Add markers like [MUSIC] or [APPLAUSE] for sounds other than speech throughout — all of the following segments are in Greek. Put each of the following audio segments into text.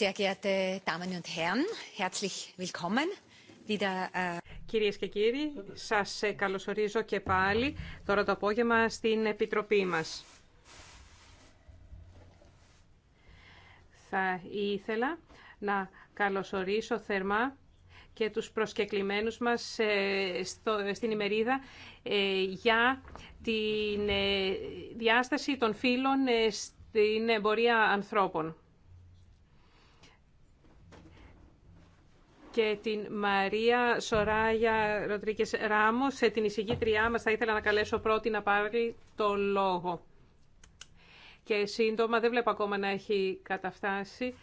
Sehr geehrte Damen und äh, Κυρίες και κύριοι, σας ε, καλωσορίζω και πάλι τώρα το απόγευμα στην Επιτροπή μας. Θα ήθελα να καλωσορίσω θερμά και τους προσκεκλημένους μας ε, στο στην ημερίδα ε, για τη διάσταση των φύλων στην εμπορία ανθρώπων. και την Μαρία Σοράγια Ράμο. Ράμος, ε, την εισηγήτριά μα Θα ήθελα να καλέσω πρώτη να πάρει το λόγο. Και σύντομα, δεν βλέπω ακόμα να έχει καταφτάσει,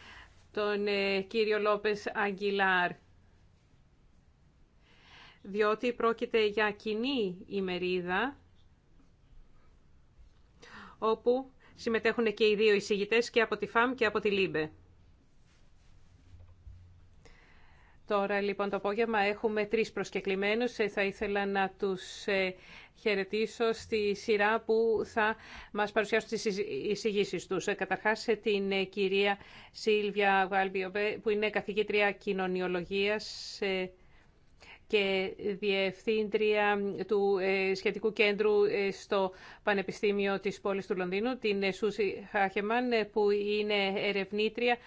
τον ε, κύριο Λόπες Αγγιλάρ. Διότι πρόκειται για κοινή ημερίδα, όπου συμμετέχουν και οι δύο εισηγητές και από τη ΦΑΜ και από τη ΛΥΜΠΕ. Τώρα λοιπόν το απόγευμα έχουμε τρεις προσκεκλημένους. Ε, θα ήθελα να τους ε, χαιρετήσω στη σειρά που θα μας παρουσιάσουν τις εισηγήσεις τους. Ε, καταρχάς την κυρία Σίλβια Γουάλμπιοβέ που είναι καθηγήτρια κοινωνιολογίας και διευθύντρια του σχετικού κέντρου στο Πανεπιστήμιο της πόλης του Λονδίνου, την Σούση Χάχεμαν που είναι ερευνήτρια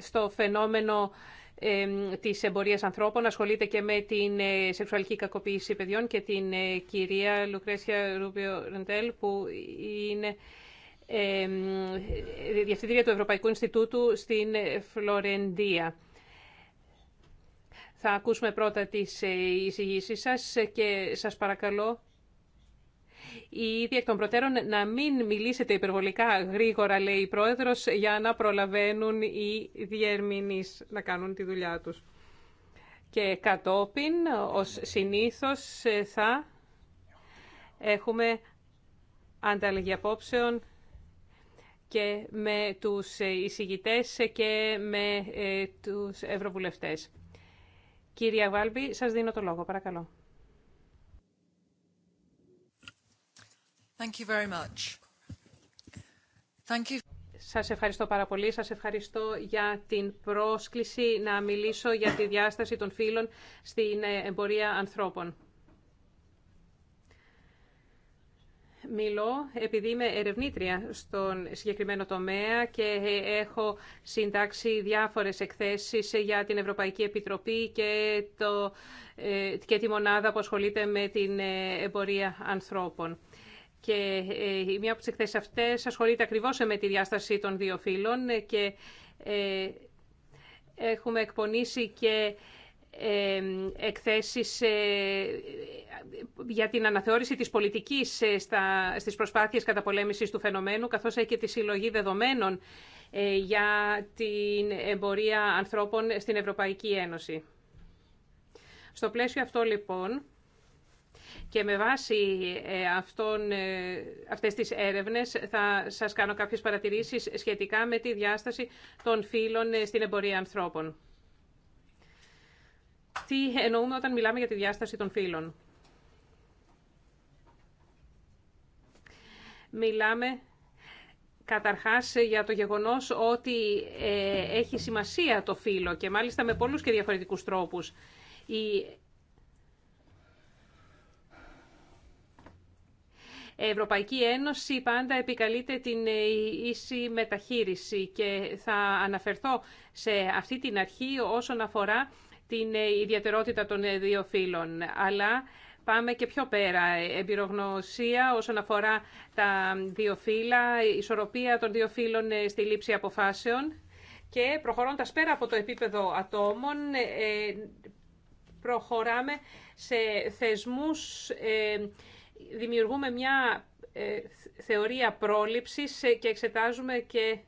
στο φαινόμενο της εμπορίας ανθρώπων, ασχολείται και με την ε, σεξουαλική κακοποίηση παιδιών και την ε, κυρία Λουκρέσια Ρούμπιο Ρεντέλ που είναι διευθυντήρια του Ευρωπαϊκού Ινστιτούτου στην ε, Φλωρεντία. Θα ακούσουμε πρώτα τις εισηγήσεις σας και σας παρακαλώ ήδη εκ των προτέρων να μην μιλήσετε υπερβολικά γρήγορα, λέει η Πρόεδρος, για να προλαβαίνουν οι διερμηνείς να κάνουν τη δουλειά τους. Και κατόπιν, ως συνήθως, θα έχουμε ανταλλαγή απόψεων και με τους εισηγητές και με ε, τους ευρωβουλευτές. Κυρία Βάλμπη, σας δίνω το λόγο, παρακαλώ. Σας ευχαριστώ πάρα πολύ. Σας ευχαριστώ για την πρόσκληση να μιλήσω για τη διάσταση των φύλων στην ε, εμπορία ανθρώπων. Μιλώ επειδή είμαι ερευνήτρια στον συγκεκριμένο τομέα και ε, έχω συντάξει διάφορες εκθέσεις για την Ευρωπαϊκή Επιτροπή και, το, ε, και τη μονάδα που ασχολείται με την εμπορία ανθρώπων. Και ε, μία από τις εκθέσεις αυτές ασχολείται ακριβώς με τη διάσταση των δύο φύλων και ε, έχουμε εκπονήσει και ε, εκθέσεις για την αναθεώρηση της πολιτικής στις προσπάθειες καταπολέμησης του φαινομένου, καθώς και τη συλλογή δεδομένων για την εμπορία ανθρώπων στην Ευρωπαϊκή Ένωση. Στο πλαίσιο αυτό, λοιπόν, και με βάση ε, αυτών, ε, αυτές τις έρευνες θα σας κάνω κάποιες παρατηρήσεις σχετικά με τη διάσταση των φύλων ε, στην εμπορία ανθρώπων. Τι εννοούμε όταν μιλάμε για τη διάσταση των φύλων. Μιλάμε καταρχάς για το γεγονός ότι έχει σημασία το φύλο και μάλιστα με πολλούς και διαφορετικούς τρόπους. Ευρωπαϊκή Ένωση πάντα επικαλείται την ε, ίση μεταχείριση και θα αναφερθώ σε αυτή την αρχή όσον αφορά την ε, ιδιαιτερότητα των ε, δύο φύλων. Αλλά Πάμε και πιο πέρα. Εμπειρογνωσία όσον αφορά τα δύο φύλλα, ισορροπία των δύο φύλων στη λήψη αποφάσεων και προχωρώντας πέρα από το επίπεδο ατόμων, προχωράμε σε θεσμούς δημιουργούμε μια ε, θεωρία πρόληψης ε, και εξετάζουμε και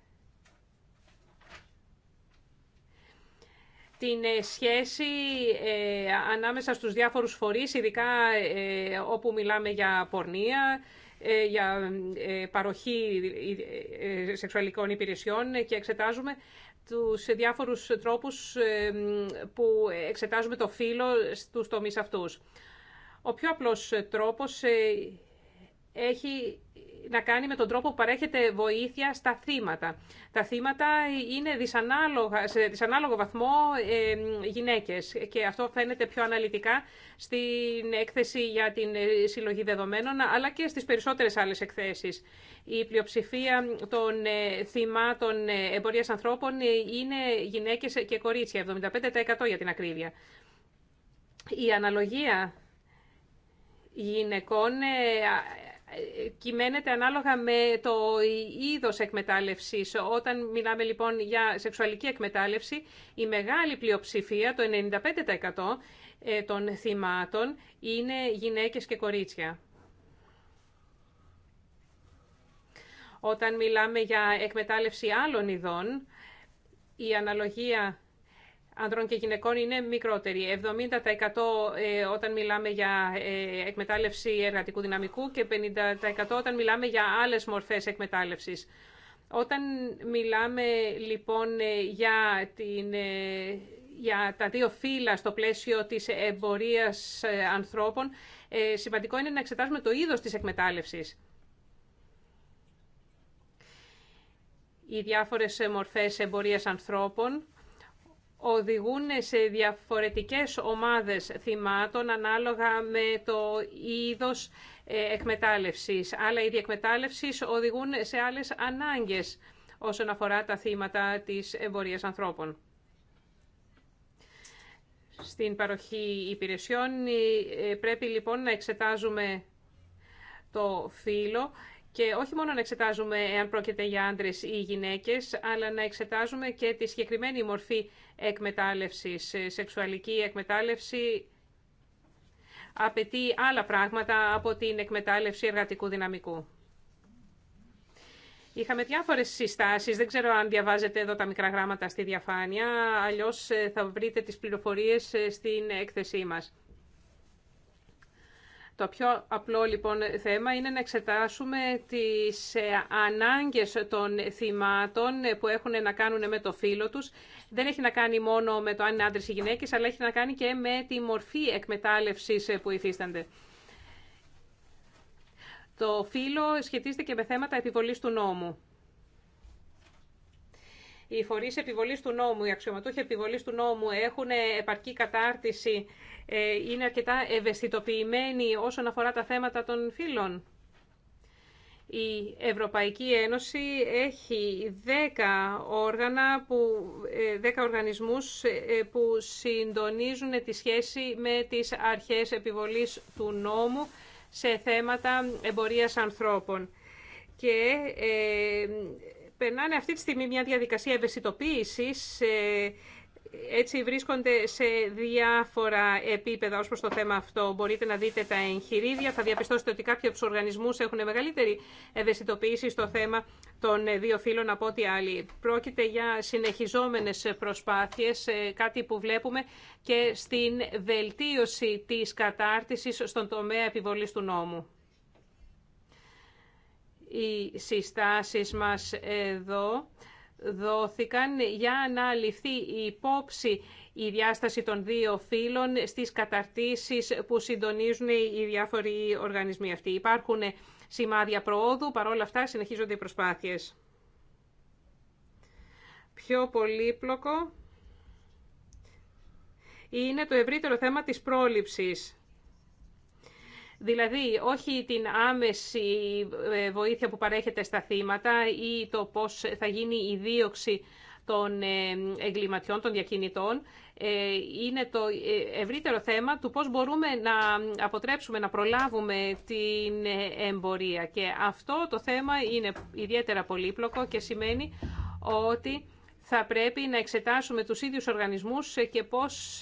την ε, σχέση ανάμεσα στους διάφορους φορείς, ειδικά όπου μιλάμε για πορνεία, για παροχή σεξουαλικών υπηρεσιών και εξετάζουμε τους διάφορους τρόπους που εξετάζουμε το φύλλο στους τομείς αυτούς. Ο πιο απλός ε, τρόπος ε, έχει να κάνει με τον τρόπο που παρέχεται βοήθεια στα θύματα. Τα θύματα είναι δυσανάλογα, σε δυσανάλογο βαθμό ε, γυναίκες και αυτό φαίνεται πιο αναλυτικά στην έκθεση για την ε, συλλογή δεδομένων αλλά και στις περισσότερες άλλες εκθέσεις. Η πλειοψηφία των θυμάτων εμπορίας ανθρώπων είναι γυναίκες και κορίτσια, 75% για την ακρίβεια. Η αναλογία γυναικών ε, ε, κυμαίνεται ανάλογα με το είδος εκμετάλλευσης. Όταν μιλάμε λοιπόν για σεξουαλική εκμετάλλευση, η μεγάλη πλειοψηφία, το 95% ε, των θυμάτων, είναι γυναίκες και κορίτσια. Όταν μιλάμε για εκμετάλλευση άλλων ειδών, η αναλογία ανδρών και γυναικών είναι μικρότερη. 70% ε, όταν μιλάμε για ε, εκμετάλλευση εργατικού δυναμικού και 50% όταν μιλάμε για άλλες μορφές εκμετάλλευσης. Όταν μιλάμε λοιπόν ε, για, την, για τα δύο φύλλα στο πλαίσιο της εμπορίας ανθρώπων, σημαντικό είναι να εξετάσουμε το είδος της εκμετάλλευσης. Οι διάφορες μορφές εμπορίας ανθρώπων οδηγούν σε διαφορετικές ομάδες θυμάτων ανάλογα με το είδος ε, εκμετάλλευσης. Άλλα είδη εκμετάλλευσης οδηγούν σε άλλες ανάγκες όσον αφορά τα θύματα της εμπορίας ανθρώπων. Στην παροχή υπηρεσιών ε, πρέπει λοιπόν να εξετάζουμε το φύλλο και όχι μόνο να εξετάζουμε εάν πρόκειται για άντρε ή γυναίκε, αλλά να εξετάζουμε και τη συγκεκριμένη μορφή εκμετάλλευση. Σεξουαλική εκμετάλλευση απαιτεί άλλα πράγματα από την εκμετάλλευση εργατικού δυναμικού. Είχαμε διάφορε συστάσει. Δεν ξέρω αν διαβάζετε εδώ τα μικρά γράμματα στη διαφάνεια. Αλλιώ ε, θα βρείτε τι πληροφορίε ε, στην έκθεσή μα. Το πιο απλό λοιπόν θέμα είναι να εξετάσουμε τις ε, ανάγκες των θυμάτων ε, που έχουν να κάνουν με το φίλο τους. Δεν έχει να κάνει μόνο με το αν είναι άντρες ή γυναίκες, αλλά έχει να κάνει και με τη μορφή εκμετάλλευσης ε, που υφίστανται. Το φύλλο σχετίζεται και με θέματα επιβολής του νόμου οι φορείς επιβολής του νόμου, οι αξιωματούχοι επιβολής του νόμου έχουν επαρκή κατάρτιση, ε, είναι αρκετά ευαισθητοποιημένοι όσον αφορά τα θέματα των φύλων. Η Ευρωπαϊκή Ένωση έχει 10 όργανα, που, 10 ε, οργανισμούς ε, που συντονίζουν τη σχέση με τις αρχές επιβολής του νόμου σε θέματα εμπορίας ανθρώπων. Και περνάνε αυτή τη στιγμή μια διαδικασία ευαισθητοποίησης, έτσι βρίσκονται σε διάφορα επίπεδα ω προς το θέμα αυτό. Μπορείτε να δείτε τα εγχειρίδια, θα διαπιστώσετε ότι κάποιοι από τους οργανισμούς έχουν μεγαλύτερη ευαισθητοποίηση στο θέμα των δύο φύλων από ό,τι άλλοι. Πρόκειται για συνεχιζόμενες προσπάθειες, ε, κάτι που βλέπουμε και στην βελτίωση της κατάρτισης στον τομέα επιβολής του νόμου οι συστάσεις μας εδώ δόθηκαν για να ληφθεί η υπόψη η διάσταση των δύο φύλων στις καταρτήσεις που συντονίζουν οι διάφοροι οργανισμοί αυτοί. Υπάρχουν σημάδια προόδου, παρόλα αυτά συνεχίζονται οι προσπάθειες. Πιο πολύπλοκο είναι το ευρύτερο θέμα της πρόληψης. Δηλαδή, όχι την άμεση ε, βοήθεια που παρέχεται στα θύματα ή το πώς θα γίνει η δίωξη των ε, εγκληματιών, των διακινητών, ε, είναι το ευρύτερο θέμα του πώς μπορούμε να αποτρέψουμε, να προλάβουμε την εμπορία. Και αυτό το θέμα είναι ιδιαίτερα πολύπλοκο και σημαίνει ότι θα πρέπει να εξετάσουμε τους ίδιους οργανισμούς και πώς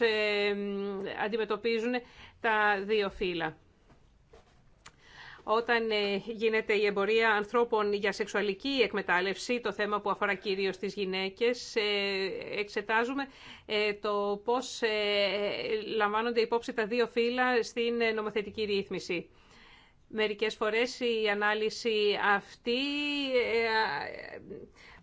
αντιμετωπίζουν τα δύο φύλλα όταν ε, γίνεται η εμπορία ανθρώπων για σεξουαλική εκμετάλλευση, το θέμα που αφορά κυρίως τις γυναίκες, ε, εξετάζουμε ε, το πώς λαμβάνονται υπόψη τα δύο φύλλα στην νομοθετική ρύθμιση. Μερικές φορές η ανάλυση αυτή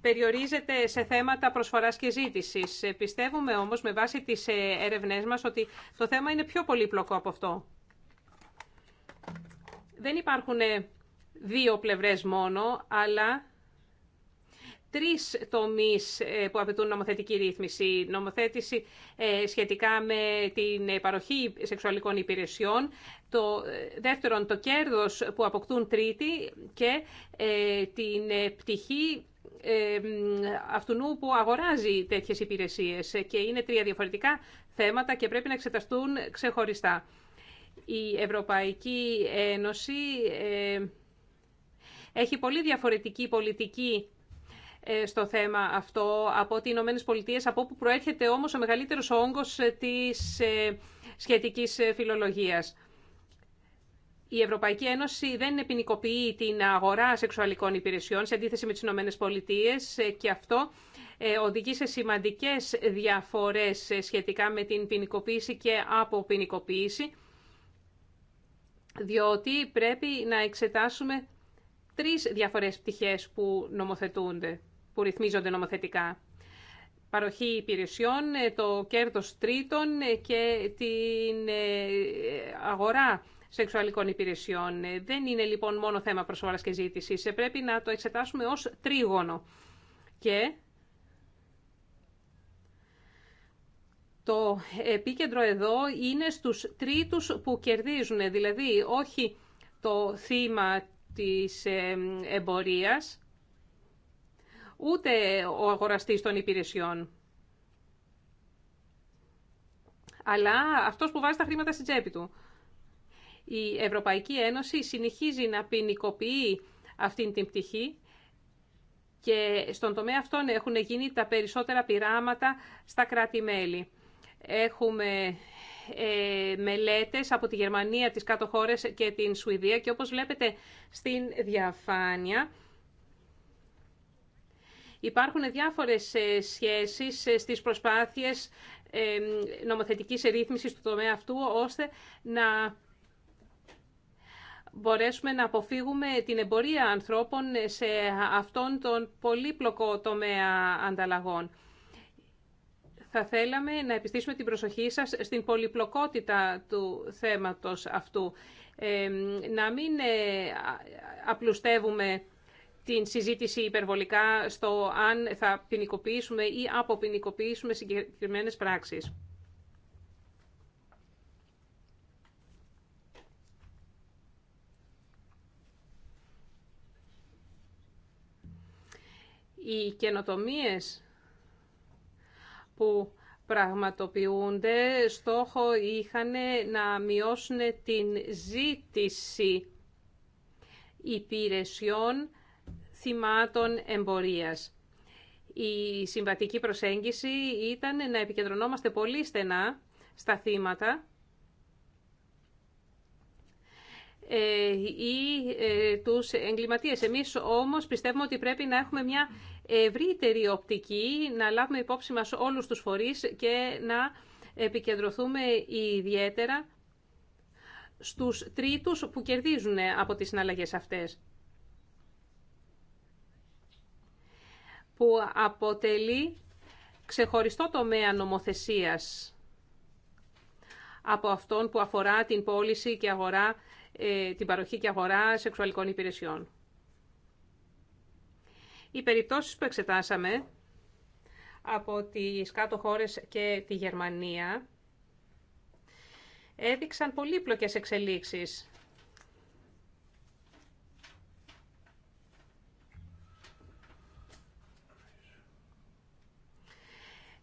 περιορίζεται σε θέματα προσφοράς και ζήτησης. Πιστεύουμε όμως με βάση τις έρευνές μας ότι το θέμα είναι πιο πολύπλοκο από αυτό δεν υπάρχουν ε, δύο πλευρές μόνο, αλλά τρεις τομείς ε, που απαιτούν νομοθετική ρύθμιση. Νομοθέτηση ε, σχετικά με την παροχή σεξουαλικών υπηρεσιών, το δεύτερον το κέρδος που αποκτούν τρίτη και την πτυχή αυτού που αγοράζει τέτοιες υπηρεσίες και είναι τρία διαφορετικά θέματα και πρέπει να εξεταστούν ξεχωριστά η Ευρωπαϊκή Ένωση ε, έχει πολύ διαφορετική πολιτική ε, στο θέμα αυτό από τι Ηνωμένε Πολιτείε, από όπου προέρχεται όμως ο μεγαλύτερος όγκος ε, της σχετικής φιλολογίας. Η Ευρωπαϊκή Ένωση δεν ποινικοποιεί την αγορά σεξουαλικών υπηρεσιών σε αντίθεση με τις Ηνωμένε Πολιτείε και αυτό οδηγεί σε σημαντικές διαφορές σχετικά με την ποινικοποίηση και αποποινικοποίηση διότι πρέπει να εξετάσουμε τρεις διαφορές πτυχές που νομοθετούνται, που ρυθμίζονται νομοθετικά. Παροχή υπηρεσιών, ε, το κέρδος τρίτων ε, και την ε, αγορά σεξουαλικών υπηρεσιών. Δεν είναι λοιπόν μόνο θέμα προσφοράς και ζήτησης, πρέπει να το εξετάσουμε ως τρίγωνο. Και Το επίκεντρο εδώ είναι στους τρίτους που κερδίζουν, δηλαδή όχι το θύμα της ε, εμπορίας, ούτε ο αγοραστής των υπηρεσιών. Αλλά αυτός που βάζει τα χρήματα στην τσέπη του. Η Ευρωπαϊκή Ένωση συνεχίζει να ποινικοποιεί αυτήν την πτυχή και στον τομέα αυτών έχουν γίνει τα περισσότερα πειράματα στα κράτη-μέλη. Έχουμε ε, μελέτες από τη Γερμανία, τις κάτω χώρες και την Σουηδία και όπως βλέπετε στην διαφάνεια υπάρχουν διάφορες ε, σχέσεις ε, στις προσπάθειες νομοθετικής ρύθμισης του τομέα αυτού ώστε να μπορέσουμε να αποφύγουμε την εμπορία ανθρώπων σε αυτόν τον πολύπλοκο τομέα ανταλλαγών θα θέλαμε να επιστήσουμε την προσοχή σας στην πολυπλοκότητα του θέματος αυτού. Να μην ε, απλουστεύουμε την συζήτηση υπερβολικά στο αν θα ποινικοποιήσουμε ή αποποινικοποιήσουμε συγκεκριμένες πράξεις. Οι καινοτομίες που πραγματοποιούνται στόχο είχαν να μειώσουν την ζήτηση υπηρεσιών θυμάτων εμπορίας. Η συμβατική προσέγγιση ήταν να επικεντρωνόμαστε πολύ στενά στα θύματα Ε, ή ε, τους εγκληματίες. Εμείς όμως πιστεύουμε ότι πρέπει να έχουμε μια ευρύτερη οπτική, να λάβουμε υπόψη μας όλους τους φορείς και να επικεντρωθούμε ιδιαίτερα στους τρίτους που κερδίζουν από τις συναλλαγές αυτές. Που αποτελεί ξεχωριστό τομέα νομοθεσίας από αυτόν που αφορά την πώληση και αγορά ε, την παροχή και αγορά σεξουαλικών υπηρεσιών. Οι περιπτώσεις που εξετάσαμε από τις κάτω χώρες και τη Γερμανία έδειξαν πολύπλοκες εξελίξεις.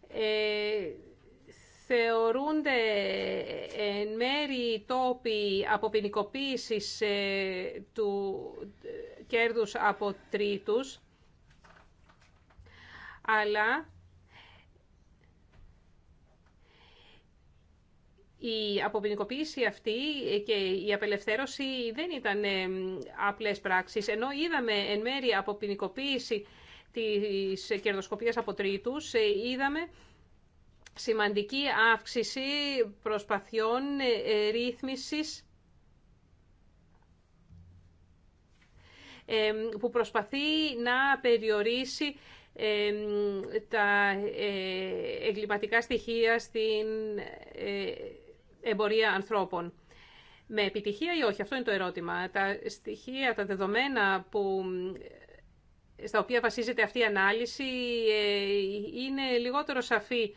Ε, θεωρούνται εν μέρη τόποι ε, του κέρδους από τρίτους, αλλά η αποποινικοποίηση αυτή και η απελευθέρωση δεν ήταν ε, απλές πράξεις, ενώ είδαμε εν μέρη αποποινικοποίηση της κερδοσκοπίας από τρίτους, ε, είδαμε σημαντική αύξηση προσπαθειών ε, ε, ρύθμισης ε, που προσπαθεί να περιορίσει τα εγκληματικά στοιχεία στην εμπορία ανθρώπων. Με επιτυχία ή όχι, αυτό είναι το ερώτημα. Τα στοιχεία, τα δεδομένα που, στα οποία βασίζεται αυτή η ανάλυση είναι λιγότερο σαφή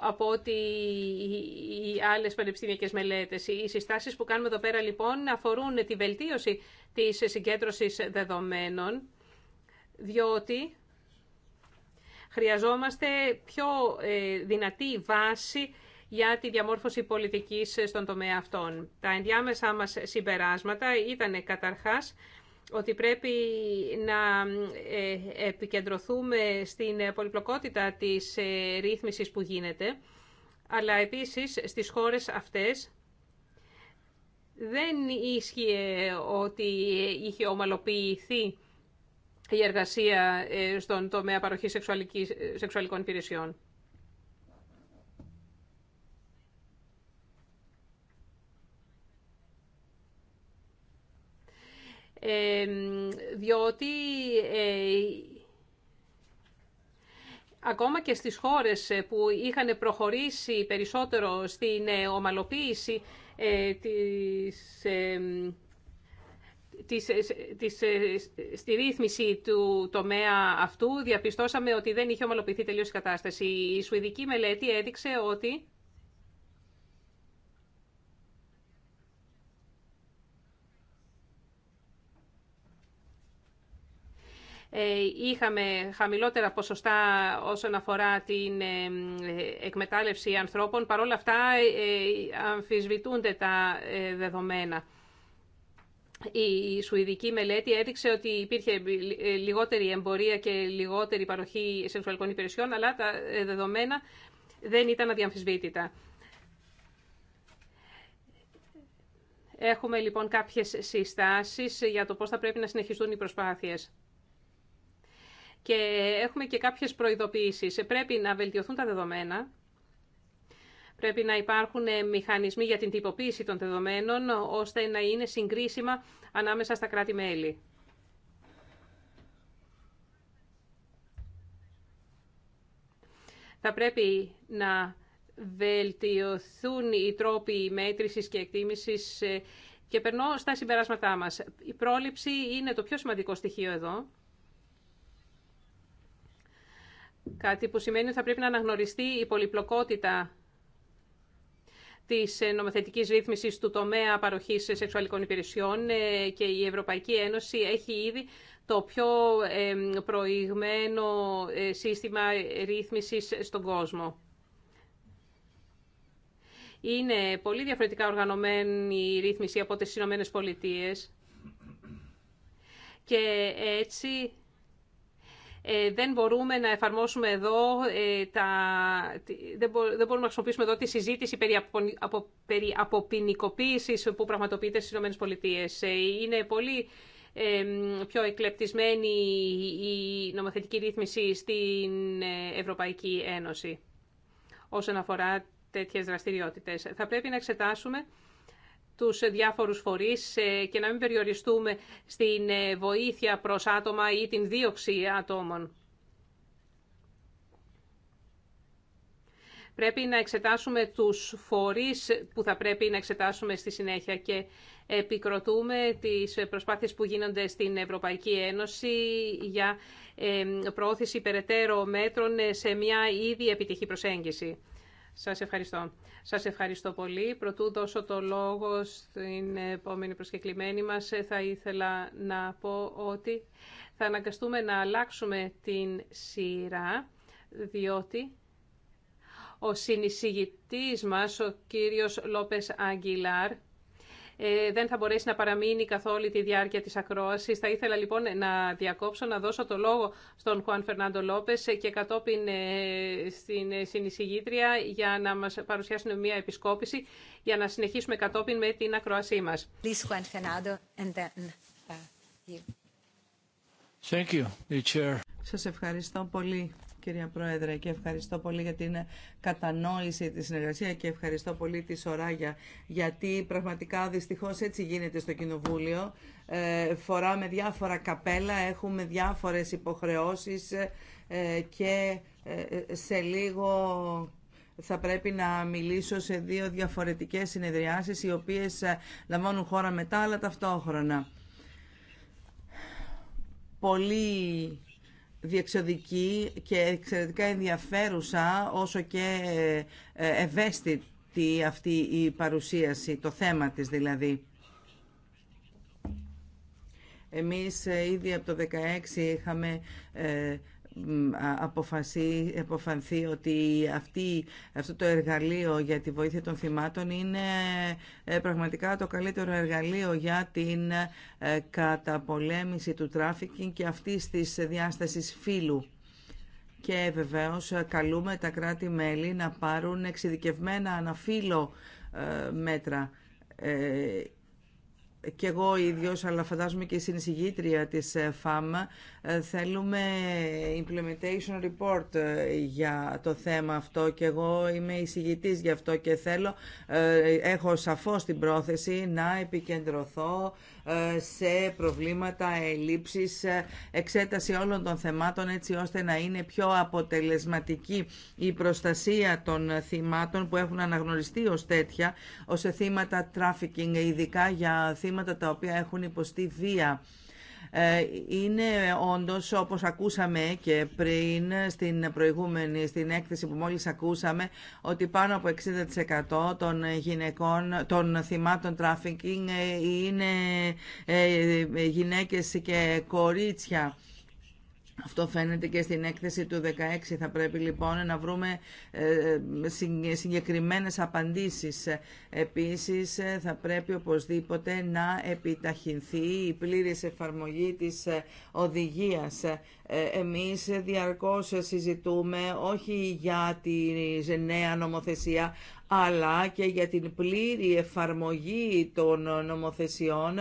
από ότι οι άλλες πανεπιστημιακές μελέτες. Οι συστάσεις που κάνουμε εδώ πέρα λοιπόν αφορούν τη βελτίωση της συγκέντρωσης δεδομένων, διότι χρειαζόμαστε πιο ε, δυνατή βάση για τη διαμόρφωση πολιτικής στον τομέα αυτών. Τα ενδιάμεσά μας συμπεράσματα ήταν καταρχάς ότι πρέπει να ε, επικεντρωθούμε στην πολυπλοκότητα της ε, ρύθμισης που γίνεται, αλλά επίσης στις χώρες αυτές δεν ίσχυε ότι είχε ομαλοποιηθεί η εργασία ε, στον τομέα παροχής σεξουαλικής, σεξουαλικών υπηρεσιών. διότι ε, ακόμα και στις χώρες ε, που είχαν προχωρήσει περισσότερο στην ε, ομαλοποίηση της της, της, στη ρύθμιση του τομέα αυτού διαπιστώσαμε ότι δεν είχε ομαλοποιηθεί τελείως η κατάσταση. Η σουηδική μελέτη έδειξε ότι Ε, είχαμε χαμηλότερα ποσοστά όσον αφορά την ε, εκμετάλλευση ανθρώπων. Παρ' όλα αυτά ε, αμφισβητούνται τα δεδομένα. Η σουηδική μελέτη έδειξε ότι υπήρχε λιγότερη εμπορία και λιγότερη παροχή σεξουαλικών υπηρεσιών, αλλά τα δεδομένα δεν ήταν αδιαμφισβήτητα. Έχουμε λοιπόν κάποιες συστάσεις για το πώς θα πρέπει να συνεχιστούν οι προσπάθειες και έχουμε και κάποιες προειδοποιήσεις. Πρέπει να βελτιωθούν τα δεδομένα, πρέπει να υπάρχουν μηχανισμοί για την τυποποίηση των δεδομένων, ώστε να είναι συγκρίσιμα ανάμεσα στα κράτη-μέλη. Θα πρέπει να βελτιωθούν οι τρόποι μέτρησης και εκτίμησης ε, και περνώ στα συμπεράσματά μας. Η πρόληψη είναι το πιο σημαντικό στοιχείο εδώ. Κάτι που σημαίνει ότι θα πρέπει να αναγνωριστεί η πολυπλοκότητα της ε, νομοθετικής ρύθμισης του τομέα παροχής ε, σεξουαλικών υπηρεσιών ε, και η Ευρωπαϊκή Ένωση έχει ήδη το πιο προηγμένο σύστημα ρύθμισης στον κόσμο. Είναι πολύ διαφορετικά οργανωμένη η ρύθμιση από τις Ηνωμένε Πολιτείες και έτσι ε, δεν μπορούμε να εφαρμόσουμε εδώ, ε, τα, δεν, μπορούμε να χρησιμοποιήσουμε εδώ τη συζήτηση περί, απο, που πραγματοποιείται στις ΗΠΑ. Ε, είναι πολύ πιο εκλεπτισμένη η νομοθετική ρύθμιση στην Ευρωπαϊκή Ένωση όσον αφορά τέτοιες δραστηριότητες. Θα πρέπει να εξετάσουμε τους διάφορους φορείς ε, και να μην περιοριστούμε στην ε, βοήθεια προς άτομα ή την δίωξη ατόμων. Πρέπει να εξετάσουμε τους φορείς που θα πρέπει να εξετάσουμε στη συνέχεια και επικροτούμε τις προσπάθειες που γίνονται στην Ευρωπαϊκή Ένωση για ε, προώθηση περαιτέρω μέτρων σε μια ήδη επιτυχή προσέγγιση. Σας ευχαριστώ. Σας ευχαριστώ πολύ. Πρωτού δώσω το λόγο στην επόμενη προσκεκλημένη μας, ε, θα ήθελα να πω ότι θα αναγκαστούμε να αλλάξουμε την σειρά, διότι ο συνεισηγητής μας, ο κύριος Λόπες Αγγιλάρ, ε, δεν θα μπορέσει να παραμείνει καθ' όλη τη διάρκεια της ακρόασης. Θα ήθελα λοιπόν να διακόψω, να δώσω το λόγο στον Χουάν Φερνάντο Λόπες και κατόπιν ε, στην συνεισηγήτρια για να μας παρουσιάσουν μια επισκόπηση για να συνεχίσουμε κατόπιν με την ακρόασή μας. Σας ευχαριστώ πολύ, κυρία Πρόεδρε και ευχαριστώ πολύ για την κατανόηση τη συνεργασία και ευχαριστώ πολύ τη Σωράγια γιατί πραγματικά δυστυχώς έτσι γίνεται στο Κοινοβούλιο. Ε, φοράμε διάφορα καπέλα, έχουμε διάφορες υποχρεώσεις ε, και ε, σε λίγο θα πρέπει να μιλήσω σε δύο διαφορετικές συνεδριάσεις οι οποίες λαμβάνουν χώρα μετά αλλά ταυτόχρονα. Πολύ διεξοδική και εξαιρετικά ενδιαφέρουσα όσο και ε, ε, ευαίσθητη αυτή η παρουσίαση, το θέμα της δηλαδή. Εμείς ε, ήδη από το 2016 είχαμε αποφανθεί ότι αυτή, αυτό το εργαλείο για τη βοήθεια των θυμάτων είναι ε, πραγματικά το καλύτερο εργαλείο για την ε, καταπολέμηση του τράφικινγκ και αυτή της διάστασης φύλου. Και βεβαίως ε, καλούμε τα κράτη-μέλη να πάρουν εξειδικευμένα αναφύλο μέτρα και εγώ ίδιος, αλλά φαντάζομαι και η συνεισηγήτρια της ε, ΦΑΜ, ε, θέλουμε implementation report ε, για το θέμα αυτό και εγώ είμαι εισηγητής γι' αυτό και θέλω, έχω σαφώς την πρόθεση να επικεντρωθώ ε, σε προβλήματα ελλείψης, ε, εξέταση όλων των θεμάτων έτσι ώστε να είναι πιο αποτελεσματική η προστασία των θυμάτων που έχουν αναγνωριστεί ως τέτοια, ως θύματα τράφικινγκ, ειδικά για θύματα τα οποία έχουν υποστεί βία. Ε, είναι όντως όπως ακούσαμε και πριν στην προηγούμενη, στην έκθεση που μόλις ακούσαμε ότι πάνω από 60% των γυναικών, των θυμάτων τράφικινγκ είναι ε, γυναίκες και κορίτσια. Αυτό φαίνεται και στην έκθεση του 16. Θα πρέπει λοιπόν να βρούμε ε, ε, συγκεκριμένες απαντήσεις. Επίσης ε, θα πρέπει οπωσδήποτε να επιταχυνθεί η πλήρης εφαρμογή της οδηγίας. Εμείς διαρκώς συζητούμε όχι για τη νέα νομοθεσία αλλά και για την πλήρη εφαρμογή των νομοθεσιών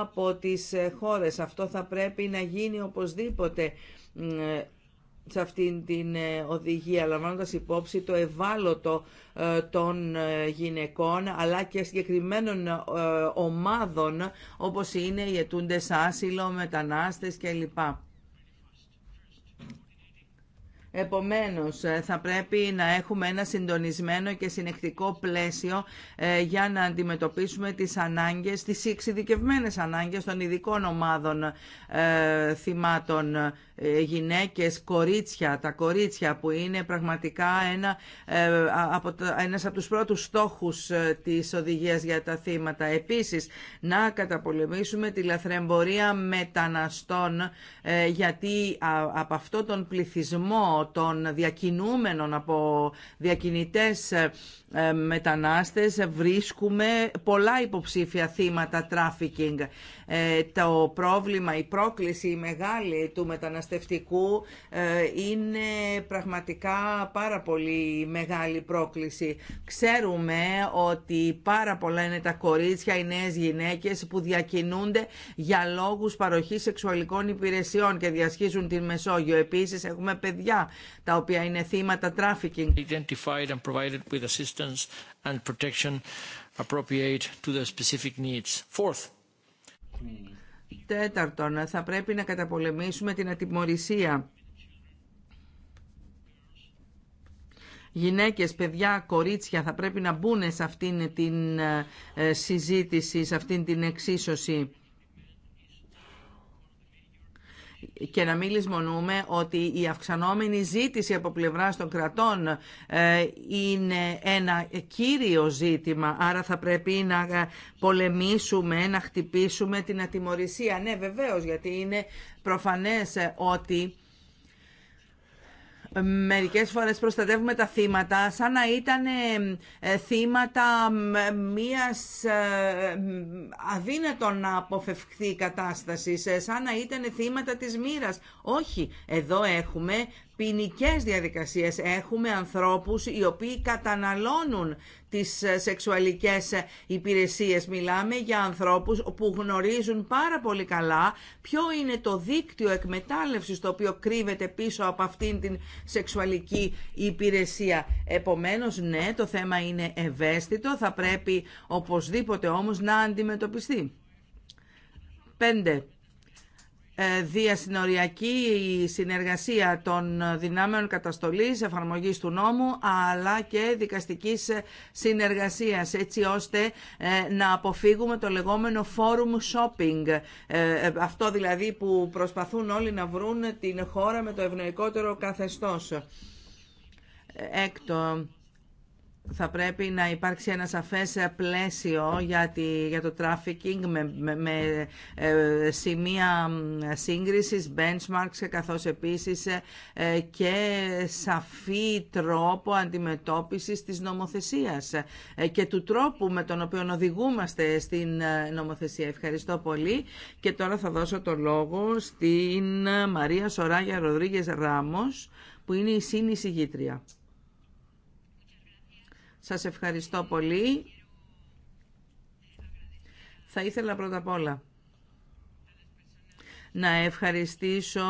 από τις χώρες. Αυτό θα πρέπει να γίνει οπωσδήποτε σε αυτήν την ε, οδηγία, λαμβάνοντα υπόψη το ευάλωτο ε, των ε, γυναικών, αλλά και συγκεκριμένων ομάδων, όπως είναι οι ετούντες άσυλο, μετανάστες κλπ. Επομένως, ε, θα πρέπει να έχουμε ένα συντονισμένο και συνεχτικό πλαίσιο ε, για να αντιμετωπίσουμε τις ανάγκες, τις εξειδικευμένες ανάγκες των ειδικών ομάδων ε, θυμάτων ε, γυναίκες, κορίτσια, τα κορίτσια που είναι πραγματικά ένα, ε, από, ένας από τους πρώτους στόχους ε, της οδηγίας για τα θύματα. Επίσης, να καταπολεμήσουμε τη λαθρεμπορία μεταναστών, γιατί από αυτό τον πληθυσμό των διακινούμενων από διακινητές μετανάστες βρίσκουμε πολλά υποψήφια θύματα τράφικινγκ. Ε, το πρόβλημα, η πρόκληση η μεγάλη του μεταναστευτικού ε, είναι πραγματικά πάρα πολύ μεγάλη πρόκληση. Ξέρουμε ότι πάρα πολλά είναι τα κορίτσια, οι νέες γυναίκες που διακινούνται για λόγους παροχής σεξουαλικών υπηρεσιών και διασχίζουν την Μεσόγειο. Επίσης έχουμε παιδιά τα οποία είναι θύματα τράφικινγκ. to Τέταρτον, θα πρέπει να καταπολεμήσουμε την ατιμορρησία. Γυναίκες, παιδιά, κορίτσια θα πρέπει να μπουν σε αυτήν την ε, συζήτηση, σε αυτήν την εξίσωση. και να μην λησμονούμε ότι η αυξανόμενη ζήτηση από πλευρά των κρατών ε, είναι ένα κύριο ζήτημα, άρα θα πρέπει να ε, πολεμήσουμε, να χτυπήσουμε την ατιμορρησία. Ναι, βεβαίως, γιατί είναι προφανές ε, ότι Μερικές φορές προστατεύουμε τα θύματα σαν να ήταν ε, θύματα μίας ε, ε, αδύνατον να αποφευχθεί κατάστασης, σαν να ήταν θύματα της μοίρας. Όχι, εδώ έχουμε ποινικέ διαδικασίες. Έχουμε ανθρώπους οι οποίοι καταναλώνουν τις ε, σεξουαλικές ε, υπηρεσίες. Μιλάμε για ανθρώπους που γνωρίζουν πάρα πολύ καλά ποιο είναι το δίκτυο εκμετάλλευσης το οποίο κρύβεται πίσω από αυτήν την σεξουαλική υπηρεσία. Επομένως, ναι, το θέμα είναι ευαίσθητο, θα πρέπει οπωσδήποτε όμως να αντιμετωπιστεί. 5. Ε, διασυνοριακή συνεργασία των δυνάμεων καταστολής, εφαρμογής του νόμου, αλλά και δικαστικής συνεργασίας, έτσι ώστε ε, να αποφύγουμε το λεγόμενο forum shopping. Ε, αυτό δηλαδή που προσπαθούν όλοι να βρουν την χώρα με το ευνοϊκότερο καθεστώς. Έκτο, θα πρέπει να υπάρξει ένα σαφές πλαίσιο για, για το trafficking με, με, με ε, σημεία σύγκρισης, benchmarks, καθώς επίσης ε, και σαφή τρόπο αντιμετώπισης της νομοθεσίας ε, και του τρόπου με τον οποίο οδηγούμαστε στην νομοθεσία. Ευχαριστώ πολύ και τώρα θα δώσω το λόγο στην Μαρία Σοράγια Ροδρίγες Ράμος που είναι η συνεισηγήτρια. Σας ευχαριστώ πολύ. Θα ήθελα πρώτα απ' όλα να ευχαριστήσω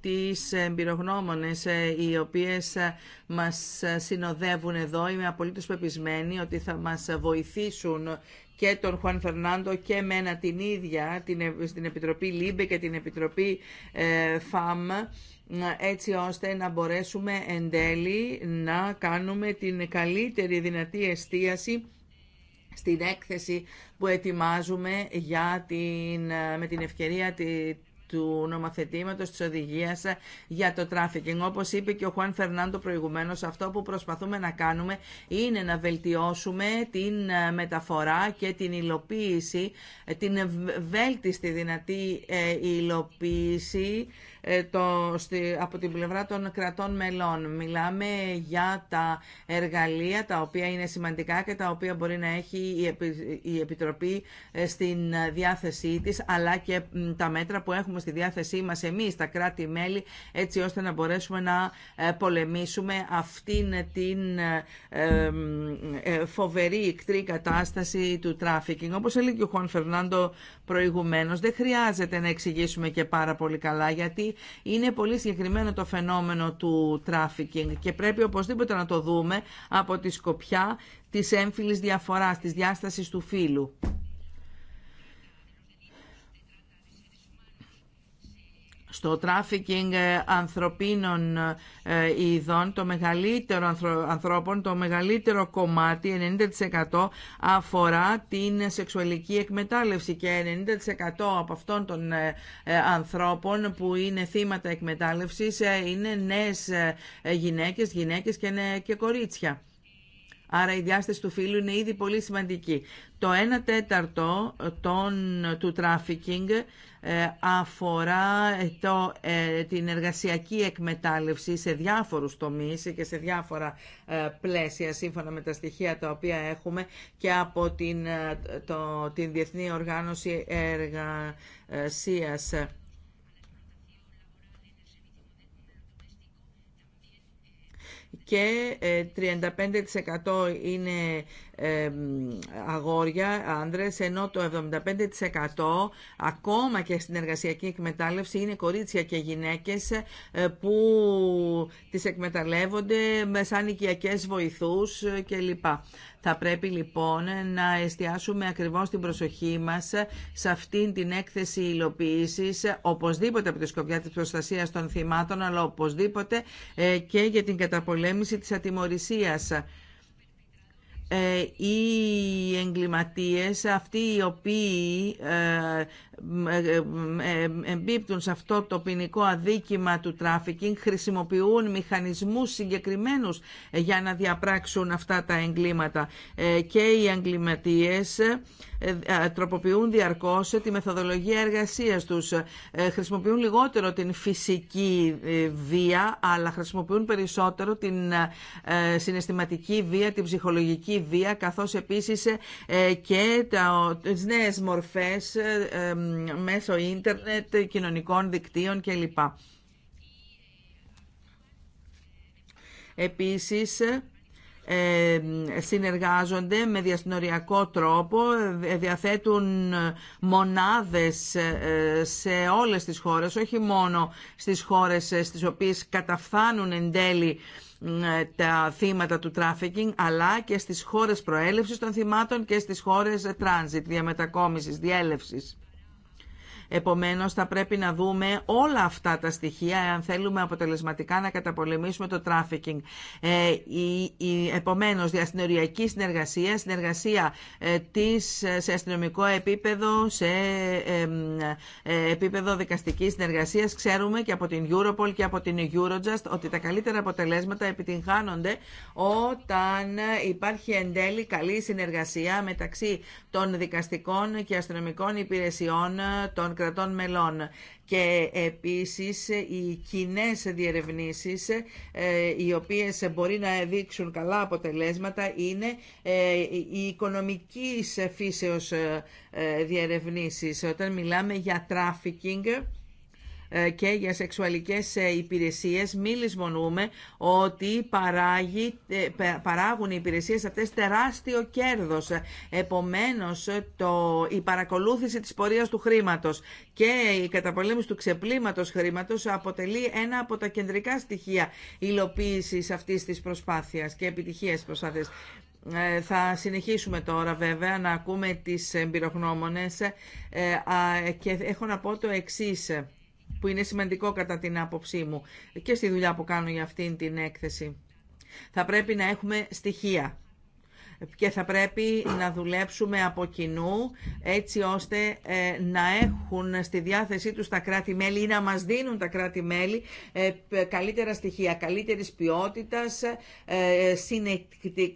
τις εμπειρογνώμονες ε, οι οποίες ε, μας συνοδεύουν εδώ. Είμαι απολύτως πεπισμένη ότι θα μας βοηθήσουν και τον Χουάν Φερνάντο και εμένα την ίδια, την, στην Επιτροπή Λίμπε και την Επιτροπή ε, ΦΑΜ έτσι ώστε να μπορέσουμε εν τέλει να κάνουμε την καλύτερη δυνατή εστίαση στην έκθεση που ετοιμάζουμε για την, με την ευκαιρία του νομοθετήματος της οδηγίας για το τράφικινγκ. Όπως είπε και ο Χουάν Φερνάντο προηγουμένως, αυτό που προσπαθούμε να κάνουμε είναι να βελτιώσουμε την ε, μεταφορά και την υλοποίηση, ε, την βέλτιστη δυνατή ε, υλοποίηση ε, το, από την πλευρά των κρατών μελών. Μιλάμε για τα εργαλεία τα οποία είναι σημαντικά και τα οποία μπορεί να έχει η, Επιτροπή ε, στην διάθεσή της, αλλά και τα μέτρα που έχουμε στη διάθεσή μας εμείς, τα κράτη-μέλη, έτσι ώστε να μπορέσουμε να ε, πολεμήσουμε αυτήν την φοβερή ικτρή κατάσταση του τράφικινγκ. Όπως έλεγε ο Χων Φερνάντο προηγουμένως, δεν χρειάζεται να εξηγήσουμε και πάρα πολύ καλά, γιατί είναι πολύ συγκεκριμένο το φαινόμενο του τράφικινγκ και πρέπει οπωσδήποτε να το δούμε από τη σκοπιά της έμφυλης διαφοράς, της διάστασης του φύλου. στο τράφικινγκ ε, ανθρωπίνων ε, ειδών, το μεγαλύτερο ανθρώπων, το μεγαλύτερο κομμάτι, 90% αφορά την σεξουαλική εκμετάλλευση και 90% από αυτών των ε, ανθρώπων που είναι θύματα εκμετάλλευσης είναι νέες γυναίκες, γυναίκες και, και κορίτσια. Άρα η διάσταση του φύλου είναι ήδη πολύ σημαντική. Το 1 τέταρτο των, του τράφικινγκ ε, αφορά το, ε, την εργασιακή εκμετάλλευση σε διάφορους τομείς και σε διάφορα ε, πλαίσια σύμφωνα με τα στοιχεία τα οποία έχουμε και από την, το, την Διεθνή Οργάνωση Εργασίας. και 35% ε, είναι ε, αγόρια, άνδρες, ενώ το 75% ακόμα και στην εργασιακή εκμετάλλευση είναι κορίτσια και γυναίκες ε, που τις εκμεταλλεύονται με σαν οικιακές βοηθούς κλπ. Θα πρέπει λοιπόν να εστιάσουμε ακριβώς την προσοχή μας σε αυτήν την έκθεση υλοποίηση, οπωσδήποτε από τη σκοπιά της προστασίας των θυμάτων, αλλά οπωσδήποτε ε, και για την καταπολέμηση της ατιμορρησίας ε, οι εγκληματίες, αυτοί οι οποίοι ε, εμπίπτουν σε αυτό το ποινικό αδίκημα του τράφικινγκ χρησιμοποιούν μηχανισμούς συγκεκριμένους για να διαπράξουν αυτά τα εγκλήματα ε, και οι εγκληματίες ε, ε, τροποποιούν διαρκώς τη μεθοδολογία εργασίας τους χρησιμοποιούν λιγότερο την φυσική βία αλλά χρησιμοποιούν περισσότερο την συναισθηματική βία, την ψυχολογική βία καθώς επίσης και τις νέες μορφές μέσω ίντερνετ, κοινωνικών δικτύων κλπ. Επίσης, ε, συνεργάζονται με διασυνοριακό τρόπο, ε, διαθέτουν μονάδες ε, σε όλες τις χώρες, όχι μόνο στις χώρες στις οποίες καταφθάνουν εν τέλει τα θύματα του τράφικινγκ, αλλά και στις χώρες προέλευσης των θυμάτων και στις χώρες τράνζιτ, διαμετακόμισης, διέλευσης. Επομένως θα πρέπει να δούμε όλα αυτά τα στοιχεία αν θέλουμε αποτελεσματικά να καταπολεμήσουμε το τράφικινγκ. Ε, επομένως διαστηνοριακή συνεργασία, συνεργασία ε, της σε αστυνομικό επίπεδο, σε ε, επίπεδο δικαστικής συνεργασίας. Ξέρουμε και από την Europol και από την Eurojust ότι τα καλύτερα αποτελέσματα επιτυγχάνονται όταν υπάρχει εν τέλει καλή συνεργασία μεταξύ των δικαστικών και αστυνομικών υπηρεσιών των μελών. Και επίσης οι κοινέ διερευνήσεις ε, οι οποίες μπορεί να δείξουν καλά αποτελέσματα είναι οι ε, οικονομική φύσεως ε, διερευνήσεις. Όταν μιλάμε για τράφικινγκ, ε, και για σεξουαλικές ε, υπηρεσίες, μη λησμονούμε ότι παράγει, ε, παράγουν οι υπηρεσίες αυτές τεράστιο κέρδος. Επομένως, το, η παρακολούθηση της πορείας του χρήματος και η καταπολέμηση του ξεπλήματος χρήματος αποτελεί ένα από τα κεντρικά στοιχεία υλοποίησης αυτής της προσπάθειας και επιτυχίας της προσπάθειας. Θα συνεχίσουμε τώρα βέβαια να ακούμε τις εμπειρογνώμονες και έχω να πω το εξής που είναι σημαντικό κατά την άποψή μου και στη δουλειά που κάνω για αυτήν την έκθεση. Θα πρέπει να έχουμε στοιχεία και θα πρέπει να δουλέψουμε από κοινού έτσι ώστε ε, να έχουν στη διάθεσή τους τα κράτη-μέλη ή να μας δίνουν τα κράτη-μέλη ε, καλύτερα στοιχεία, καλύτερης ποιότητας, ε,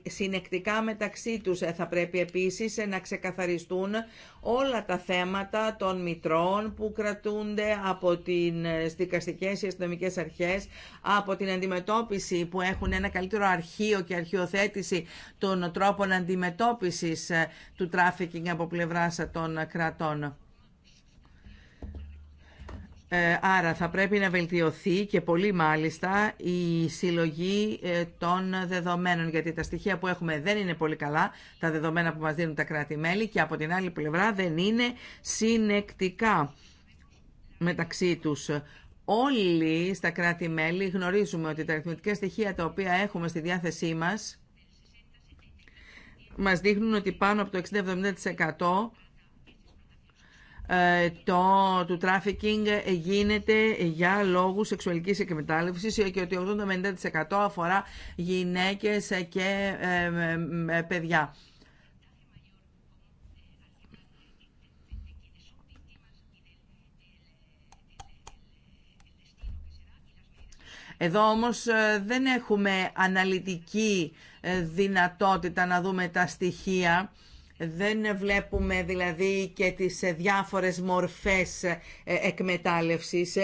συνεκτικά μεταξύ τους. Θα πρέπει επίσης να ξεκαθαριστούν όλα τα θέματα των μητρών που κρατούνται από τις δικαστικές ή αστυνομικέ αρχές, από την αντιμετώπιση που έχουν ένα καλύτερο αρχείο και αρχιοθέτηση των τρόπων τρόπων αντιμετώπισης ε, του τράφικινγκ από πλευράς ε, των κρατών. Ε, άρα θα πρέπει να βελτιωθεί και πολύ μάλιστα η συλλογή των δεδομένων γιατί τα στοιχεία που έχουμε δεν είναι πολύ καλά, τα δεδομένα που μας δίνουν τα κράτη-μέλη και από την άλλη πλευρά δεν είναι συνεκτικά μεταξύ τους. Όλοι στα κράτη-μέλη γνωρίζουμε ότι τα αριθμητικά στοιχεία τα οποία έχουμε στη διάθεσή μας μας δείχνουν ότι πάνω από το 60-70% ε, το, του τράφικινγκ γίνεται για λόγους σεξουαλικής εκμετάλλευσης και ότι 80-90% αφορά γυναίκες και ε, ε, παιδιά. Εδώ όμως δεν έχουμε αναλυτική ε, δυνατότητα να δούμε τα στοιχεία. Δεν βλέπουμε δηλαδή και τις ε, διάφορες μορφές ε, εκμετάλλευσης.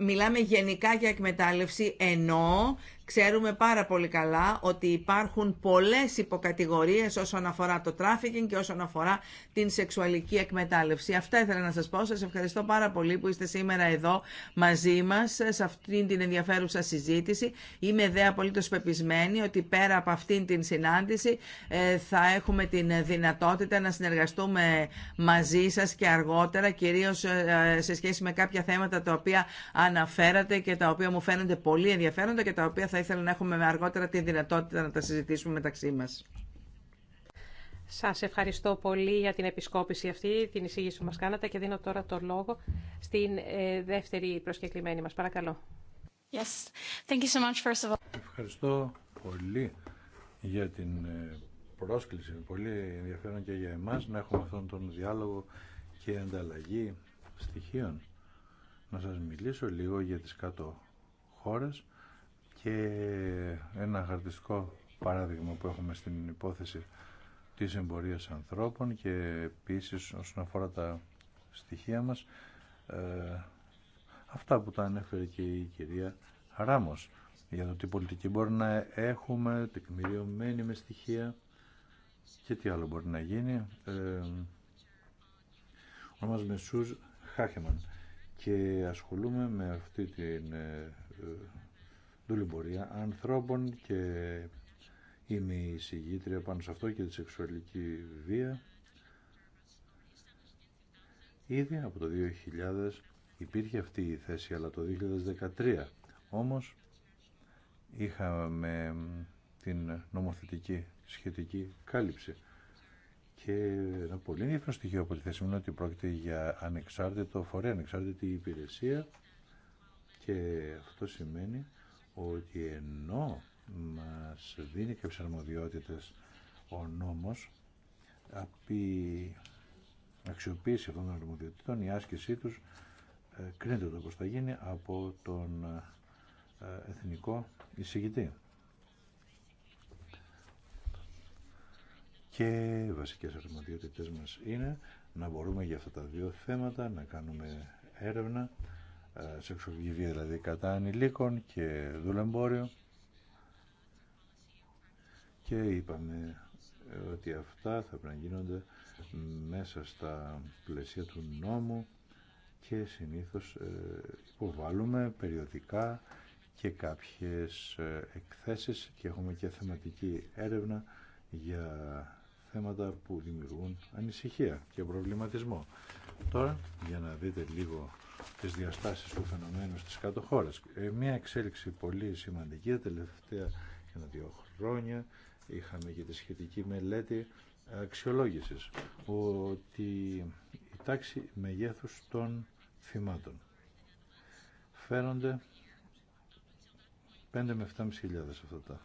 Μιλάμε γενικά για εκμετάλλευση ενώ Ξέρουμε πάρα πολύ καλά ότι υπάρχουν πολλές υποκατηγορίες όσον αφορά το τράφικινγκ και όσον αφορά την σεξουαλική εκμετάλλευση. Αυτά ήθελα να σας πω. Σας ευχαριστώ πάρα πολύ που είστε σήμερα εδώ μαζί μας σε αυτήν την ενδιαφέρουσα συζήτηση. Είμαι δε απολύτως πεπισμένη ότι πέρα από αυτήν την συνάντηση ε, θα έχουμε την δυνατότητα να συνεργαστούμε μαζί σας και αργότερα, κυρίως ε, σε σχέση με κάποια θέματα τα οποία αναφέρατε και τα οποία μου φαίνονται πολύ ενδιαφέροντα και τα οποία θα ήθελα να έχουμε αργότερα την δυνατότητα να τα συζητήσουμε μεταξύ μας. Σας ευχαριστώ πολύ για την επισκόπηση αυτή, την εισήγηση που μας κάνατε και δίνω τώρα το λόγο στην ε, δεύτερη προσκεκλημένη μας. Παρακαλώ. Yes. Thank you so much, first of all. Ευχαριστώ πολύ για την ε, πρόσκληση. Πολύ ενδιαφέρον και για εμάς να έχουμε αυτόν τον διάλογο και ανταλλαγή στοιχείων. Να σας μιλήσω λίγο για τις κάτω χώρες και ένα χαρτιστικό παράδειγμα που έχουμε στην υπόθεση της εμπορίας ανθρώπων και επίσης όσον αφορά τα στοιχεία μας ε, αυτά που τα ανέφερε και η κυρία Ράμος για το τι πολιτική μπορεί να έχουμε τεκμηριωμένη με στοιχεία και τι άλλο μπορεί να γίνει ε, ονομάζομαι Σουζ Χάχεμαν και ασχολούμαι με αυτή την ε, ε, δουλεμπορία ανθρώπων και είμαι η συγγήτρια πάνω σε αυτό και τη σεξουαλική βία. Ήδη από το 2000 υπήρχε αυτή η θέση, αλλά το 2013 όμως είχαμε την νομοθετική σχετική κάλυψη. Και ένα πολύ ενδιαφέρον στοιχείο από τη θέση μου είναι ότι πρόκειται για ανεξάρτητο φορέα, ανεξάρτητη υπηρεσία και αυτό σημαίνει ότι ενώ μας δίνει κάποιες αρμοδιότητες ο νόμος απει αξιοποίηση αυτών των αρμοδιοτήτων η άσκησή τους ε, κρίνεται το πώς θα γίνει από τον ε, εθνικό εισηγητή. Και οι βασικές αρμοδιότητες μας είναι να μπορούμε για αυτά τα δύο θέματα να κάνουμε έρευνα ε, σεξουαλική βία δηλαδή κατά ανηλίκων και δουλεμπόριο και είπαμε ότι αυτά θα πρέπει να γίνονται μέσα στα πλαισία του νόμου και συνήθως ε, υποβάλλουμε περιοδικά και κάποιες ε, εκθέσεις και έχουμε και θεματική έρευνα για θέματα που δημιουργούν ανησυχία και προβληματισμό. Τώρα, για να δείτε λίγο τις διαστάσεις του φαινομένου στις κάτω χώρες. Ε, μια εξέλιξη πολύ σημαντική τα τελευταία ένα δύο χρόνια είχαμε και τη σχετική μελέτη αξιολόγησης ότι η τάξη μεγέθους των θυμάτων φέρονται 5 με 7.500 αυτά τα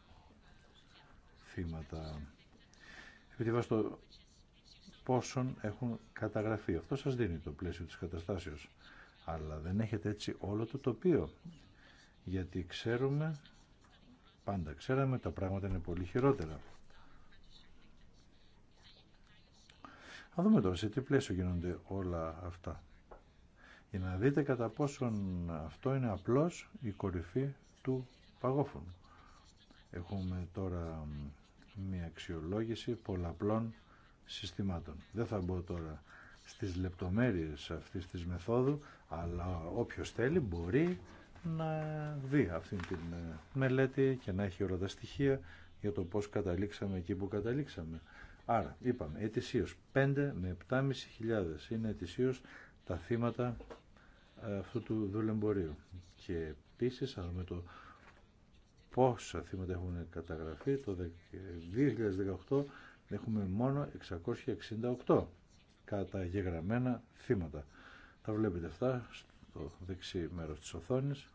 θύματα επειδή το πόσων έχουν καταγραφεί. Αυτό σας δίνει το πλαίσιο της καταστάσεως αλλά δεν έχετε έτσι όλο το τοπίο. Γιατί ξέρουμε, πάντα ξέραμε, τα πράγματα είναι πολύ χειρότερα. Θα δούμε τώρα σε τι πλαίσιο γίνονται όλα αυτά. Για να δείτε κατά πόσον αυτό είναι απλώς η κορυφή του παγόφωνου. Έχουμε τώρα μια αξιολόγηση πολλαπλών συστημάτων. Δεν θα μπω τώρα στις λεπτομέρειες αυτής της μεθόδου, αλλά όποιος θέλει μπορεί να δει αυτή την ε, μελέτη και να έχει όλα τα στοιχεία για το πώς καταλήξαμε εκεί που καταλήξαμε. Άρα, είπαμε, ετησίως 5 με 7.500 είναι ετησίως τα θύματα ε, αυτού του δουλεμπορίου. Και επίσης, αν με το πόσα θύματα έχουν καταγραφεί, το 2018 ε, έχουμε μόνο 668 καταγεγραμμένα θύματα. Τα βλέπετε αυτά στο δεξί μέρος της οθόνης.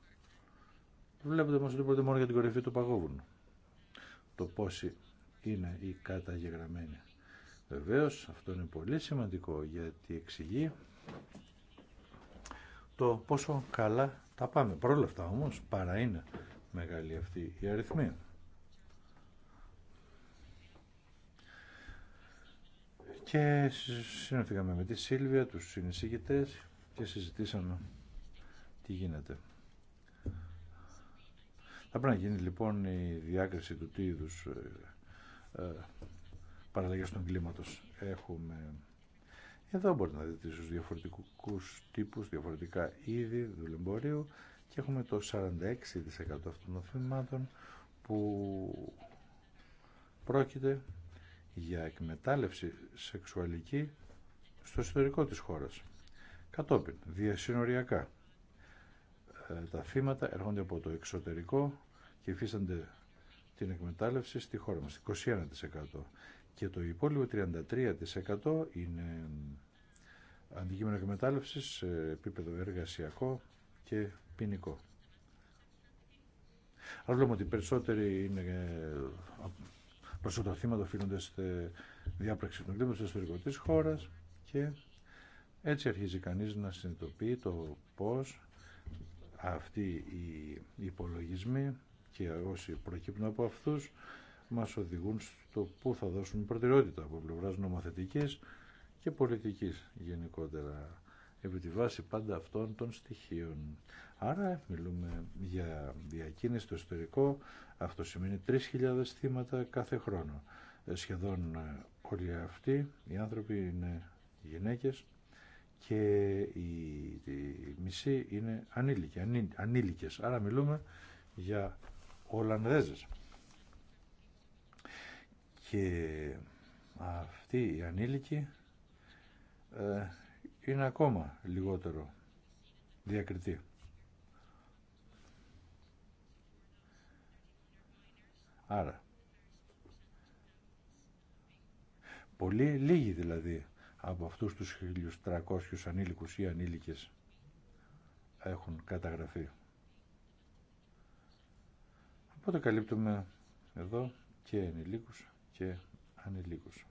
Βλέπετε όμως ότι μόνο για την κορυφή του παγόβουνου. Το πόσοι είναι οι καταγεγραμμένοι. Βεβαίως αυτό είναι πολύ σημαντικό γιατί εξηγεί το πόσο καλά τα πάμε. Παρ' αυτά όμως παρά είναι μεγάλη αυτή η αριθμή. Και συναντήκαμε με τη Σίλβια, τους συνεισηγητές και συζητήσαμε τι γίνεται. Θα πρέπει να γίνει λοιπόν η διάκριση του τι είδου ε, ε, παραλλαγές των κλίματος έχουμε. Εδώ μπορείτε να δείτε τους διαφορετικούς τύπους, διαφορετικά είδη δουλεμπορίου και έχουμε το 46% αυτών των θυμάτων που πρόκειται για εκμετάλλευση σεξουαλική στο εσωτερικό της χώρας. Κατόπιν, διασυνοριακά, ε, τα θύματα έρχονται από το εξωτερικό και υφίστανται την εκμετάλλευση στη χώρα μας, 21% και το υπόλοιπο 33% είναι αντικείμενο εκμετάλλευση σε επίπεδο εργασιακό και ποινικό. Αλλά βλέπουμε ότι περισσότεροι είναι ε, προς το θύμα το οφείλονται στη διάπραξη του εγκλήματος στο ιστορικό της χώρας και έτσι αρχίζει κανείς να συνειδητοποιεί το πώς αυτοί οι υπολογισμοί και όσοι προκύπτουν από αυτούς μας οδηγούν στο πού θα δώσουν προτεραιότητα από πλευράς νομοθετικής και πολιτικής γενικότερα επί τη βάση πάντα αυτών των στοιχείων. Άρα μιλούμε για διακίνηση στο ιστορικό, αυτό σημαίνει 3.000 θύματα κάθε χρόνο. Ε, σχεδόν ε, όλοι αυτοί οι άνθρωποι είναι γυναίκες και η, μισή είναι ανήλικοι, ανήλικες. Άρα μιλούμε για Ολλανδέζες. Και αυτοί οι ανήλικοι ε, είναι ακόμα λιγότερο διακριτή. Άρα, πολύ λίγοι δηλαδή από αυτούς τους 1.300 ανήλικους ή ανήλικες έχουν καταγραφεί. Οπότε καλύπτουμε εδώ και ανήλικους και ανηλίκους.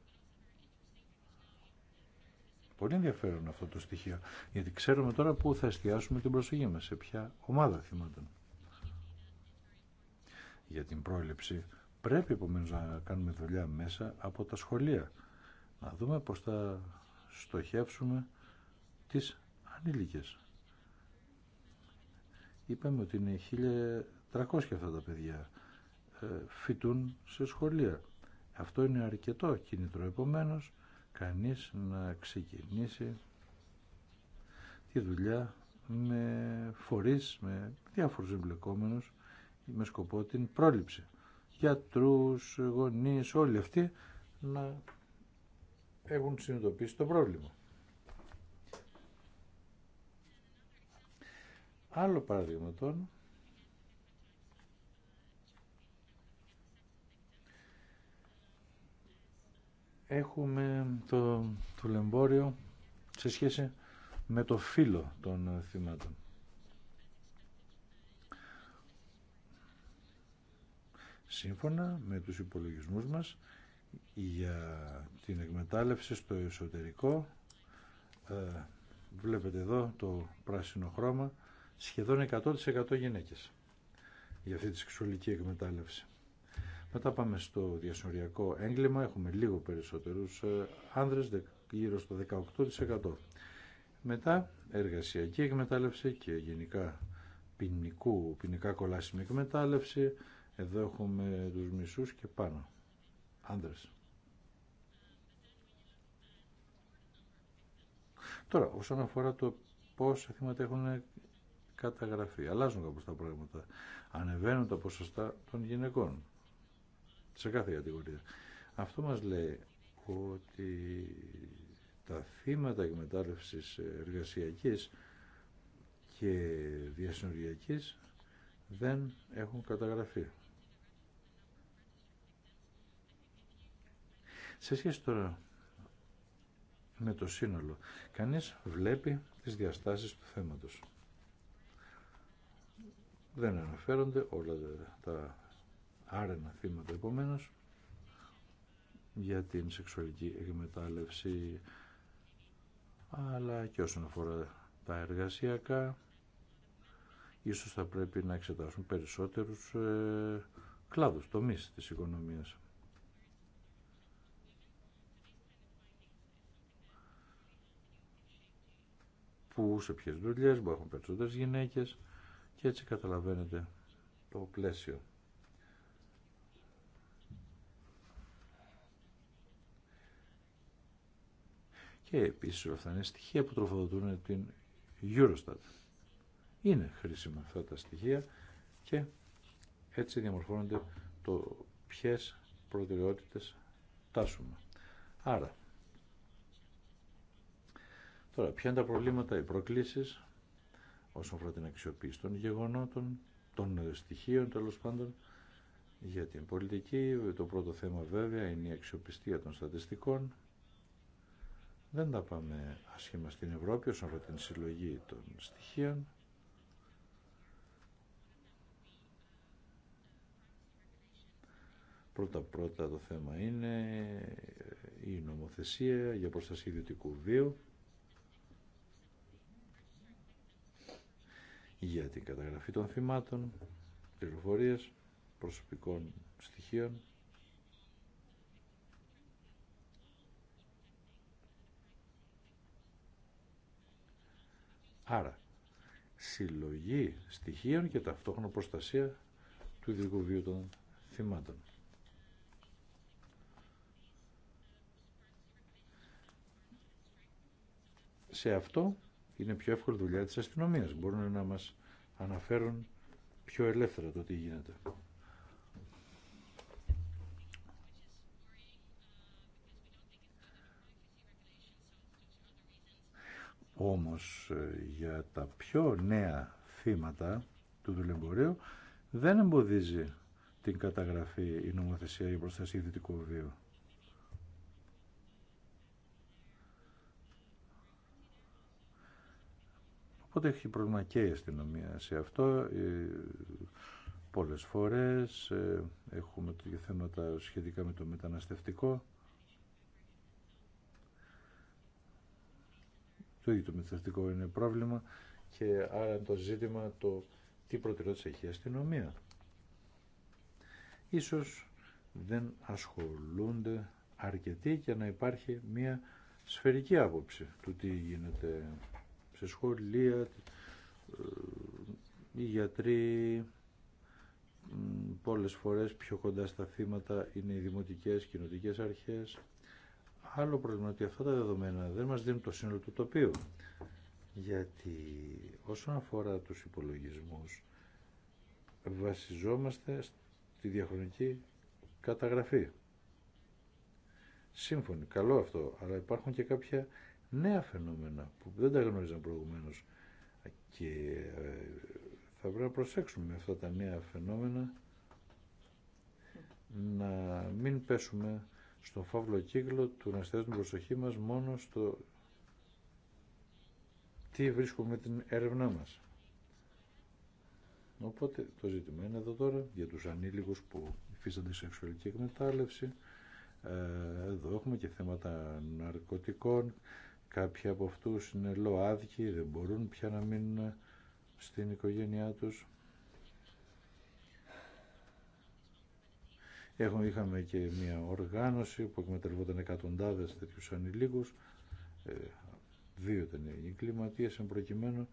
Πολύ ενδιαφέρον αυτό το στοιχείο, γιατί ξέρουμε τώρα πού θα εστιάσουμε την προσοχή μας, σε ποια ομάδα θυμάτων. Για την πρόληψη πρέπει επομένως να κάνουμε δουλειά μέσα από τα σχολεία. Να δούμε πώς θα στοχεύσουμε τις ανήλικες. Είπαμε ότι είναι 1.300 αυτά τα παιδιά ε, φοιτούν σε σχολεία. Αυτό είναι αρκετό κίνητρο επομένως κανείς να ξεκινήσει τη δουλειά με φορείς, με διάφορους εμπλεκόμενους με σκοπό την πρόληψη. Γιατρούς, γονείς, όλοι αυτοί να έχουν συνειδητοποιήσει το πρόβλημα. Άλλο παραδείγμα τώρα έχουμε το λεμπόριο σε σχέση με το φύλλο των θυμάτων. Σύμφωνα με τους υπολογισμούς μας για την εκμετάλλευση στο εσωτερικό ε, βλέπετε εδώ το πράσινο χρώμα σχεδόν 100% γυναίκες για αυτή τη σεξουαλική εκμετάλλευση. Μετά πάμε στο διασωριακό έγκλημα, έχουμε λίγο περισσότερους ε, άνδρες, γύρω στο 18%. Μετά εργασιακή εκμετάλλευση και γενικά ποινικού, ποινικά κολάσιμη εκμετάλλευση. Εδώ έχουμε τους μισούς και πάνω. Άνδρες. Τώρα, όσον αφορά το πόσα θύματα έχουν καταγραφεί, αλλάζουν κάπως τα πράγματα. Ανεβαίνουν τα ποσοστά των γυναικών σε κάθε κατηγορία. Αυτό μας λέει ότι τα θύματα εκμετάλλευσης εργασιακής και διασυνοριακής δεν έχουν καταγραφεί. Σε σχέση τώρα με το σύνολο, κανείς βλέπει τις διαστάσεις του θέματος. Δεν αναφέρονται όλα τα Άρα ένα θύμα το για την σεξουαλική εκμετάλλευση αλλά και όσον αφορά τα εργασιακά ίσως θα πρέπει να εξετάσουν περισσότερους ε, κλάδους, τομείς της οικονομίας. Που σε ποιες δουλειές, που έχουν περισσότερες γυναίκες και έτσι καταλαβαίνετε το πλαίσιο. και επίσης αυτά είναι στοιχεία που τροφοδοτούν την Eurostat. Είναι χρήσιμα αυτά τα στοιχεία και έτσι διαμορφώνονται το ποιες προτεραιότητες τάσουμε. Άρα, τώρα ποια είναι τα προβλήματα, οι προκλήσεις όσον αφορά την αξιοποίηση των γεγονότων, των στοιχείων τέλο πάντων, για την πολιτική, το πρώτο θέμα βέβαια είναι η αξιοπιστία των στατιστικών, δεν τα πάμε άσχημα στην Ευρώπη όσον αφορά την συλλογή των στοιχείων. Πρώτα-πρώτα το θέμα είναι η νομοθεσία για προστασία ιδιωτικού βίου για την καταγραφή των θυμάτων, πληροφορίες, προσωπικών στοιχείων Άρα, συλλογή στοιχείων και ταυτόχρονα προστασία του ειδικού βίου των θυμάτων. Σε αυτό είναι πιο εύκολη δουλειά της αστυνομίας. Μπορούν να μας αναφέρουν πιο ελεύθερα το τι γίνεται. Όμως ε, για τα πιο νέα θύματα του δουλεμπορίου δεν εμποδίζει την καταγραφή η νομοθεσία για προστασία ιδιωτικού βίου. Οπότε έχει πρόβλημα και η αστυνομία σε αυτό. Ε, πολλές φορές ε, έχουμε και θέματα σχετικά με το μεταναστευτικό. Το ίδιο το μεθοδευτικό είναι πρόβλημα και άρα το ζήτημα το τι προτεραιότητα έχει η αστυνομία. Ίσως δεν ασχολούνται αρκετοί και να υπάρχει μια σφαιρική άποψη του τι γίνεται σε σχολεία, ε, οι γιατροί πολλές φορές πιο κοντά στα θύματα είναι οι δημοτικές, κοινοτικές αρχές άλλο πρόβλημα ότι αυτά τα δεδομένα δεν μας δίνουν το σύνολο του τοπίου. Γιατί όσον αφορά τους υπολογισμούς βασιζόμαστε στη διαχρονική καταγραφή. Σύμφωνοι, καλό αυτό, αλλά υπάρχουν και κάποια νέα φαινόμενα που δεν τα γνώριζαν προηγουμένως και ε, θα πρέπει να προσέξουμε αυτά τα νέα φαινόμενα να μην πέσουμε στον φαύλο κύκλο του να εστιάζουμε την προσοχή μας μόνο στο τι βρίσκουμε την έρευνά μας. Οπότε το ζήτημα είναι εδώ τώρα για τους ανήλικους που υφίστανται σεξουαλική εκμετάλλευση. Ε, εδώ έχουμε και θέματα ναρκωτικών. Κάποιοι από αυτούς είναι λοάδικοι, δεν μπορούν πια να μείνουν στην οικογένειά τους. Έχουμε, είχαμε και μια οργάνωση που εκμεταλλευόταν εκατοντάδες τέτοιους ανηλίκους, ε, δύο ήταν οι εν προκειμένου,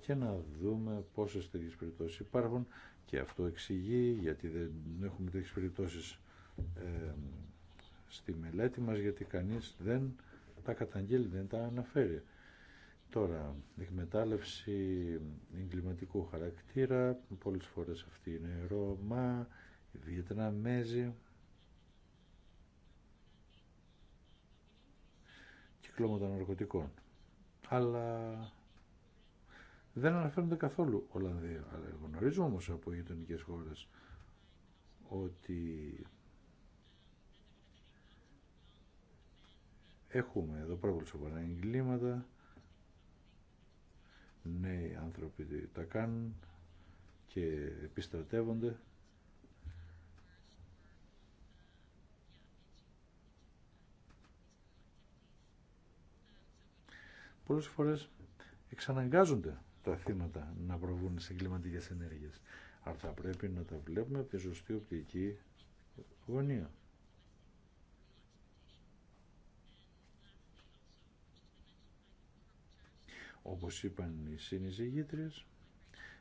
και να δούμε πόσες τέτοιες περιπτώσεις υπάρχουν και αυτό εξηγεί γιατί δεν έχουμε τέτοιες περιπτώσεις ε, στη μελέτη μας γιατί κανείς δεν τα καταγγέλει, δεν τα αναφέρει. Τώρα, εκμετάλλευση εγκληματικού χαρακτήρα, πολλές φορές αυτή είναι Ρώμα, Βιετναμέζοι κυκλώματα ναρκωτικών. Αλλά δεν αναφέρονται καθόλου Ολλανδία. Αλλά γνωρίζουμε όμως από γειτονικέ χώρες ότι έχουμε εδώ πάρα πολύ σοβαρά εγκλήματα νέοι άνθρωποι τα κάνουν και επιστρατεύονται πολλές φορές εξαναγκάζονται τα θύματα να προβούν σε εγκληματικές ενέργειες. Αλλά θα πρέπει να τα βλέπουμε από τη σωστή οπτική γωνία. Όπως είπαν οι συνειζηγήτριες,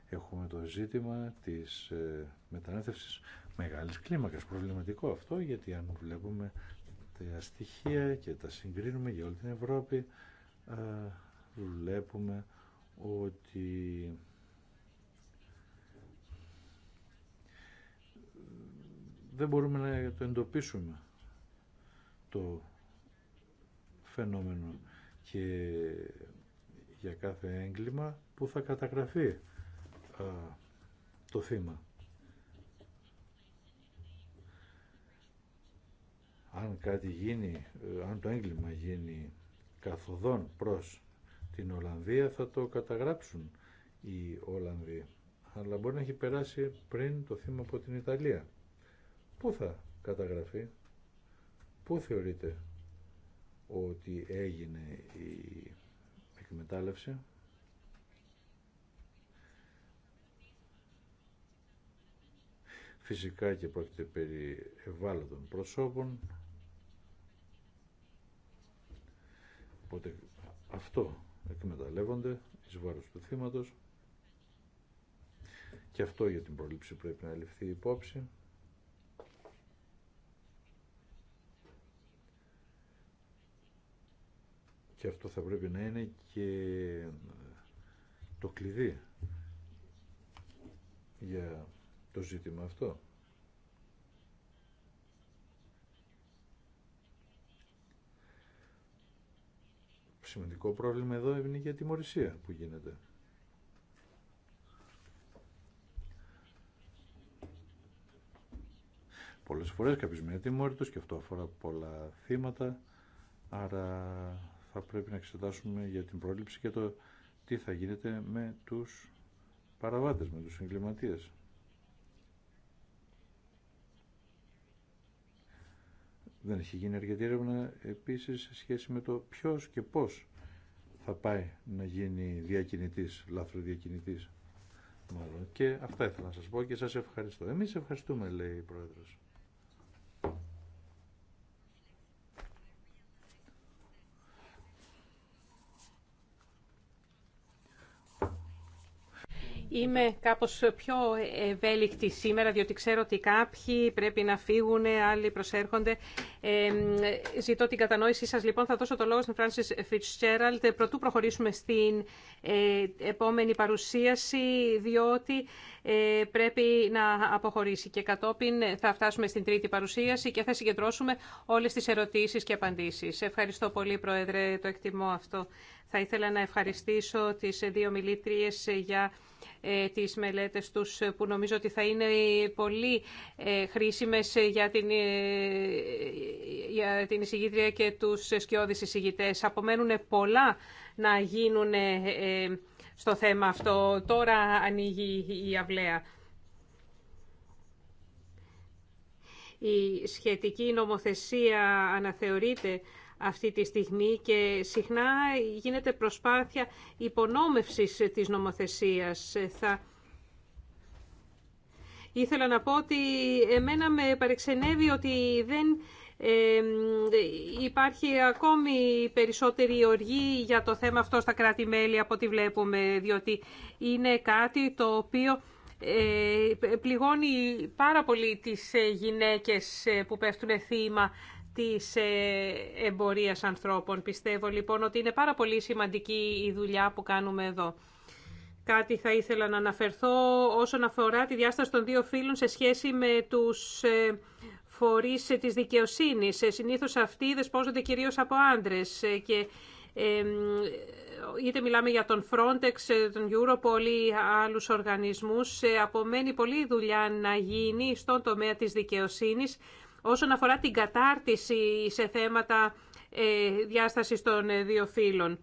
έχουμε το ζήτημα της ε, μετανάστευσης μεγάλης κλίμακας. Προβληματικό αυτό, γιατί αν βλέπουμε τα στοιχεία και τα συγκρίνουμε για όλη την Ευρώπη, ε, βλέπουμε ότι δεν μπορούμε να το εντοπίσουμε το φαινόμενο και για κάθε έγκλημα που θα καταγραφεί ε, το θύμα. Αν κάτι γίνει, ε, αν το έγκλημα γίνει καθοδόν προς την Ολλανδία θα το καταγράψουν οι Ολλανδοί. Αλλά μπορεί να έχει περάσει πριν το θύμα από την Ιταλία. Πού θα καταγραφεί, πού θεωρείτε ότι έγινε η εκμετάλλευση. Φυσικά και πρόκειται περί ευάλωτων προσώπων, Οπότε αυτό εκμεταλλεύονται εις βάρος του θύματος και αυτό για την προλήψη πρέπει να ληφθεί υπόψη. Και αυτό θα πρέπει να είναι και το κλειδί για το ζήτημα αυτό. σημαντικό πρόβλημα εδώ είναι για τιμωρησία που γίνεται. Πολλές φορές κάποιος με τιμωρητός και αυτό αφορά πολλά θύματα, άρα θα πρέπει να εξετάσουμε για την πρόληψη και το τι θα γίνεται με τους παραβάτες, με τους εγκληματίες. Δεν έχει γίνει αρκετή έρευνα επίσης σε σχέση με το ποιο και πώς θα πάει να γίνει διακινητής, λαθροδιακινητής μάλλον. Και αυτά ήθελα να σας πω και σας ευχαριστώ. Εμείς ευχαριστούμε λέει η Πρόεδρος. Είμαι κάπως πιο ευέλικτη σήμερα, διότι ξέρω ότι κάποιοι πρέπει να φύγουν, άλλοι προσέρχονται. Ε, ζητώ την κατανόησή σας. Λοιπόν, θα δώσω το λόγο στην Francis Fitzgerald. Πρωτού προχωρήσουμε στην ε, επόμενη παρουσίαση, διότι ε, πρέπει να αποχωρήσει. Και κατόπιν θα φτάσουμε στην τρίτη παρουσίαση και θα συγκεντρώσουμε όλες τις ερωτήσεις και απαντήσεις. Ευχαριστώ πολύ, Πρόεδρε, το εκτιμώ αυτό. Θα ήθελα να ευχαριστήσω τις δύο μιλήτριες για ε, τις μελέτες τους ε, που νομίζω ότι θα είναι πολύ ε, χρήσιμες για την, για εισηγήτρια και τους σκιώδεις εισηγητές. Απομένουν πολλά να γίνουν στο θέμα αυτό. Τώρα ανοίγει η αυλαία. Η σχετική νομοθεσία αναθεωρείται αυτή τη στιγμή και συχνά γίνεται προσπάθεια υπονόμευσης της νομοθεσίας. Θα... Ήθελα να πω ότι εμένα με παρεξενεύει ότι δεν υπάρχει ακόμη περισσότερη οργή για το θέμα αυτό στα κράτη-μέλη από ό,τι βλέπουμε, διότι είναι κάτι το οποίο ε, πληγώνει πάρα πολύ τις ε, γυναίκες ε, που πέφτουν θύμα της εμπορίας ανθρώπων. Πιστεύω λοιπόν ότι είναι πάρα πολύ σημαντική η δουλειά που κάνουμε εδώ. Κάτι θα ήθελα να αναφερθώ όσον αφορά τη διάσταση των δύο φίλων σε σχέση με τους ε, φορείς της δικαιοσύνης. Ε, συνήθως αυτοί δεσπόζονται κυρίως από άντρες ε, και είτε μιλάμε για τον Frontex, τον Europol ή άλλους οργανισμούς, απομένει πολλή δουλειά να γίνει στον τομέα της δικαιοσύνης όσον αφορά την κατάρτιση σε θέματα ε, διάστασης των ε, δύο φύλων.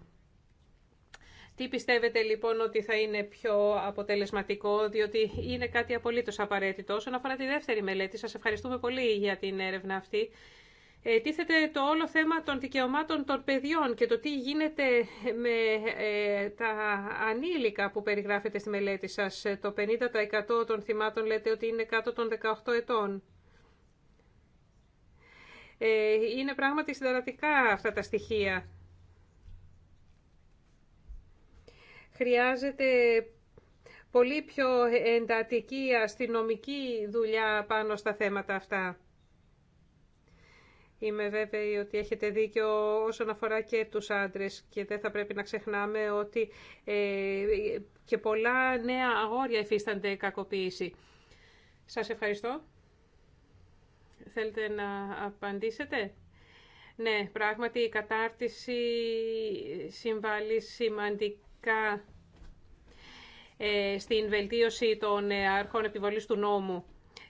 Τι πιστεύετε λοιπόν ότι θα είναι πιο αποτελεσματικό, διότι είναι κάτι απολύτως απαραίτητο. Όσον αφορά τη δεύτερη μελέτη, σας ευχαριστούμε πολύ για την έρευνα αυτή. Ε, τίθεται το όλο θέμα των δικαιωμάτων των παιδιών και το τι γίνεται με ε, τα ανήλικα που περιγράφεται στη μελέτη σας. Το 50% των θυμάτων λέτε ότι είναι κάτω των 18 ετών. Ε, είναι πράγματι συνταρατικά αυτά τα στοιχεία. Χρειάζεται πολύ πιο εντατική αστυνομική δουλειά πάνω στα θέματα αυτά. Είμαι βέβαιη ότι έχετε δίκιο όσον αφορά και τους άντρες και δεν θα πρέπει να ξεχνάμε ότι ε, και πολλά νέα αγόρια υφίστανται κακοποίηση. Σας ευχαριστώ. Θέλετε να απαντήσετε. Ναι, πράγματι η κατάρτιση συμβάλλει σημαντικά ε, στην βελτίωση των ε, αρχών επιβολής του νόμου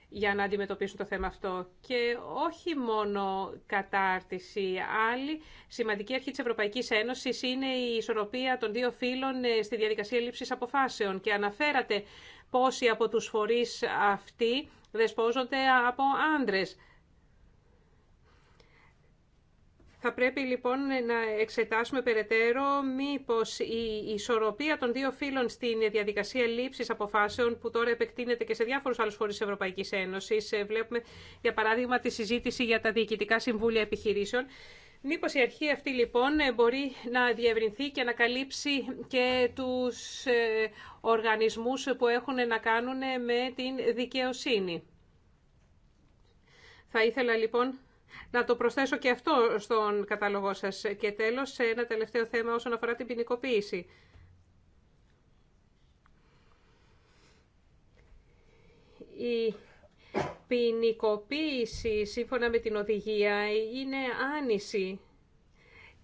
για να αντιμετωπίσουν το θέμα αυτό. Και όχι μόνο κατάρτιση. Άλλη σημαντική αρχή της Ευρωπαϊκής Ένωσης είναι η ισορροπία των δύο φύλων ε, στη διαδικασία λήψης αποφάσεων. Και αναφέρατε πόσοι από τους φορείς αυτοί δεσπόζονται από άντρες. Θα πρέπει λοιπόν να εξετάσουμε περαιτέρω μήπως η ισορροπία των δύο φύλων στην διαδικασία λήψης αποφάσεων που τώρα επεκτείνεται και σε διάφορους άλλους φορείς της Ευρωπαϊκής Ένωσης. Ε, βλέπουμε για παράδειγμα τη συζήτηση για τα διοικητικά συμβούλια επιχειρήσεων. Μήπως η αρχή αυτή λοιπόν ε, μπορεί να διευρυνθεί και να καλύψει και τους ε, οργανισμούς που έχουν να κάνουν με την δικαιοσύνη. Θα ήθελα λοιπόν να το προσθέσω και αυτό στον κατάλογό σας. Και τέλος, σε ένα τελευταίο θέμα όσον αφορά την ποινικοποίηση. Η ποινικοποίηση, σύμφωνα με την οδηγία, είναι άνηση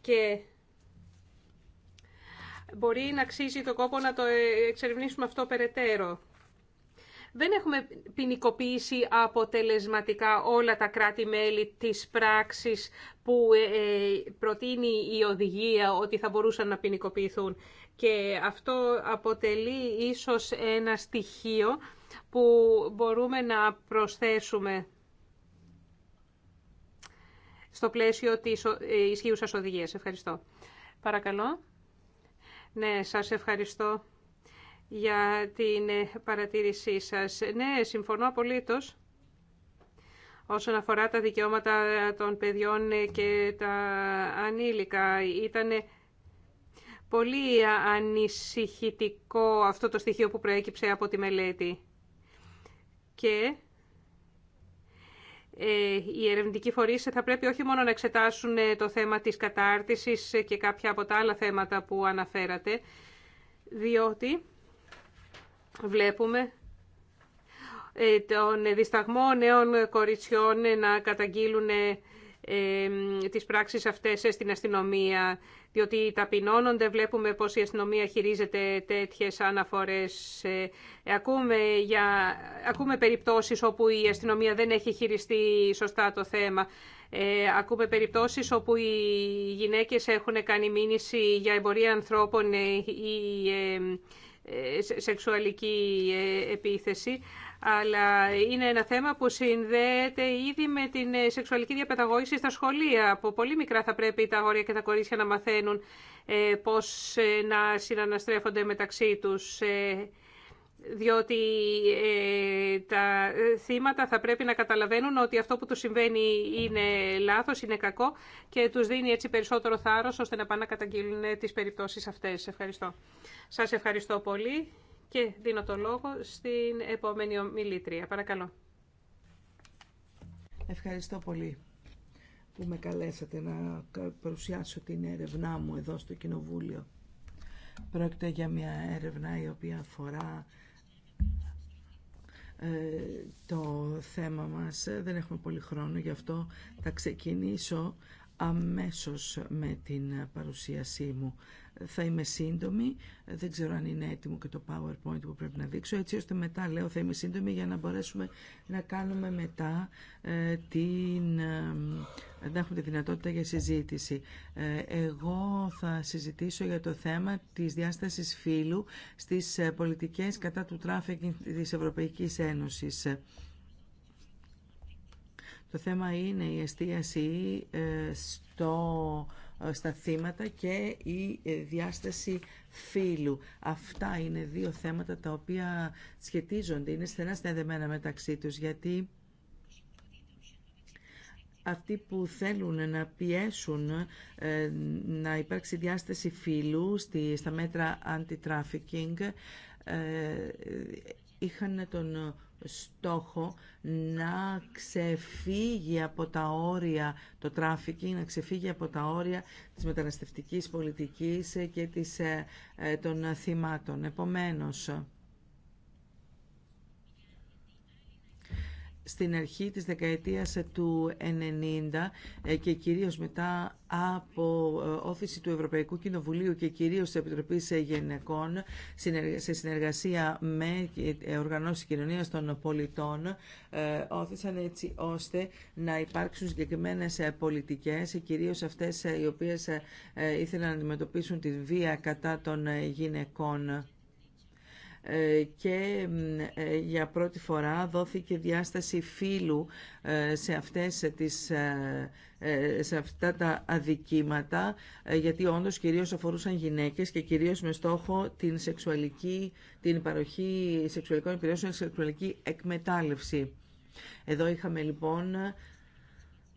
και μπορεί να αξίζει το κόπο να το εξερευνήσουμε αυτό περαιτέρω. Δεν έχουμε ποινικοποιήσει αποτελεσματικά όλα τα κράτη-μέλη της πράξης που ε, ε, προτείνει η οδηγία ότι θα μπορούσαν να ποινικοποιηθούν. Και αυτό αποτελεί ίσως ένα στοιχείο που μπορούμε να προσθέσουμε στο πλαίσιο της ε, ισχύουσας οδηγίας. Ευχαριστώ. Παρακαλώ. Ναι, σας ευχαριστώ για την ε, παρατήρησή σας. Ναι, συμφωνώ απολύτως όσον αφορά τα δικαιώματα των παιδιών ε, και τα ανήλικα. Ήταν πολύ ανησυχητικό αυτό το στοιχείο που προέκυψε από τη μελέτη. Και ε, οι ερευνητικοί φορείς θα πρέπει όχι μόνο να εξετάσουν το θέμα της κατάρτισης και κάποια από τα άλλα θέματα που αναφέρατε, διότι βλέπουμε ε, τον δισταγμό νέων κοριτσιών να καταγγείλουν ε, ε, τις πράξεις αυτές στην αστυνομία, διότι ταπεινώνονται, βλέπουμε πώς η αστυνομία χειρίζεται τέτοιες αναφορές. Ακούμε, για, ακούμε περιπτώσεις όπου η αστυνομία δεν έχει χειριστεί σωστά το θέμα. ακούμε περιπτώσεις όπου οι γυναίκες έχουν κάνει μήνυση για εμπορία ανθρώπων ή σεξουαλική ε, επίθεση, αλλά είναι ένα θέμα που συνδέεται ήδη με την ε, σεξουαλική διαπαιδαγώγηση στα σχολεία. Από πολύ μικρά θα πρέπει τα αγόρια και τα κορίτσια να μαθαίνουν ε, πώς να συναναστρέφονται μεταξύ τους διότι ε, τα θύματα θα πρέπει να καταλαβαίνουν ότι αυτό που τους συμβαίνει είναι λάθος, είναι κακό και τους δίνει έτσι περισσότερο θάρρος ώστε να πάνε να καταγγείλουν τις περιπτώσεις αυτές. Ευχαριστώ. Σας ευχαριστώ πολύ και δίνω το λόγο στην επόμενη ομιλήτρια. Παρακαλώ. Ευχαριστώ πολύ που με καλέσατε να παρουσιάσω την έρευνά μου εδώ στο Κοινοβούλιο. Πρόκειται για μια έρευνα η οποία αφορά ε, το θέμα μας. Ε, δεν έχουμε πολύ χρόνο, γι' αυτό θα ξεκινήσω αμέσως με την παρουσίασή μου θα είμαι σύντομη, δεν ξέρω αν είναι έτοιμο και το powerpoint που πρέπει να δείξω, έτσι ώστε μετά λέω θα είμαι σύντομη για να μπορέσουμε να κάνουμε μετά ε, την, ε, να έχουμε τη δυνατότητα για συζήτηση. Ε, εγώ θα συζητήσω για το θέμα της διάστασης φύλου στις πολιτικές κατά του τράφικινγκ της Ευρωπαϊκής Ένωσης. Το θέμα είναι η εστίαση στο στα θύματα και η ε, διάσταση φύλου. Αυτά είναι δύο θέματα τα οποία σχετίζονται, είναι στενά συνδεδεμένα μεταξύ τους, γιατί αυτοί που θέλουν να πιέσουν ε, να υπάρξει διάσταση φύλου στη, στα μέτρα anti-trafficking ε, είχαν τον στόχο να ξεφύγει από τα όρια το τράφικι, να ξεφύγει από τα όρια της μεταναστευτικής πολιτικής και της, ε, ε, των θυμάτων. Επομένως, στην αρχή της δεκαετίας του 90 ε, και κυρίως μετά από ε, όθηση του Ευρωπαϊκού Κοινοβουλίου και κυρίως της Επιτροπής ε, Γενεκών σε συνεργασία με οργανώσεις κοινωνίας των πολιτών όθησαν έτσι ώστε να υπάρξουν συγκεκριμένες πολιτικές κυρίως αυτές οι οποίες ήθελαν να αντιμετωπίσουν τη βία κατά των γυναικών. Ε, και ε, για πρώτη φορά δόθηκε διάσταση φύλου ε, σε, αυτές τις, σε αυτά τα αδικήματα γιατί όντως κυρίως αφορούσαν γυναίκες και κυρίως με στόχο την, σεξουαλική, την παροχή σεξουαλικών υπηρεσιών, σεξουαλική εκμετάλλευση. Εδώ είχαμε λοιπόν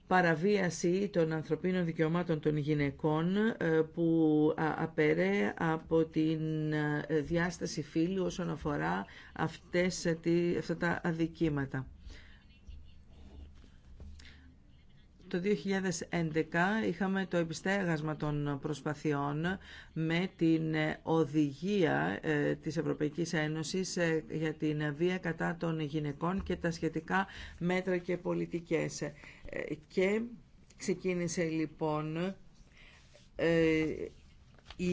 παραβίαση των ανθρωπίνων δικαιωμάτων των γυναικών ε, που απέρε από την ε, διάσταση φύλου όσον αφορά αυτές, ε, αυτά τα αδικήματα. Το 2011 είχαμε το επιστέγασμα των προσπαθειών με την οδηγία της Ευρωπαϊκής Ένωσης για την βία κατά των γυναικών και τα σχετικά μέτρα και πολιτικές και ξεκίνησε λοιπόν ε, η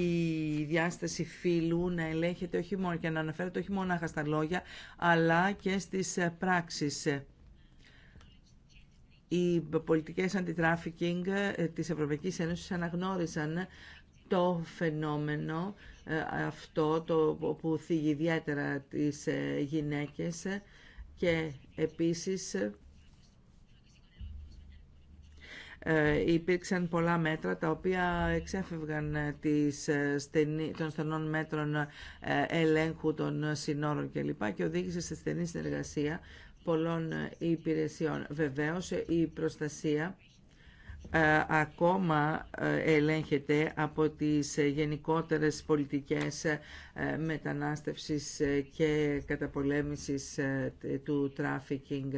διάσταση φίλου να ελέγχεται όχι μόνο και να αναφέρεται όχι μόνο στα λόγια αλλά και στις ε, πράξεις. Οι πολιτικές αντιτράφικινγκ ε, της Ευρωπαϊκής Ένωσης αναγνώρισαν το φαινόμενο αυτό το που θίγει ιδιαίτερα τις γυναίκες και επίσης ε, υπήρξαν πολλά μέτρα τα οποία εξέφευγαν ε, τις, ε, των στενών μέτρων ελέγχου των συνόρων κλπ. και οδήγησε σε στενή συνεργασία πολλών υπηρεσιών. Βεβαίως η προστασία ακόμα ελέγχεται από τις γενικότερες πολιτικές μετανάστευσης και καταπολέμησης του τράφικινγκ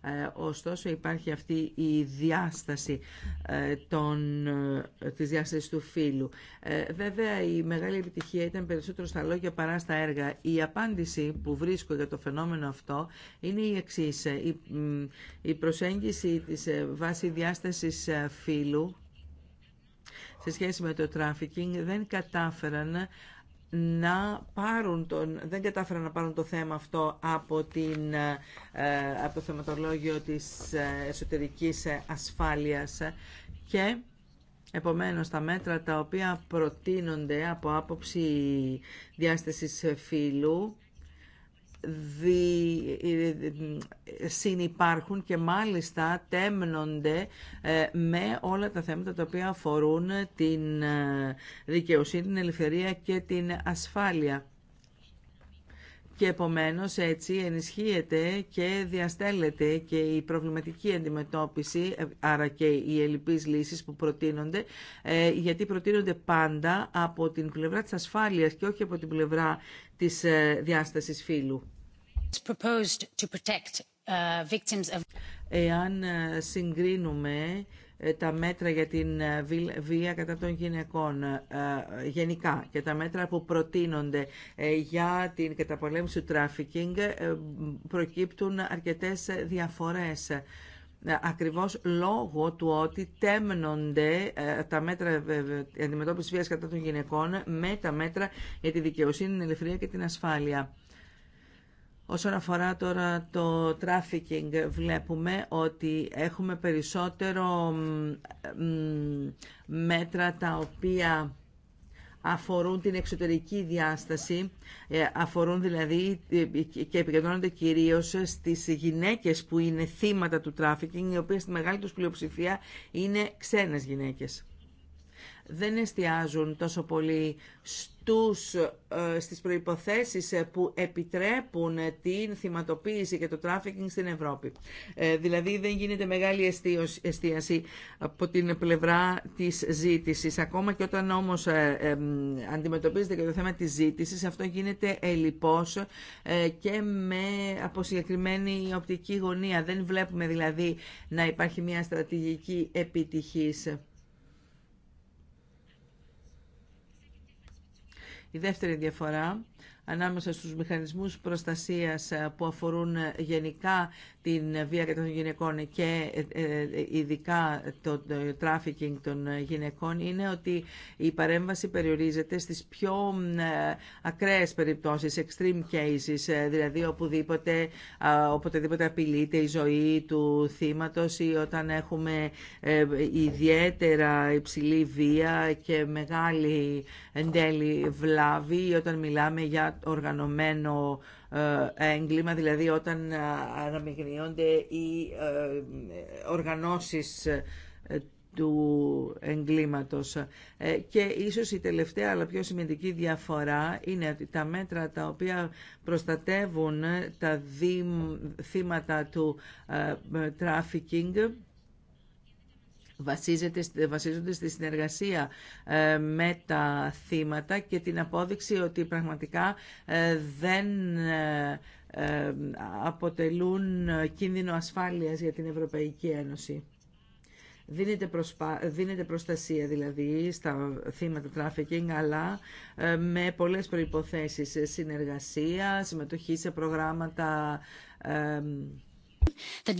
ε, ωστόσο υπάρχει αυτή η διάσταση ε, των, ε, της διάστασης του φίλου. Βέβαια η μεγάλη επιτυχία ήταν περισσότερο στα λόγια παρά στα έργα. Η απάντηση που βρίσκω για το φαινόμενο αυτό είναι η εξή. Η προσέγγιση της βάση διάστασης φίλου σε σχέση με το τράφικινγκ δεν κατάφεραν να πάρουν τον, δεν κατάφεραν να πάρουν το θέμα αυτό από, την, ε, από το θεματολόγιο της ε, εσωτερικής ε, ασφάλειας και Επομένως, τα μέτρα τα οποία προτείνονται από άποψη διάστασης φύλου δι, ε, ε, συνυπάρχουν και μάλιστα τέμνονται ε, με όλα τα θέματα τα οποία αφορούν την δικαιοσύνη, την ελευθερία και την ασφάλεια. Και επομένως έτσι ενισχύεται και διαστέλλεται και η προβληματική αντιμετώπιση, άρα και οι ελλειπείς λύσεις που προτείνονται, γιατί προτείνονται πάντα από την πλευρά της ασφάλειας και όχι από την πλευρά της ε, διάστασης φύλου. Uh, Εάν ε, συγκρίνουμε ε, τα μέτρα για την βία κατά των γυναικών γενικά και τα μέτρα που προτείνονται για την καταπολέμηση του τράφικινγκ προκύπτουν αρκετές διαφορές. Ε, ακριβώς λόγω του ότι τέμνονται ε, τα μέτρα ε, αντιμετώπισης βίας κατά των γυναικών με τα μέτρα για τη δικαιοσύνη, την ελευθερία και την ασφάλεια. Όσον αφορά τώρα το trafficking, βλέπουμε ότι έχουμε περισσότερο μέτρα τα οποία αφορούν την εξωτερική διάσταση, ε, αφορούν δηλαδή ε, ε, και επικεντρώνονται κυρίως στις γυναίκες που είναι θύματα του τράφικινγκ, οι οποίες στη μεγάλη τους πλειοψηφία είναι ξένες γυναίκες. Δεν εστιάζουν τόσο πολύ στο τους, ε, στις προϋποθέσεις ε, που επιτρέπουν ε, την θυματοποίηση και το τράφικινγκ στην Ευρώπη. Δηλαδή δεν γίνεται μεγάλη εστίαση από την πλευρά της ζήτησης. Ακόμα και όταν όμως αντιμετωπίζεται και το θέμα της ζήτησης, αυτό γίνεται ε, και με αποσυγκεκριμένη οπτική γωνία. Δεν βλέπουμε δηλαδή να υπάρχει μια στρατηγική επιτυχής. Η δεύτερη διαφορά ανάμεσα στους μηχανισμούς προστασίας ε, που αφορούν ε, γενικά την βία κατά των γυναικών και ε, ειδικά το τράφικινγκ των γυναικών είναι ότι η παρέμβαση περιορίζεται στις πιο ακραίες περιπτώσεις, extreme cases, δηλαδή οπουδήποτε, οποτεδήποτε απειλείται η ζωή του θύματος ή όταν έχουμε ιδιαίτερα υψηλή βία και μεγάλη εν τέλει βλάβη ή όταν μιλάμε για οργανωμένο ε, έγκλημα, δηλαδή όταν ε, αναμειγνύονται οι ε, οργανώσεις του εγκλήματος. Και ίσως η τελευταία αλλά πιο σημαντική διαφορά είναι ότι τα μέτρα τα οποία προστατεύουν τα θύματα του τράφικινγκ βασίζονται στη συνεργασία ε, με τα θύματα και την απόδειξη ότι πραγματικά ε, δεν ε, αποτελούν κίνδυνο ασφάλειας για την Ευρωπαϊκή Ένωση. Δίνεται, προστασία δηλαδή στα θύματα τράφικινγκ αλλά με πολλές προϋποθέσεις συνεργασία, συμμετοχή σε προγράμματα That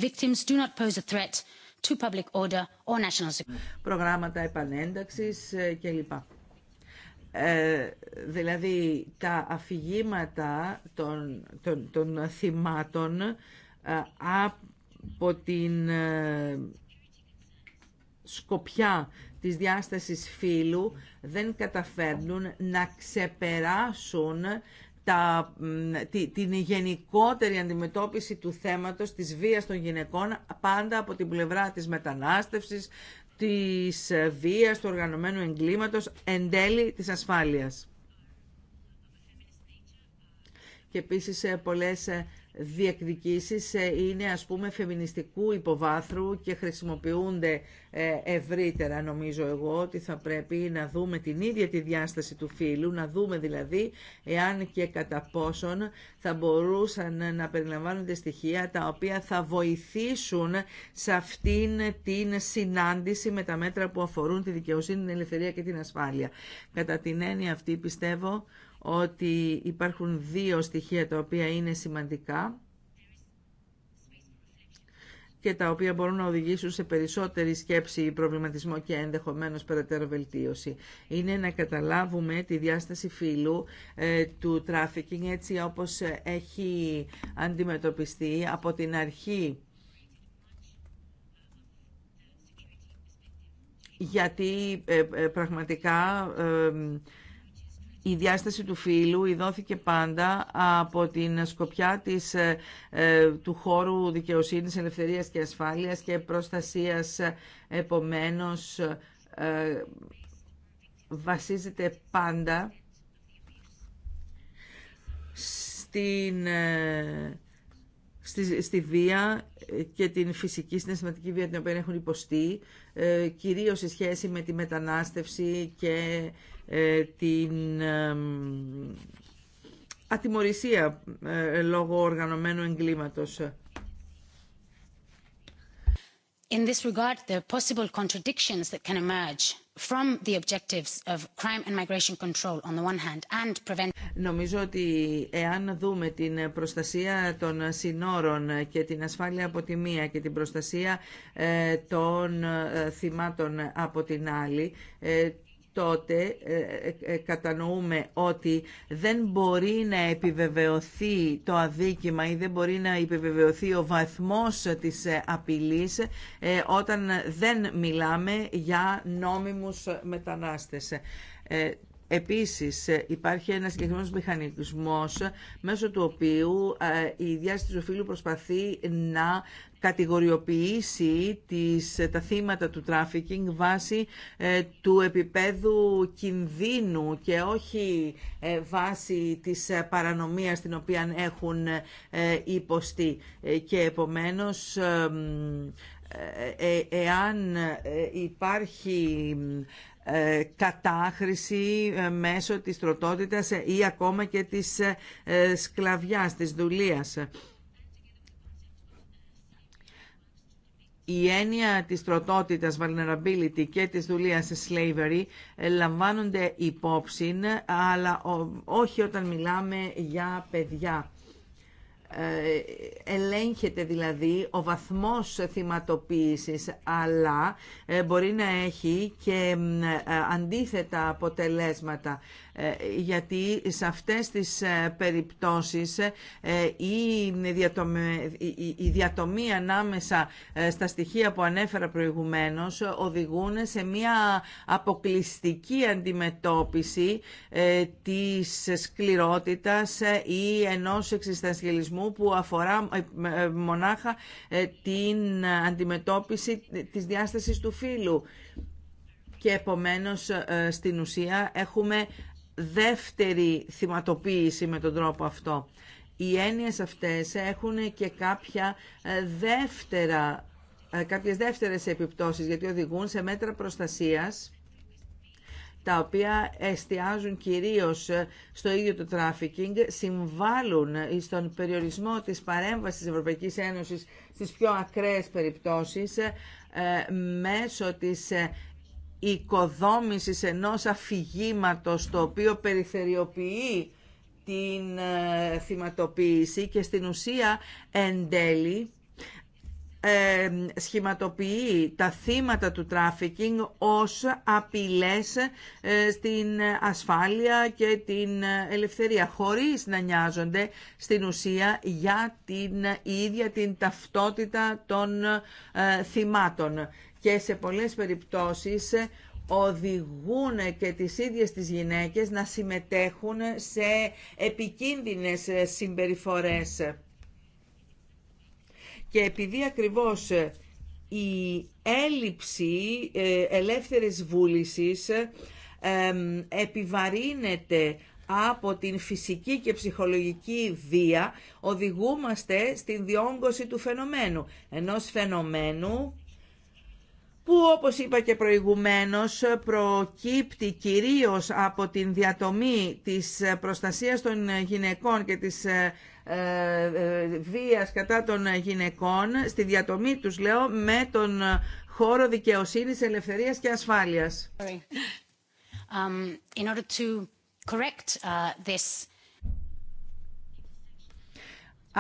Προγράμματα επανένταξης ε, κλπ. Ε, δηλαδή τα αφηγήματα των, θυμάτων ε, από την ε, σκοπιά της διάστασης φύλου δεν καταφέρνουν να ξεπεράσουν τα, την γενικότερη αντιμετώπιση του θέματος της βίας των γυναικών πάντα από την πλευρά της μετανάστευσης, της ε, βίας, του οργανωμένου εγκλήματος, εν τέλει της ασφάλειας. Και επίσης ε, πολλές ε, διεκδικήσεις ε, είναι ας πούμε φεμινιστικού υποβάθρου και χρησιμοποιούνται ε, ευρύτερα νομίζω εγώ ότι θα πρέπει να δούμε την ίδια τη διάσταση του φύλου, να δούμε δηλαδή εάν και κατά πόσον θα μπορούσαν να περιλαμβάνονται στοιχεία τα οποία θα βοηθήσουν σε αυτήν την συνάντηση με τα μέτρα που αφορούν τη δικαιοσύνη, την ελευθερία και την ασφάλεια. Κατά την έννοια αυτή πιστεύω ότι υπάρχουν δύο στοιχεία τα οποία είναι σημαντικά και τα οποία μπορούν να οδηγήσουν σε περισσότερη σκέψη, προβληματισμό και ενδεχομένως περαιτέρω βελτίωση. Είναι να καταλάβουμε τη διάσταση φύλου ε, του τράφικινγκ έτσι όπως έχει αντιμετωπιστεί από την αρχή γιατί ε, ε, πραγματικά η διάσταση του φίλου ειδώθηκε πάντα από την σκοπιά της, ε, ε, του χώρου δικαιοσύνης, ελευθερίας και ασφάλειας και προστασίας. Επομένως, ε, βασίζεται πάντα στην, στη, στη βία και την φυσική συναισθηματική βία την οποία έχουν υποστεί, κυρίως σε σχέση με τη μετανάστευση και ε, την ατιμορρησία ε, λόγω οργανωμένου εγκλήματος. In this regard, the possible contradictions that can emerge from the objectives of crime and migration control on the one hand and prevent... Νομίζω ότι εάν δούμε την προστασία των συνόρων και την ασφάλεια από τη μία και την προστασία ε, των θυμάτων από την άλλη, τότε ε, ε, ε, κατανοούμε ότι δεν μπορεί να επιβεβαιωθεί το αδίκημα ή δεν μπορεί να επιβεβαιωθεί ο βαθμός της απειλής όταν δεν μιλάμε για νόμιμους μετανάστες. Επίσης ε, υπάρχει ένας συγκεκριμένος μηχανισμός μέσω του οποίου ε, η διάστηση του φύλου προσπαθεί να κατηγοριοποιήσει τις, ε, τα θύματα του τράφικινγκ βάσει του επίπεδου κινδύνου και όχι βάσει της παρανομίας την οποία έχουν ε, υποστεί. Και επομένως εάν υπάρχει ε, κατάχρηση ε, μέσω της τροτότητας ε, ή ακόμα και της σκλαβιάς, της δουλείας. Η έννοια της τροτότητας, vulnerability και της δουλείας slavery λαμβάνονται υπόψη, αλλά όχι όταν μιλάμε για παιδιά. Ε, ελέγχεται δηλαδή ο βαθμός θυματοποίησης αλλά ε, μπορεί να έχει και ε, αντίθετα αποτελέσματα ε, γιατί σε αυτές τις ε, περιπτώσεις ε, η διατομή ανάμεσα στα στοιχεία που ανέφερα προηγουμένως οδηγούν σε μια αποκλειστική αντιμετώπιση της σκληρότητας ή ενός εξιστασιαλισμού που αφορά μονάχα την αντιμετώπιση της διάστασης του φύλου και επομένως στην ουσία έχουμε δεύτερη θυματοποίηση με τον τρόπο αυτό. Οι έννοιες αυτές έχουν και κάποια ε, δεύτερα, ε, κάποιες δεύτερες επιπτώσεις, γιατί οδηγούν σε μέτρα προστασίας, τα οποία εστιάζουν κυρίως ε, στο ίδιο το τράφικινγκ, συμβάλλουν στον περιορισμό της παρέμβασης της Ευρωπαϊκής Ένωσης στις πιο ακραίες περιπτώσεις, μέσω της οικοδόμησης ενός αφηγήματος το οποίο περιθεριοποιεί την ε, θυματοποίηση και στην ουσία εν τέλει ε, σχηματοποιεί τα θύματα του τράφικινγκ ως απειλές ε, στην ασφάλεια και την ελευθερία χωρίς να νοιάζονται στην ουσία για την ίδια την ταυτότητα των ε, θυμάτων και σε πολλές περιπτώσεις ε, οδηγούν και τις ίδιες τις γυναίκες να συμμετέχουν σε επικίνδυνες ε, συμπεριφορές. Και επειδή ακριβώς ε, η έλλειψη ελεύθερης βούλησης επιβαρύνεται από την φυσική και ψυχολογική βία, οδηγούμαστε στην διόγκωση του φαινομένου, ενός φαινομένου που όπως είπα και προηγουμένως προκύπτει κυρίως από την διατομή της προστασίας των γυναικών και της ε, ε, βίας κατά των γυναικών, στη διατομή τους λέω, με τον χώρο δικαιοσύνης, ελευθερίας και ασφάλειας. Um, in order to correct uh,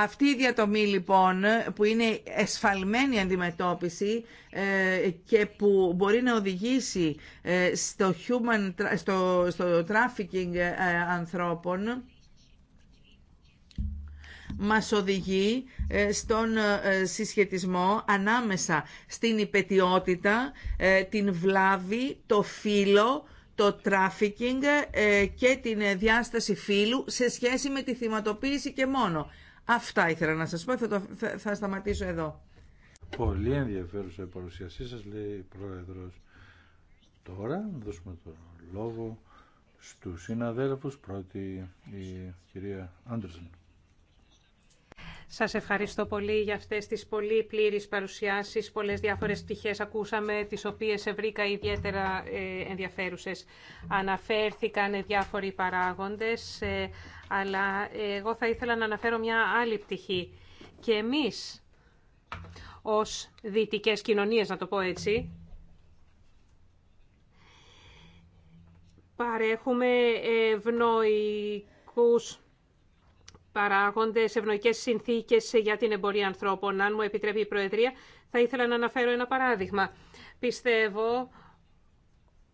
αυτή η διατομή λοιπόν που είναι εσφαλμένη αντιμετώπιση ε, και που μπορεί να οδηγήσει ε, στο, human, στο, στο trafficking ε, ανθρώπων μας οδηγεί στον συσχετισμό ανάμεσα στην υπετιότητα, την βλάβη, το φύλλο, το τράφικινγκ και την διάσταση φύλου σε σχέση με τη θυματοποίηση και μόνο. Αυτά ήθελα να σας πω. Θα, θα σταματήσω εδώ. Πολύ ενδιαφέρουσα η παρουσίασή σας, λέει η Πρόεδρος. Τώρα δώσουμε τον λόγο στους συναδέλφους. Πρώτη η κυρία Άντερσον. Σας ευχαριστώ πολύ για αυτές τις πολύ πλήρεις παρουσιάσεις, πολλές διάφορες πτυχές ακούσαμε, τις οποίες βρήκα ιδιαίτερα ε, ενδιαφέρουσες. Αναφέρθηκαν διάφοροι παράγοντες, ε, αλλά εγώ θα ήθελα να αναφέρω μια άλλη πτυχή. Και εμείς, ως δυτικές κοινωνίες, να το πω έτσι, παρέχουμε ευνοϊκούς παράγονται σε ευνοϊκές συνθήκες για την εμπορία ανθρώπων. Αν μου επιτρέπει η Προεδρία, θα ήθελα να αναφέρω ένα παράδειγμα. Πιστεύω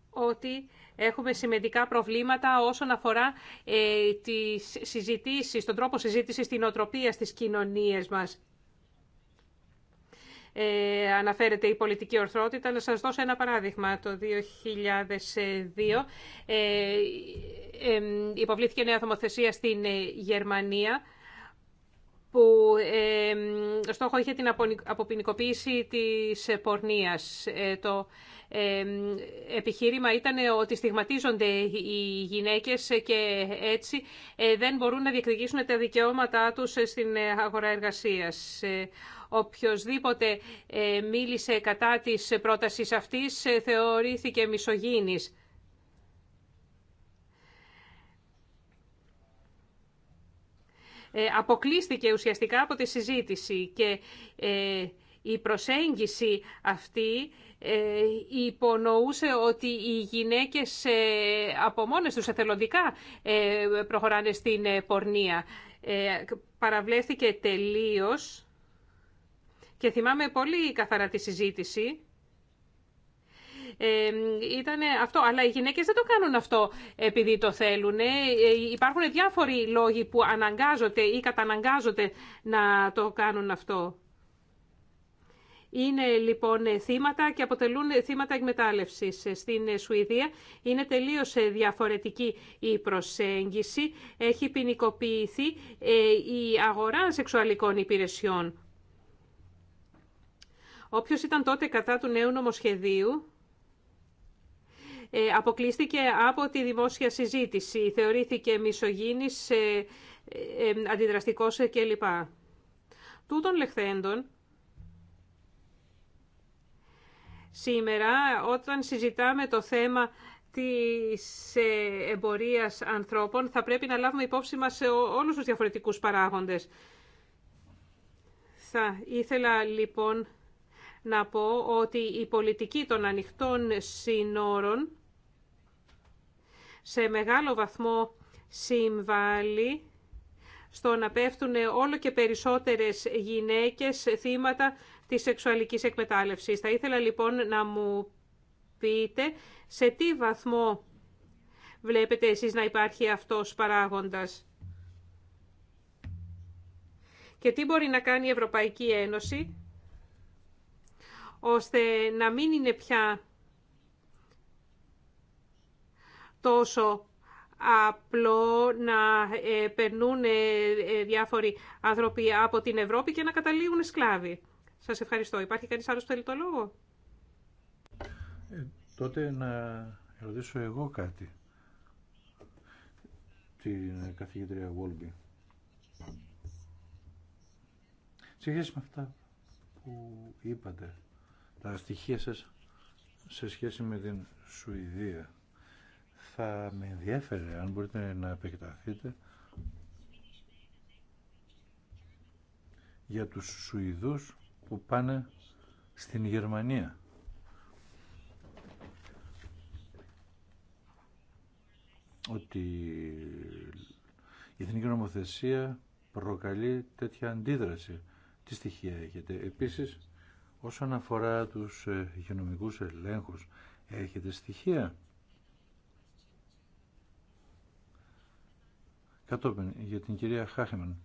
ότι έχουμε σημαντικά προβλήματα όσον αφορά ε, τις τον τρόπο συζήτησης, την οτροπία στις κοινωνίες μας αναφέρεται η πολιτική ορθότητα. Να σας δώσω ένα παράδειγμα. Το 2002 υποβλήθηκε νέα θομοθεσία στην Γερμανία που στόχο είχε την αποποινικοποίηση της πορνείας. Ε, το επιχείρημα ήταν ότι στιγματίζονται οι γυναίκες και έτσι ε, δεν μπορούν να διεκδικήσουν τα δικαιώματά τους στην αγορά εργασίας. Ε, Οποιοςδήποτε μίλησε κατά της πρότασης αυτής θεωρήθηκε μισογίνης. Ε, αποκλείστηκε ουσιαστικά από τη συζήτηση και ε, η προσέγγιση αυτή ε, υπονοούσε ότι οι γυναίκες από μόνες τους εθελοντικά προχωράνε στην πορνεία. Παραβλέφθηκε τελείως και θυμάμαι πολύ καθαρά τη συζήτηση ήταν αυτό. Αλλά οι γυναίκε δεν το κάνουν αυτό επειδή το θέλουν. Ε, υπάρχουν διάφοροι λόγοι που αναγκάζονται ή καταναγκάζονται να το κάνουν αυτό. Είναι λοιπόν θύματα και αποτελούν θύματα εκμετάλλευση Στην Σουηδία είναι τελείω διαφορετική η προσέγγιση. Έχει ποινικοποιηθεί ε, η αγορά σεξουαλικών υπηρεσιών. Όποιος ήταν τότε κατά του νέου νομοσχεδίου, ε, αποκλείστηκε από τη δημόσια συζήτηση. Θεωρήθηκε μισογίνης, ε, ε, αντιδραστικός κλπ. Τούτων λεχθέντων, σήμερα όταν συζητάμε το θέμα της εμπορίας ανθρώπων θα πρέπει να λάβουμε υπόψη μας σε όλους τους διαφορετικούς παράγοντες. Θα ήθελα λοιπόν να πω ότι η πολιτική των ανοιχτών σύνορων σε μεγάλο βαθμό συμβάλλει στο να πέφτουν όλο και περισσότερες γυναίκες θύματα της σεξουαλικής εκμετάλλευσης. Θα ήθελα λοιπόν να μου πείτε σε τι βαθμό βλέπετε εσείς να υπάρχει αυτός παράγοντας και τι μπορεί να κάνει η Ευρωπαϊκή Ένωση ώστε να μην είναι πια τόσο απλό να ε, περνούν ε, ε, διάφοροι άνθρωποι από την Ευρώπη και να καταλήγουν σκλάβοι. Σας ευχαριστώ. Υπάρχει κανείς άλλος που θέλει το λόγο? τότε να ρωτήσω εγώ κάτι. Την καθηγήτρια Βόλμπη. Σε με αυτά που είπατε, τα στοιχεία σας σε σχέση με την Σουηδία. Θα με ενδιέφερε αν μπορείτε να επεκταθείτε για τους Σουηδούς που πάνε στην Γερμανία. Ότι η εθνική νομοθεσία προκαλεί τέτοια αντίδραση. Τι στοιχεία έχετε. Επίσης, Όσον αφορά τους ε, υγειονομικούς ελέγχους, έχετε στοιχεία. Κατόπιν, για την κυρία Χάχημαν.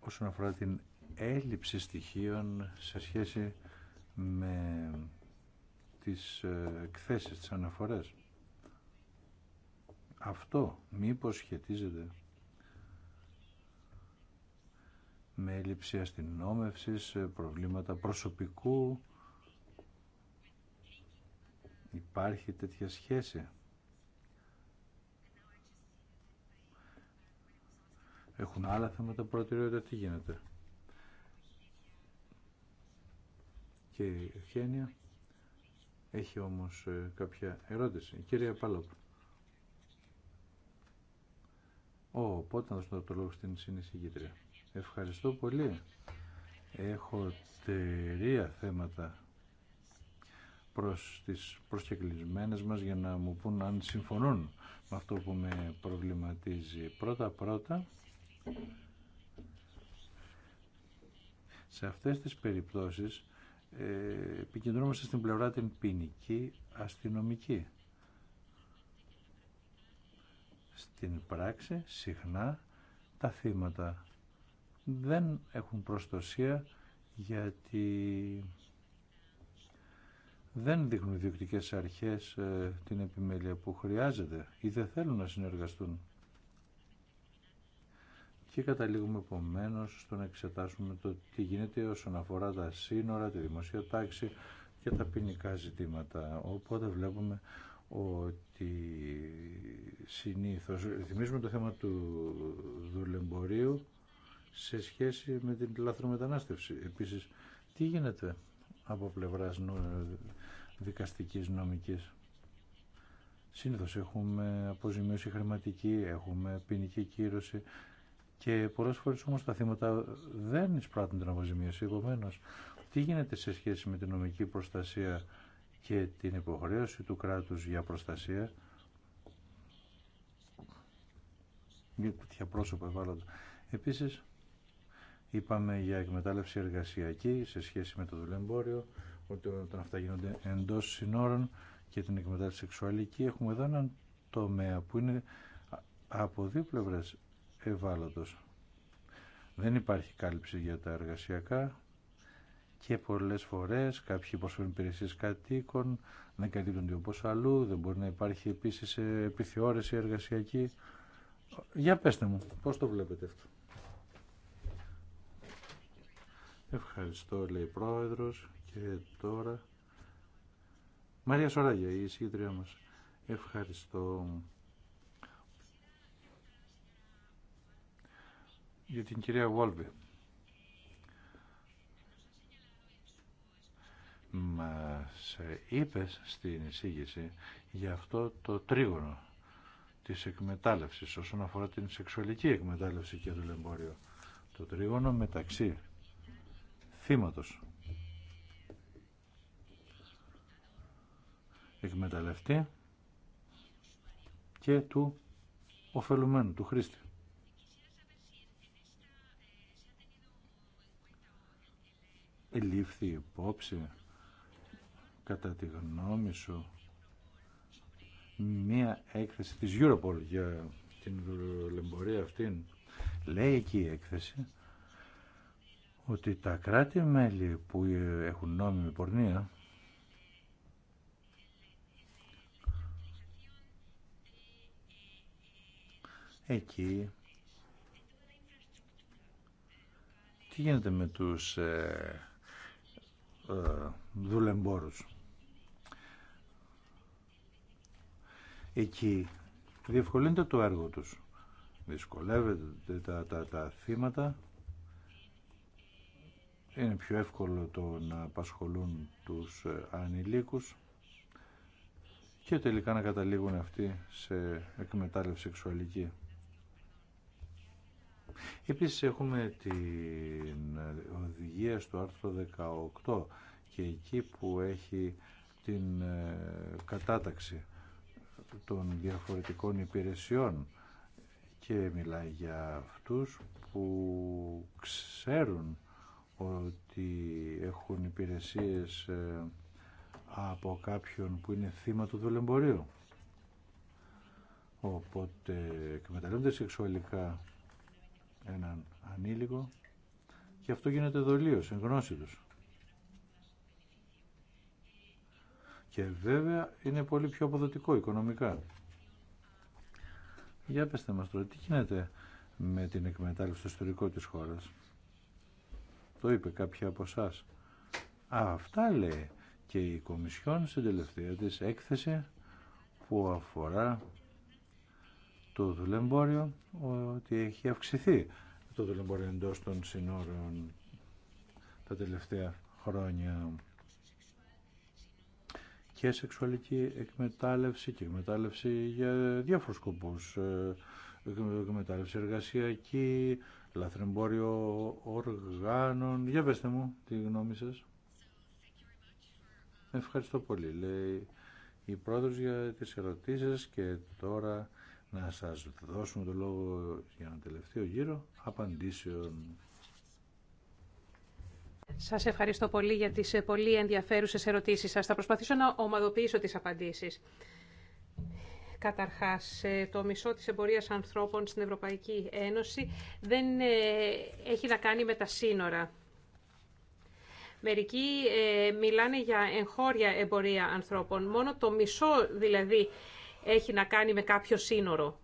Όσον αφορά την έλλειψη στοιχείων σε σχέση με τις ε, εκθέσεις, τις αναφορές. Αυτό μήπως σχετίζεται με έλλειψη αστυνόμευσης, ε, προβλήματα προσωπικού. Υπάρχει τέτοια σχέση. Έχουν άλλα θέματα προτεραιότητα. Τι γίνεται. Και η Ευχένια έχει όμως ε, κάποια ερώτηση. Η κυρία Παλόπ. Ω, πότε να δώσω το λόγο στην συνεισηγήτρια. Ευχαριστώ πολύ. Έχω τερία θέματα προς τις προσκεκλισμένες μας για να μου πούν αν συμφωνούν με αυτό που με προβληματίζει. Πρώτα-πρώτα, σε αυτές τις περιπτώσεις ε, επικεντρώμαστε στην πλευρά την ποινική αστυνομική. Στην πράξη συχνά τα θύματα δεν έχουν προστασία γιατί δεν δείχνουν οι διοικητικές αρχές ε, την επιμέλεια που χρειάζεται ή δεν θέλουν να συνεργαστούν. Και καταλήγουμε επομένω στο να εξετάσουμε το τι γίνεται όσον αφορά τα σύνορα, τη δημοσία τάξη και τα ποινικά ζητήματα. Οπότε βλέπουμε ότι συνήθως, θυμίζουμε το θέμα του δουλεμπορίου, σε σχέση με την λαθρομετανάστευση. Επίσης, τι γίνεται από πλευράς δικαστικής νομικής. Συνήθως έχουμε αποζημίωση χρηματική, έχουμε ποινική κύρωση και πολλές φορές όμως τα θύματα δεν εισπράττουν την αποζημίωση. επομένω. τι γίνεται σε σχέση με την νομική προστασία και την υποχρέωση του κράτους για προστασία για Επίσης, Είπαμε για εκμετάλλευση εργασιακή σε σχέση με το δουλεμπόριο, ότι όταν αυτά γίνονται εντό συνόρων και την εκμετάλλευση σεξουαλική. Έχουμε εδώ έναν τομέα που είναι από δύο πλευρές Δεν υπάρχει κάλυψη για τα εργασιακά και πολλές φορές κάποιοι προσφέρουν υπηρεσίε κατοίκων, δεν καλύπτονται όπως αλλού, δεν μπορεί να υπάρχει επίσης επιθεώρηση εργασιακή. Για πέστε μου, πώς το βλέπετε αυτό. Ευχαριστώ, λέει πρόεδρος. Και τώρα... Μαρία Σοράγια, η συγκεντριά μας. Ευχαριστώ. Για την κυρία Βόλβη. Μα είπες στην εισήγηση για αυτό το τρίγωνο της εκμετάλλευσης όσον αφορά την σεξουαλική εκμετάλλευση και το λεμπόριο. Το τρίγωνο μεταξύ θύματος. Εκμεταλλευτή και του ωφελουμένου, του χρήστη. Ελήφθη υπόψη κατά τη γνώμη σου μία έκθεση της Europol για την δουλεμπορία αυτήν. Λέει εκεί η έκθεση ότι τα κράτη-μέλη που έχουν νόμιμη πορνεία εκεί τι γίνεται με τους ε, ε δουλεμπόρους εκεί διευκολύνεται το έργο τους δυσκολεύεται τα, τα, τα θύματα είναι πιο εύκολο το να απασχολούν τους ε, ανηλίκους και τελικά να καταλήγουν αυτοί σε εκμετάλλευση σεξουαλική. Επίσης έχουμε την οδηγία στο άρθρο 18 και εκεί που έχει την ε, κατάταξη των διαφορετικών υπηρεσιών και μιλάει για αυτούς που ξέρουν ότι έχουν υπηρεσίες ε, από κάποιον που είναι θύμα του δουλεμπορίου. Οπότε εκμεταλλεύονται σεξουαλικά έναν ανήλικο και αυτό γίνεται δολείο, εν γνώση τους. Και βέβαια είναι πολύ πιο αποδοτικό οικονομικά. Για πέστε μας τώρα, τι γίνεται με την εκμετάλλευση στο ιστορικό της χώρας. Το είπε κάποια από εσά. Αυτά λέει και η Κομισιόν στην τελευταία της έκθεση που αφορά το δουλεμπόριο ότι έχει αυξηθεί το δουλεμπόριο εντό των συνόρων τα τελευταία χρόνια και σεξουαλική εκμετάλλευση και εκμετάλλευση για διάφορους σκοπούς ε, εκμετάλλευση εργασιακή, λαθρεμπόριο οργάνων. Για πέστε μου τη γνώμη σα. Ευχαριστώ πολύ, λέει η πρόεδρο για τις ερωτήσεις και τώρα να σας δώσουμε το λόγο για ένα τελευταίο γύρο απαντήσεων. Σας ευχαριστώ πολύ για τις πολύ ενδιαφέρουσες ερωτήσεις σας. Θα προσπαθήσω να ομαδοποιήσω τις απαντήσεις. Καταρχάς, ε, το μισό της εμπορίας ανθρώπων στην Ευρωπαϊκή Ένωση δεν ε, έχει να κάνει με τα σύνορα. Μερικοί ε, μιλάνε για εγχώρια εμπορία ανθρώπων. Μόνο το μισό δηλαδή έχει να κάνει με κάποιο σύνορο,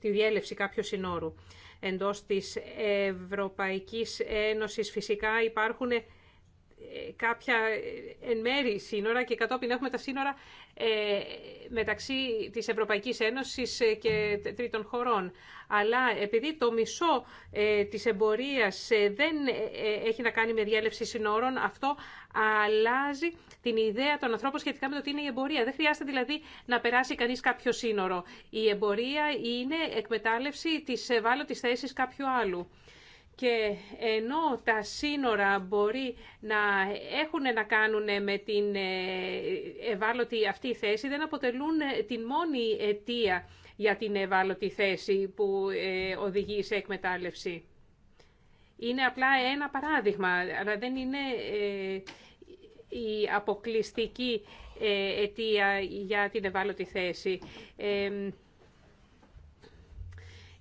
τη διέλευση κάποιου σύνορου. Εντός της Ευρωπαϊκής Ένωσης φυσικά υπάρχουν κάποια ε, εν μέρη σύνορα και κατόπιν έχουμε τα σύνορα ε, μεταξύ της Ευρωπαϊκής Ένωσης ε, και τρίτων χωρών. Αλλά επειδή το μισό της εμπορίας δεν έχει να κάνει με διέλευση σύνορων, αυτό αλλάζει την ιδέα των ανθρώπων σχετικά με το τι είναι η εμπορία. Δεν χρειάζεται δηλαδή να περάσει κανείς κάποιο σύνορο. Η εμπορία είναι εκμετάλλευση της ευάλωτης θέσης κάποιου άλλου. Και ενώ τα σύνορα μπορεί να έχουν να κάνουν με την ε, ευάλωτη αυτή θέση, δεν αποτελούν ε, την μόνη αιτία για την ευάλωτη θέση που ε, οδηγεί σε εκμετάλλευση. Είναι απλά ένα παράδειγμα, αλλά δεν είναι η αποκλειστική αιτία για την ευάλωτη θέση.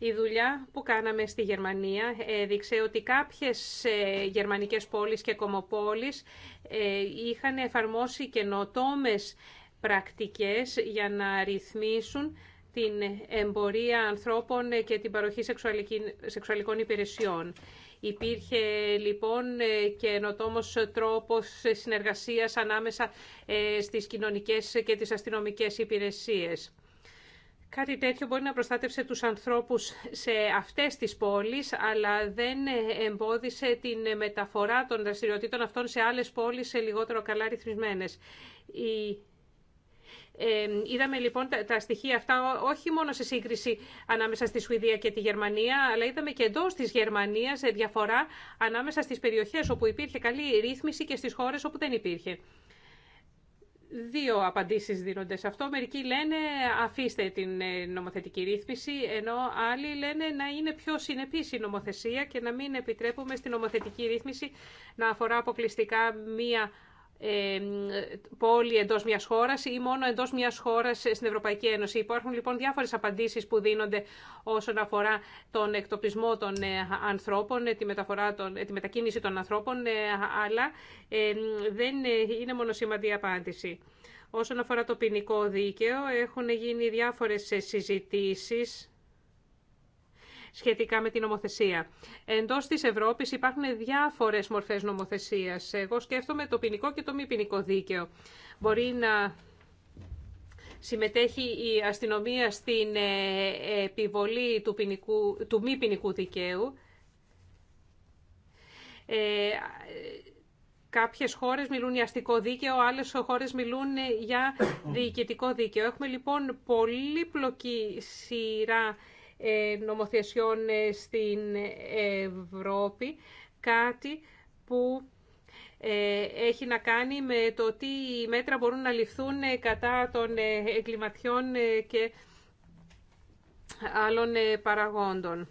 Η δουλειά που κάναμε στη Γερμανία έδειξε ότι κάποιες ε, γερμανικές πόλεις και κομοπόλεις ε, είχαν εφαρμόσει καινοτόμες πρακτικές για να ρυθμίσουν την εμπορία ανθρώπων και την παροχή σεξουαλικών υπηρεσιών. Υπήρχε λοιπόν ε, καινοτόμος τρόπος συνεργασίας ανάμεσα στις κοινωνικές και τις αστυνομικές υπηρεσίες. Κάτι τέτοιο μπορεί να προστάτευσε τους ανθρώπους σε αυτές τις πόλεις, αλλά δεν εμπόδισε την μεταφορά των δραστηριοτήτων αυτών σε άλλες πόλεις σε λιγότερο καλά ρυθμισμένες. Ε, είδαμε λοιπόν τα, στοιχεία αυτά όχι μόνο σε σύγκριση ανάμεσα στη Σουηδία και τη Γερμανία, αλλά είδαμε και εντό τη Γερμανία ε, διαφορά ανάμεσα στις περιοχέ όπου υπήρχε καλή ρύθμιση και στι χώρε όπου δεν υπήρχε. Δύο απαντήσεις δίνονται σε αυτό. Μερικοί λένε αφήστε την ε, νομοθετική ρύθμιση, ενώ άλλοι λένε να είναι πιο συνεπής η νομοθεσία και να μην επιτρέπουμε στην νομοθετική ρύθμιση να αφορά αποκλειστικά μία πόλη εντός μιας χώρας ή μόνο εντός μιας χώρας στην Ευρωπαϊκή Ένωση. Υπάρχουν λοιπόν διάφορες απαντήσεις που δίνονται όσον αφορά τον εκτοπισμό των ε, ανθρώπων, τη, μεταφορά των, ε, τη μετακίνηση των ανθρώπων, ε, αλλά δεν είναι μόνο σημαντική απάντηση. Όσον αφορά το ποινικό δίκαιο, έχουν γίνει διάφορε συζητήσει σχετικά με την νομοθεσία. Εντός της Ευρώπης υπάρχουν διάφορε μορφές νομοθεσίας. Εγώ σκέφτομαι το ποινικό και το μη ποινικό δίκαιο. Μπορεί να συμμετέχει η αστυνομία στην ε, επιβολή του, ποινικού, του μη ποινικού δικαίου. Ε, Κάποιες χώρες μιλούν για αστικό δίκαιο, άλλες χώρες μιλούν για διοικητικό δίκαιο. Έχουμε λοιπόν πολύπλοκη σειρά ε, νομοθεσιών ε, στην Ευρώπη, κάτι που ε, έχει να κάνει με το τι μέτρα μπορούν να ληφθούν κατά των εγκληματιών και άλλων παραγόντων.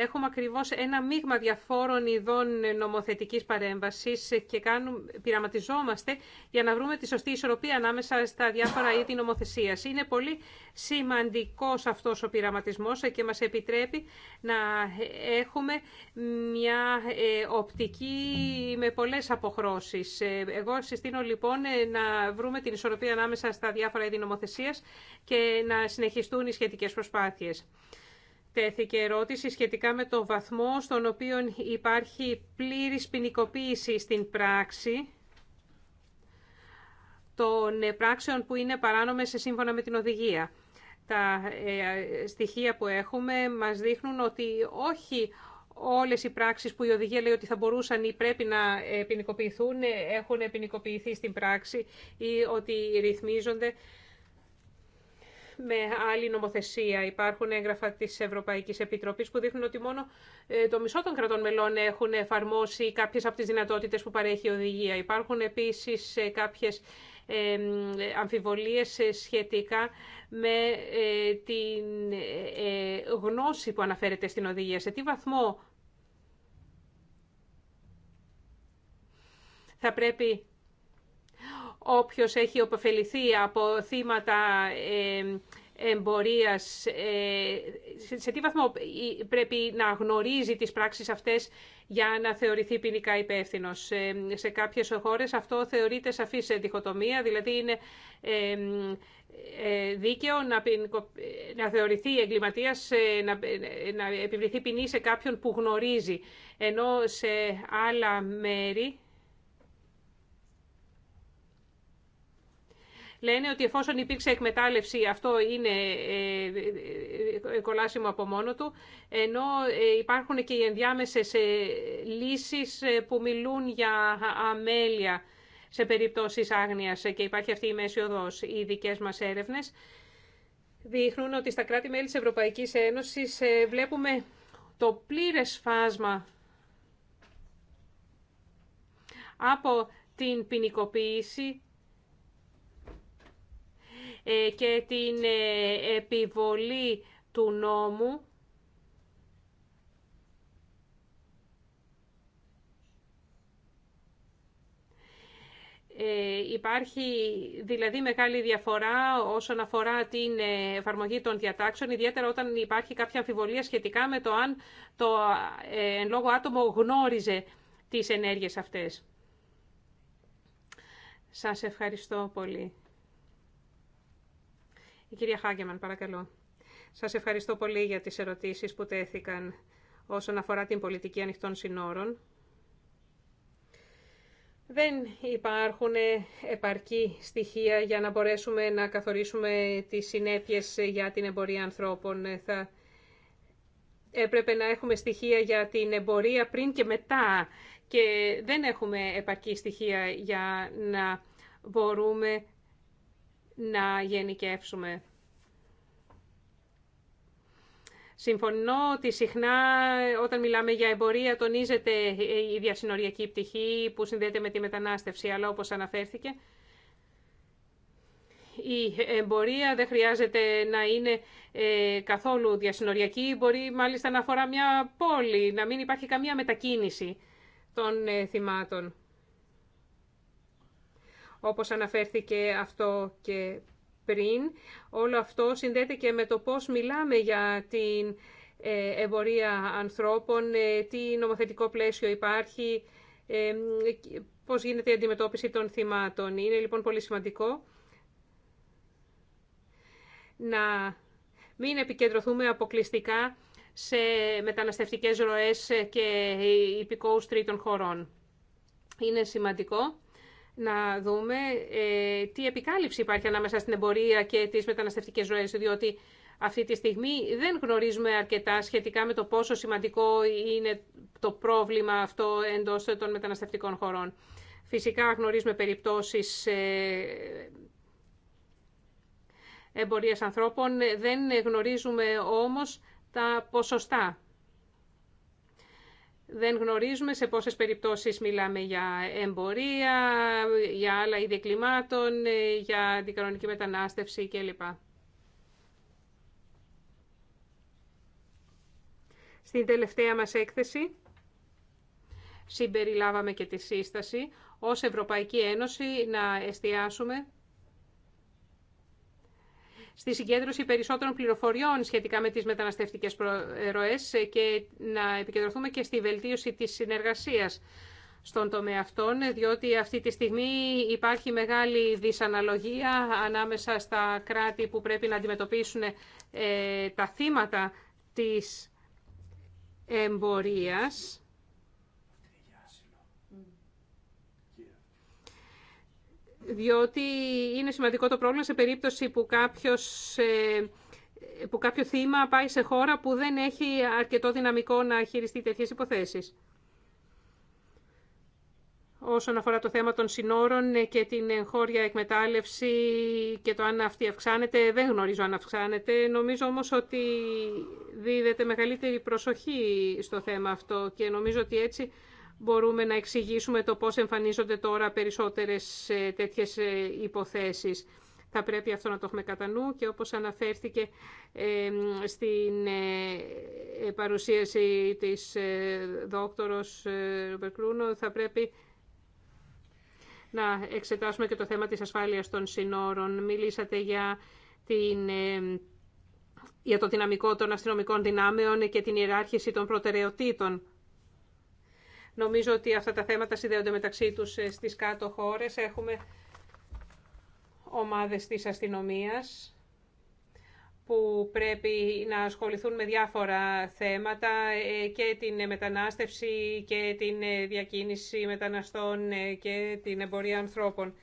Έχουμε ακριβώς ένα μείγμα διαφόρων ειδών νομοθετικής παρέμβασης και κάνουμε, πειραματιζόμαστε για να βρούμε τη σωστή ισορροπία ανάμεσα στα διάφορα είδη νομοθεσίας. Είναι πολύ σημαντικός αυτός ο πειραματισμός και μας επιτρέπει να έχουμε μια ε, οπτική με πολλές αποχρώσεις. Ε, εγώ συστήνω λοιπόν ε, να βρούμε την ισορροπία ανάμεσα στα διάφορα είδη νομοθεσίας και να συνεχιστούν οι σχετικές προσπάθειες τέθηκε ερώτηση σχετικά με το βαθμό στον οποίο υπάρχει πλήρης ποινικοποίηση στην πράξη των πράξεων που είναι παράνομες σύμφωνα με την οδηγία. Τα ε, στοιχεία που έχουμε μας δείχνουν ότι όχι όλες οι πράξεις που η οδηγία λέει ότι θα μπορούσαν ή πρέπει να ε, ποινικοποιηθούν ε, έχουν ποινικοποιηθεί στην πράξη ή ότι ρυθμίζονται με άλλη νομοθεσία. Υπάρχουν έγγραφα τη Ευρωπαϊκής Επιτροπής που δείχνουν ότι μόνο ε, το μισό των κρατών μελών έχουν εφαρμόσει κάποιε από τις δυνατότητες που παρέχει η οδηγία. Υπάρχουν επίσης ε, κάποιες ε, αμφιβολίες σχετικά με την γνώση που αναφέρεται στην οδηγία. Σε τι βαθμό θα πρέπει όποιος έχει αποφεληθεί από θύματα ε, εμπορίας, ε, σε τι βαθμό πρέπει να γνωρίζει τις πράξεις αυτές για να θεωρηθεί ποινικά υπεύθυνο. Ε, σε κάποιες χώρες αυτό θεωρείται σαφής διχοτομία, δηλαδή είναι δίκαιο να, να θεωρηθεί εγκληματίας, να, να επιβληθεί ποινή σε κάποιον που γνωρίζει, ενώ σε άλλα μέρη λένε ότι εφόσον υπήρξε εκμετάλλευση αυτό είναι ε, ε, ε, κολάσιμο από μόνο του, ενώ υπάρχουν και οι ενδιάμεσες λύσεις που μιλούν για αμέλεια σε περιπτώσεις άγνοιας και υπάρχει αυτή η μέση οδός. Οι δικές μας έρευνες δείχνουν ότι στα κράτη-μέλη της Ευρωπαϊκής Ένωσης βλέπουμε το πλήρες φάσμα από την ποινικοποίηση ε, και την ε, επιβολή του νόμου ε, Υπάρχει δηλαδή μεγάλη διαφορά όσον αφορά την εφαρμογή των διατάξεων, ιδιαίτερα όταν υπάρχει κάποια αμφιβολία σχετικά με το αν το εν λόγω άτομο γνώριζε τις ενέργειες αυτές. Σας ευχαριστώ πολύ. Η κυρία Χάγκεμαν, παρακαλώ. Σας ευχαριστώ πολύ για τις ερωτήσεις που τέθηκαν όσον αφορά την πολιτική ανοιχτών συνόρων. Δεν υπάρχουν επαρκή στοιχεία για να μπορέσουμε να καθορίσουμε τις συνέπειες για την εμπορία ανθρώπων. Θα έπρεπε να έχουμε στοιχεία για την εμπορία πριν και μετά και δεν έχουμε επαρκή στοιχεία για να μπορούμε να γενικεύσουμε. Συμφωνώ ότι συχνά όταν μιλάμε για εμπορία τονίζεται η διασυνοριακή πτυχή που συνδέεται με τη μετανάστευση, αλλά όπως αναφέρθηκε, η εμπορία δεν χρειάζεται να είναι ε, καθόλου διασυνοριακή. Μπορεί μάλιστα να αφορά μια πόλη, να μην υπάρχει καμία μετακίνηση των ε, θυμάτων όπως αναφέρθηκε αυτό και πριν. Όλο αυτό συνδέεται και με το πώς μιλάμε για την ε, εμπορία ανθρώπων, ε, τι νομοθετικό πλαίσιο υπάρχει, ε, πώς γίνεται η αντιμετώπιση των θυμάτων. Είναι λοιπόν πολύ σημαντικό να μην επικεντρωθούμε αποκλειστικά σε μεταναστευτικές ροές και υπηκόους τρίτων χωρών. Είναι σημαντικό να δούμε ε, τι επικάλυψη υπάρχει ανάμεσα στην εμπορία και τις μεταναστευτικές ζωές, διότι αυτή τη στιγμή δεν γνωρίζουμε αρκετά σχετικά με το πόσο σημαντικό είναι το πρόβλημα αυτό εντός των μεταναστευτικών χωρών. Φυσικά γνωρίζουμε περιπτώσεις ε, εμπορίας ανθρώπων, δεν γνωρίζουμε όμως τα ποσοστά δεν γνωρίζουμε σε πόσες περιπτώσεις μιλάμε για εμπορία, για άλλα είδη κλιμάτων, ε, για αντικανονική μετανάστευση κλπ. Στην τελευταία μας έκθεση συμπεριλάβαμε και τη σύσταση ως Ευρωπαϊκή Ένωση να εστιάσουμε στη συγκέντρωση περισσότερων πληροφοριών σχετικά με τις μεταναστευτικές ροές και να επικεντρωθούμε και στη βελτίωση της συνεργασίας στον τομέα αυτών, διότι αυτή τη στιγμή υπάρχει μεγάλη δυσαναλογία ανάμεσα στα κράτη που πρέπει να αντιμετωπίσουν ε, τα θύματα της εμπορίας διότι είναι σημαντικό το πρόβλημα σε περίπτωση που, κάποιος, ε, που κάποιο θύμα πάει σε χώρα που δεν έχει αρκετό δυναμικό να χειριστεί τέτοιες υποθέσεις. Όσον αφορά το θέμα των συνόρων ε, και την εγχώρια εκμετάλλευση και το αν αυτή αυξάνεται, δεν γνωρίζω αν αυξάνεται. Νομίζω όμως ότι δίδεται μεγαλύτερη προσοχή στο θέμα αυτό και νομίζω ότι έτσι μπορούμε να εξηγήσουμε το πώς εμφανίζονται τώρα περισσότερες ε, τέτοιες ε, υποθέσεις. Θα πρέπει αυτό να το έχουμε κατά νου και όπως αναφέρθηκε στην ε, παρουσίαση της δόκτωρος Κρούνο, θα πρέπει να εξετάσουμε και το θέμα της ασφάλειας των συνόρων. Μιλήσατε για, την, για το δυναμικό των αστυνομικών δυνάμεων και την ιεράρχηση των προτεραιοτήτων. Νομίζω ότι αυτά τα θέματα συνδέονται μεταξύ τους ε, στις κάτω χώρες. Έχουμε ομάδες της αστυνομίας που πρέπει να ασχοληθούν με διάφορα θέματα ε, και την μετανάστευση και την ε, διακίνηση μεταναστών και την εμπορία ανθρώπων.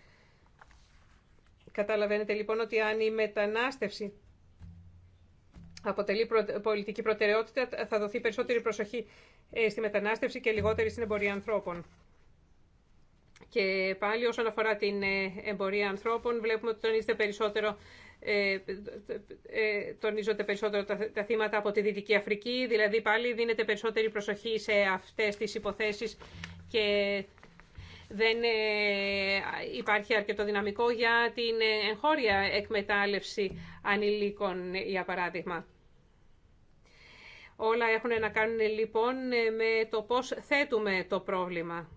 Καταλαβαίνετε λοιπόν ότι αν η μετανάστευση αποτελεί πολιτική προτεραιότητα θα δοθεί περισσότερη προσοχή ε, στη μετανάστευση και λιγότερη στην εμπορία ανθρώπων. Και πάλι όσον αφορά την ε, εμπορία ανθρώπων βλέπουμε ότι τονίζεται περισσότερο ε, ε τονίζονται περισσότερο τα, θύματα από τη Δυτική Αφρική, δηλαδή πάλι δίνεται περισσότερη προσοχή σε αυτές τις υποθέσεις και δεν υπάρχει αρκετό δυναμικό για την εγχώρια εκμετάλλευση ανηλίκων, για παράδειγμα. Όλα έχουν να κάνουν λοιπόν με το πώς θέτουμε το πρόβλημα.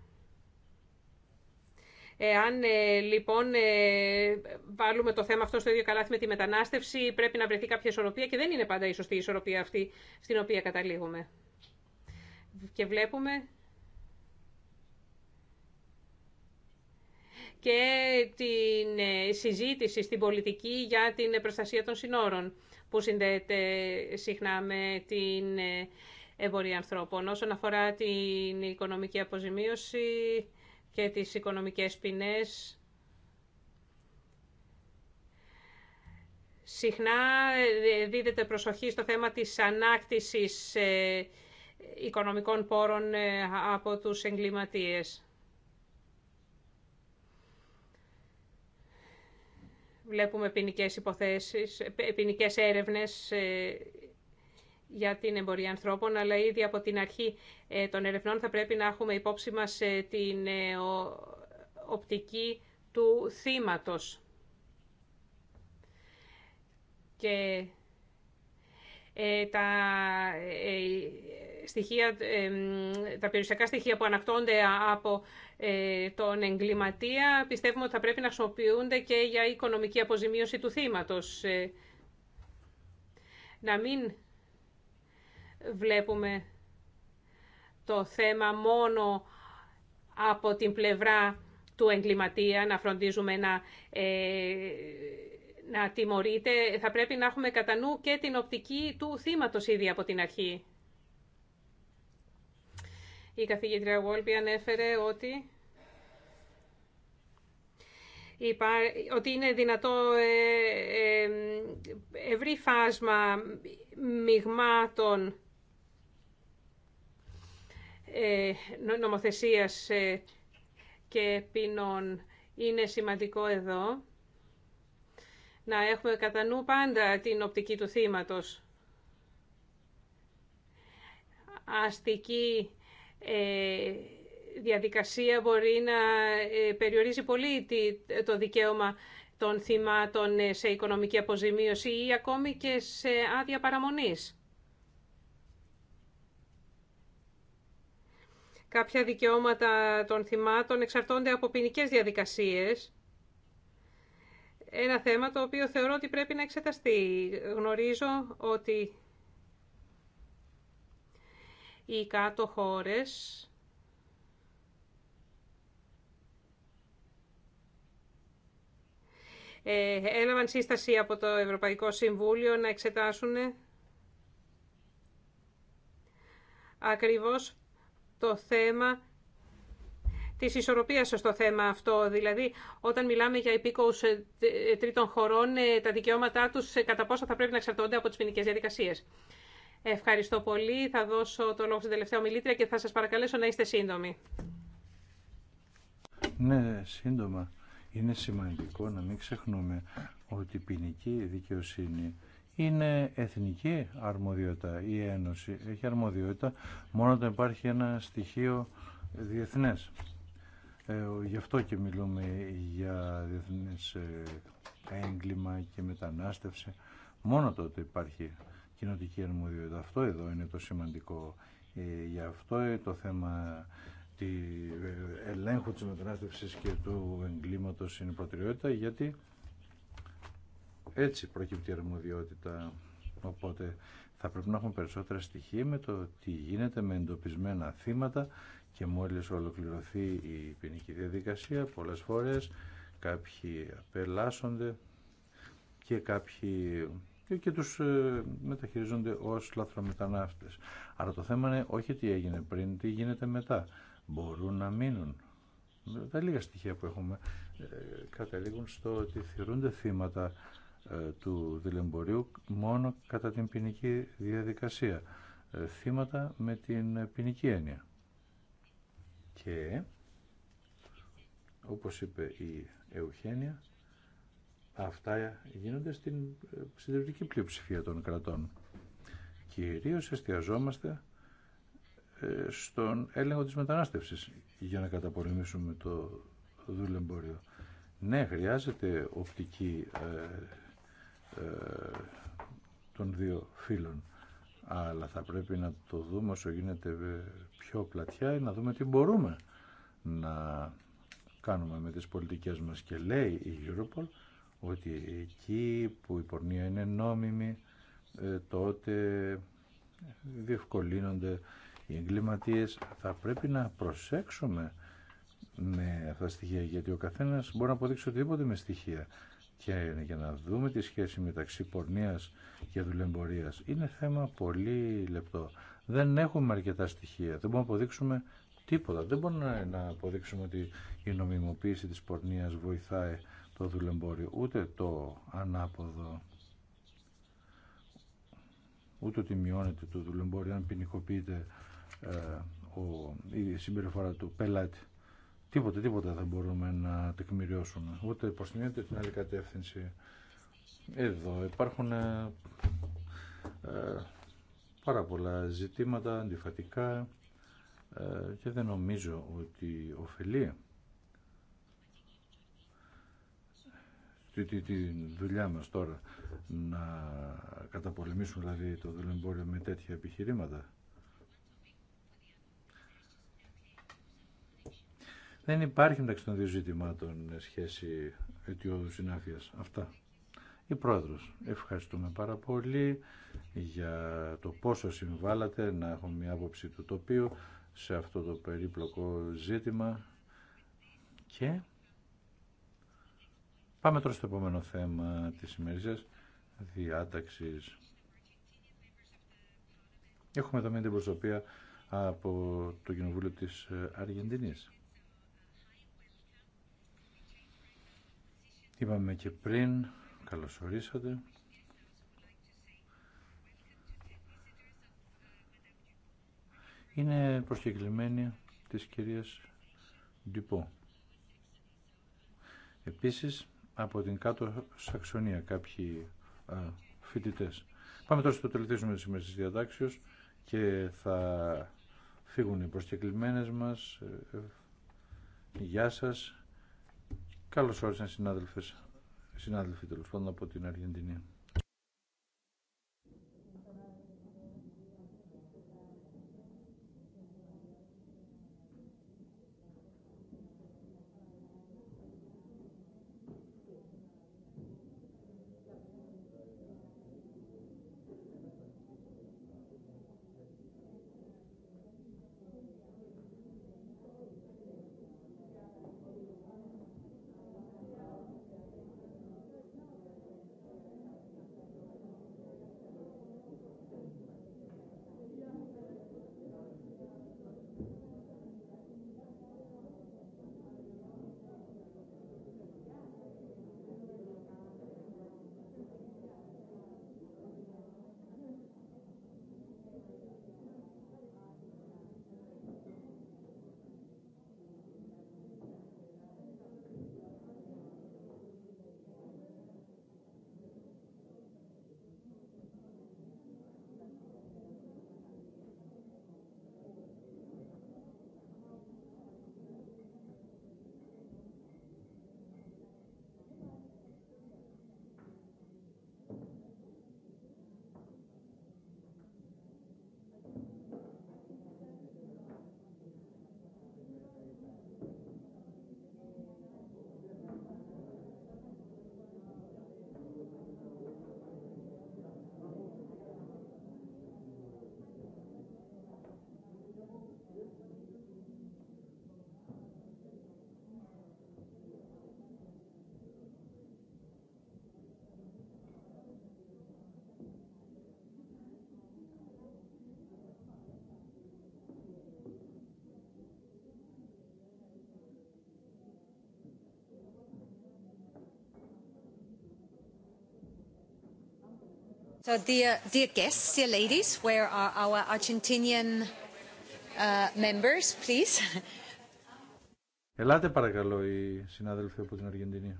Εάν ε, λοιπόν ε, βάλουμε το θέμα αυτό στο ίδιο καλάθι με τη μετανάστευση, πρέπει να βρεθεί κάποια ισορροπία και δεν είναι πάντα η σωστή ισορροπία αυτή στην οποία καταλήγουμε. Και βλέπουμε και την ε, συζήτηση στην πολιτική για την προστασία των συνόρων που συνδέεται συχνά με την ε, εμπορία ανθρώπων. Όσον αφορά την οικονομική αποζημίωση και τις οικονομικές ποινές, συχνά ε, δίδεται προσοχή στο θέμα της ανάκτησης ε, οικονομικών πόρων από τους εγκληματίες. Βλέπουμε ποινικέ υποθέσεις, έρευνες ε, για την εμπορία ανθρώπων, αλλά ήδη από την αρχή ε, των ερευνών θα πρέπει να έχουμε υπόψη μας ε, την οπτική του θύματος. Και τα στοιχεία, τα περιουσιακά στοιχεία που ανακτώνται από ε, τον εγκληματία πιστεύουμε ότι θα πρέπει να χρησιμοποιούνται και για οικονομική αποζημίωση του θύματος. Ε. Να μην βλέπουμε το θέμα μόνο από την πλευρά του εγκληματία, να φροντίζουμε να, ε, να τιμωρείται. Θα πρέπει να έχουμε κατά νου και την οπτική του θύματος ήδη από την αρχή. Η καθηγήτρια Γόλπη ανέφερε ότι ότι είναι δυνατό ε, ε, ευρύ φάσμα μειγμάτων ε, νομοθεσίας και ποινών. Είναι σημαντικό εδώ να έχουμε κατά νου πάντα την οπτική του θύματος. Αστική ε, διαδικασία μπορεί να ε, περιορίζει πολύ το δικαίωμα των θυμάτων σε οικονομική αποζημίωση ή ακόμη και σε άδεια παραμονής. Κάποια δικαιώματα των θυμάτων εξαρτώνται από ποινικέ διαδικασίες. Ένα θέμα το οποίο θεωρώ ότι πρέπει να εξεταστεί. Γνωρίζω ότι οι κάτω χώρες ε, έλαβαν σύσταση από το Ευρωπαϊκό Συμβούλιο να εξετάσουν ακριβώς το θέμα της ισορροπίας στο θέμα αυτό. Δηλαδή, όταν μιλάμε για υπήκοου ε, τρίτων χωρών, ε, τα δικαιώματά τους κατά πόσο θα πρέπει να εξαρτώνται από τις ποινικέ διαδικασίε. Ευχαριστώ πολύ. Θα δώσω το λόγο στην τελευταία ομιλήτρια και θα σας παρακαλέσω να είστε σύντομοι. Ναι, σύντομα. Είναι σημαντικό να μην ξεχνούμε ότι η ποινική δικαιοσύνη είναι εθνική αρμοδιότητα. Η Ένωση έχει αρμοδιότητα μόνο όταν υπάρχει ένα στοιχείο διεθνές. Ε, γι' αυτό και μιλούμε για διεθνές ε, έγκλημα και μετανάστευση. Μόνο τότε υπάρχει κοινοτική αρμοδιότητα. Αυτό εδώ είναι το σημαντικό. Ε, για αυτό ε, το θέμα τη ε, ελέγχου της μετανάστευσης και του εγκλήματος είναι προτεραιότητα γιατί έτσι προκύπτει η αρμοδιότητα. Οπότε θα πρέπει να έχουμε περισσότερα στοιχεία με το τι γίνεται με εντοπισμένα θύματα και μόλις ολοκληρωθεί η ποινική διαδικασία πολλές φορές κάποιοι απελάσσονται και κάποιοι και τους ε, μεταχειρίζονται ως λαθρομετανάστες. Άρα το θέμα είναι όχι τι έγινε πριν, τι γίνεται μετά. Μπορούν να μείνουν. Τα λίγα στοιχεία που έχουμε ε, καταλήγουν στο ότι θεωρούνται θύματα ε, του δηλεμπορίου μόνο κατά την ποινική διαδικασία. θύματα με την ποινική έννοια. Και, όπως είπε η Εουχένια, Αυτά γίνονται στην ε, συντηρητική πλειοψηφία των κρατών. Κυρίως εστιαζόμαστε ε, στον έλεγχο της μετανάστευσης για να καταπολεμήσουμε το δουλεμπόριο. Ναι, χρειάζεται οπτική ε, των δύο φύλων, αλλά θα πρέπει να το δούμε όσο γίνεται πιο πλατιά ή να δούμε τι μπορούμε να κάνουμε με τις πολιτικές μας. Και λέει η Europol ότι εκεί που η πορνεία είναι νόμιμη ε, τότε διευκολύνονται οι εγκληματίες. Θα πρέπει να προσέξουμε με αυτά τα στοιχεία γιατί ο καθένας μπορεί να αποδείξει οτιδήποτε με στοιχεία και για να δούμε τη σχέση μεταξύ πορνείας και δουλεμπορίας είναι θέμα πολύ λεπτό. Δεν έχουμε αρκετά στοιχεία, δεν μπορούμε να αποδείξουμε τίποτα. Δεν μπορούμε να αποδείξουμε ότι η νομιμοποίηση της πορνείας βοηθάει το δουλεμπόριο, ούτε το ανάποδο, ούτε ότι μειώνεται το δουλεμπόριο αν ποινικοποιείται ε, ο, η συμπεριφορά του πελάτη. Τίποτα, τίποτα δεν μπορούμε να τεκμηριώσουμε. Ούτε προς την ούτε την άλλη κατεύθυνση. Εδώ υπάρχουν ε, ε πάρα πολλά ζητήματα αντιφατικά ε, και δεν νομίζω ότι ωφελεί τη, τη, τη δουλειά μας τώρα να καταπολεμήσουμε δηλαδή το δουλεμπόριο με τέτοια επιχειρήματα. Δεν υπάρχει μεταξύ των δύο ζητημάτων σχέση αιτιόδου συνάφειας. Αυτά. Η Πρόεδρος, ευχαριστούμε πάρα πολύ για το πόσο συμβάλλατε να έχουμε μια άποψη του τοπίου σε αυτό το περίπλοκο ζήτημα και Πάμε τώρα στο επόμενο θέμα της ημερήσιας διάταξης. Έχουμε εδώ μια αντιπροσωπεία από το Κοινοβούλιο της Αργεντινής. Είπαμε και πριν, καλώς ορίσατε. Είναι προσκεκλημένη της κυρίας Ντυπό. Επίσης, από την κάτω Σαξονία κάποιοι α, Πάμε τώρα στο τελευταίο σημείο της σημερινής και θα φύγουν οι προσκεκλημένες μας. Ε, ε, γεια σας. Καλώς όρισαν συνάδελφες, συνάδελφοι τέλος πάντων από την Αργεντινή. So dear, dear guests, dear ladies, where are our Argentinian uh, members, please? Ελάτε παρακαλώ οι συνάδελφοι από την Αργεντινή.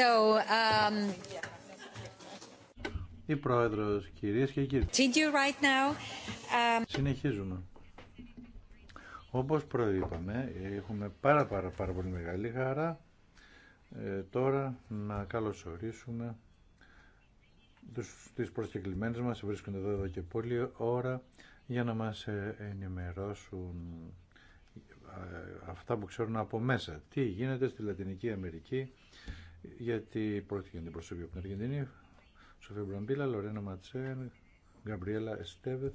So, um... Η πρόεδρος, κυρίες και κύριοι. right now, um, Συνεχίζουμε. Όπως προείπαμε, έχουμε πάρα πάρα πάρα πολύ μεγάλη χαρά ε, τώρα να καλωσορίσουμε τους, τις προσκεκλημένες μας, βρίσκονται εδώ, εδώ και πολλή ώρα για να μας ε, ενημερώσουν ε, αυτά που ξέρουν από μέσα. Τι γίνεται στη Λατινική Αμερική γιατί πρόκειται για την προσωπική από την Αργεντινή, Σοφία Μπραμπίλα, Λορένα Ματσέν, Γκαμπριέλα Εστέβετ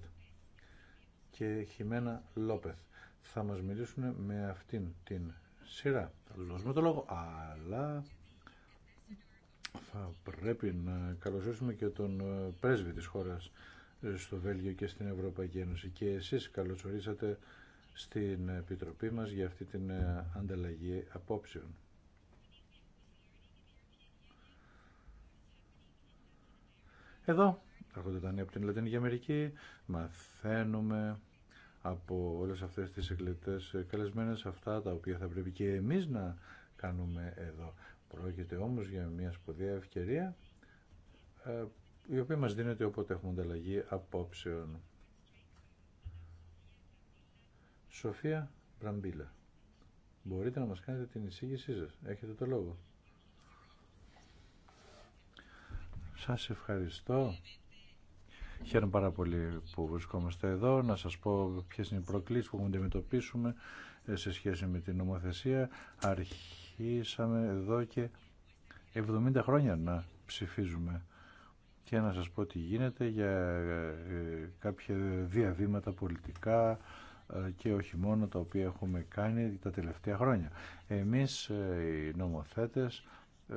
και Χιμένα Λόπεθ. Θα μας μιλήσουν με αυτήν την σειρά. Θα δώσουμε το λόγο, αλλά θα πρέπει να καλωσορίσουμε και τον ε, πρέσβη της χώρας ε, στο Βέλγιο και στην Ευρωπαϊκή Ένωση. Και εσείς καλωσορίσατε στην Επιτροπή μας για αυτή την ε, ανταλλαγή απόψεων. Εδώ έρχονται τα νέα από την Λατινική Αμερική, μαθαίνουμε από όλες αυτές τις εκλεκτές καλεσμένες αυτά τα οποία θα πρέπει και εμείς να κάνουμε εδώ. Πρόκειται όμως για μια σπουδαία ευκαιρία ε, η οποία μας δίνεται όποτε έχουμε ανταλλαγή απόψεων. Σοφία Μπραμπίλα, μπορείτε να μας κάνετε την εισήγησή σας. Έχετε το λόγο. Σας ευχαριστώ. Χαίρομαι πάρα πολύ που βρισκόμαστε εδώ. Να σας πω ποιες είναι οι προκλήσεις που έχουμε αντιμετωπίσουμε ε, σε σχέση με την νομοθεσία. Αρχίσαμε εδώ και 70 χρόνια να ψηφίζουμε και να σας πω τι γίνεται για ε, κάποια διαβήματα πολιτικά ε, και όχι μόνο τα οποία έχουμε κάνει τα τελευταία χρόνια. Εμείς οι νομοθέτες ε,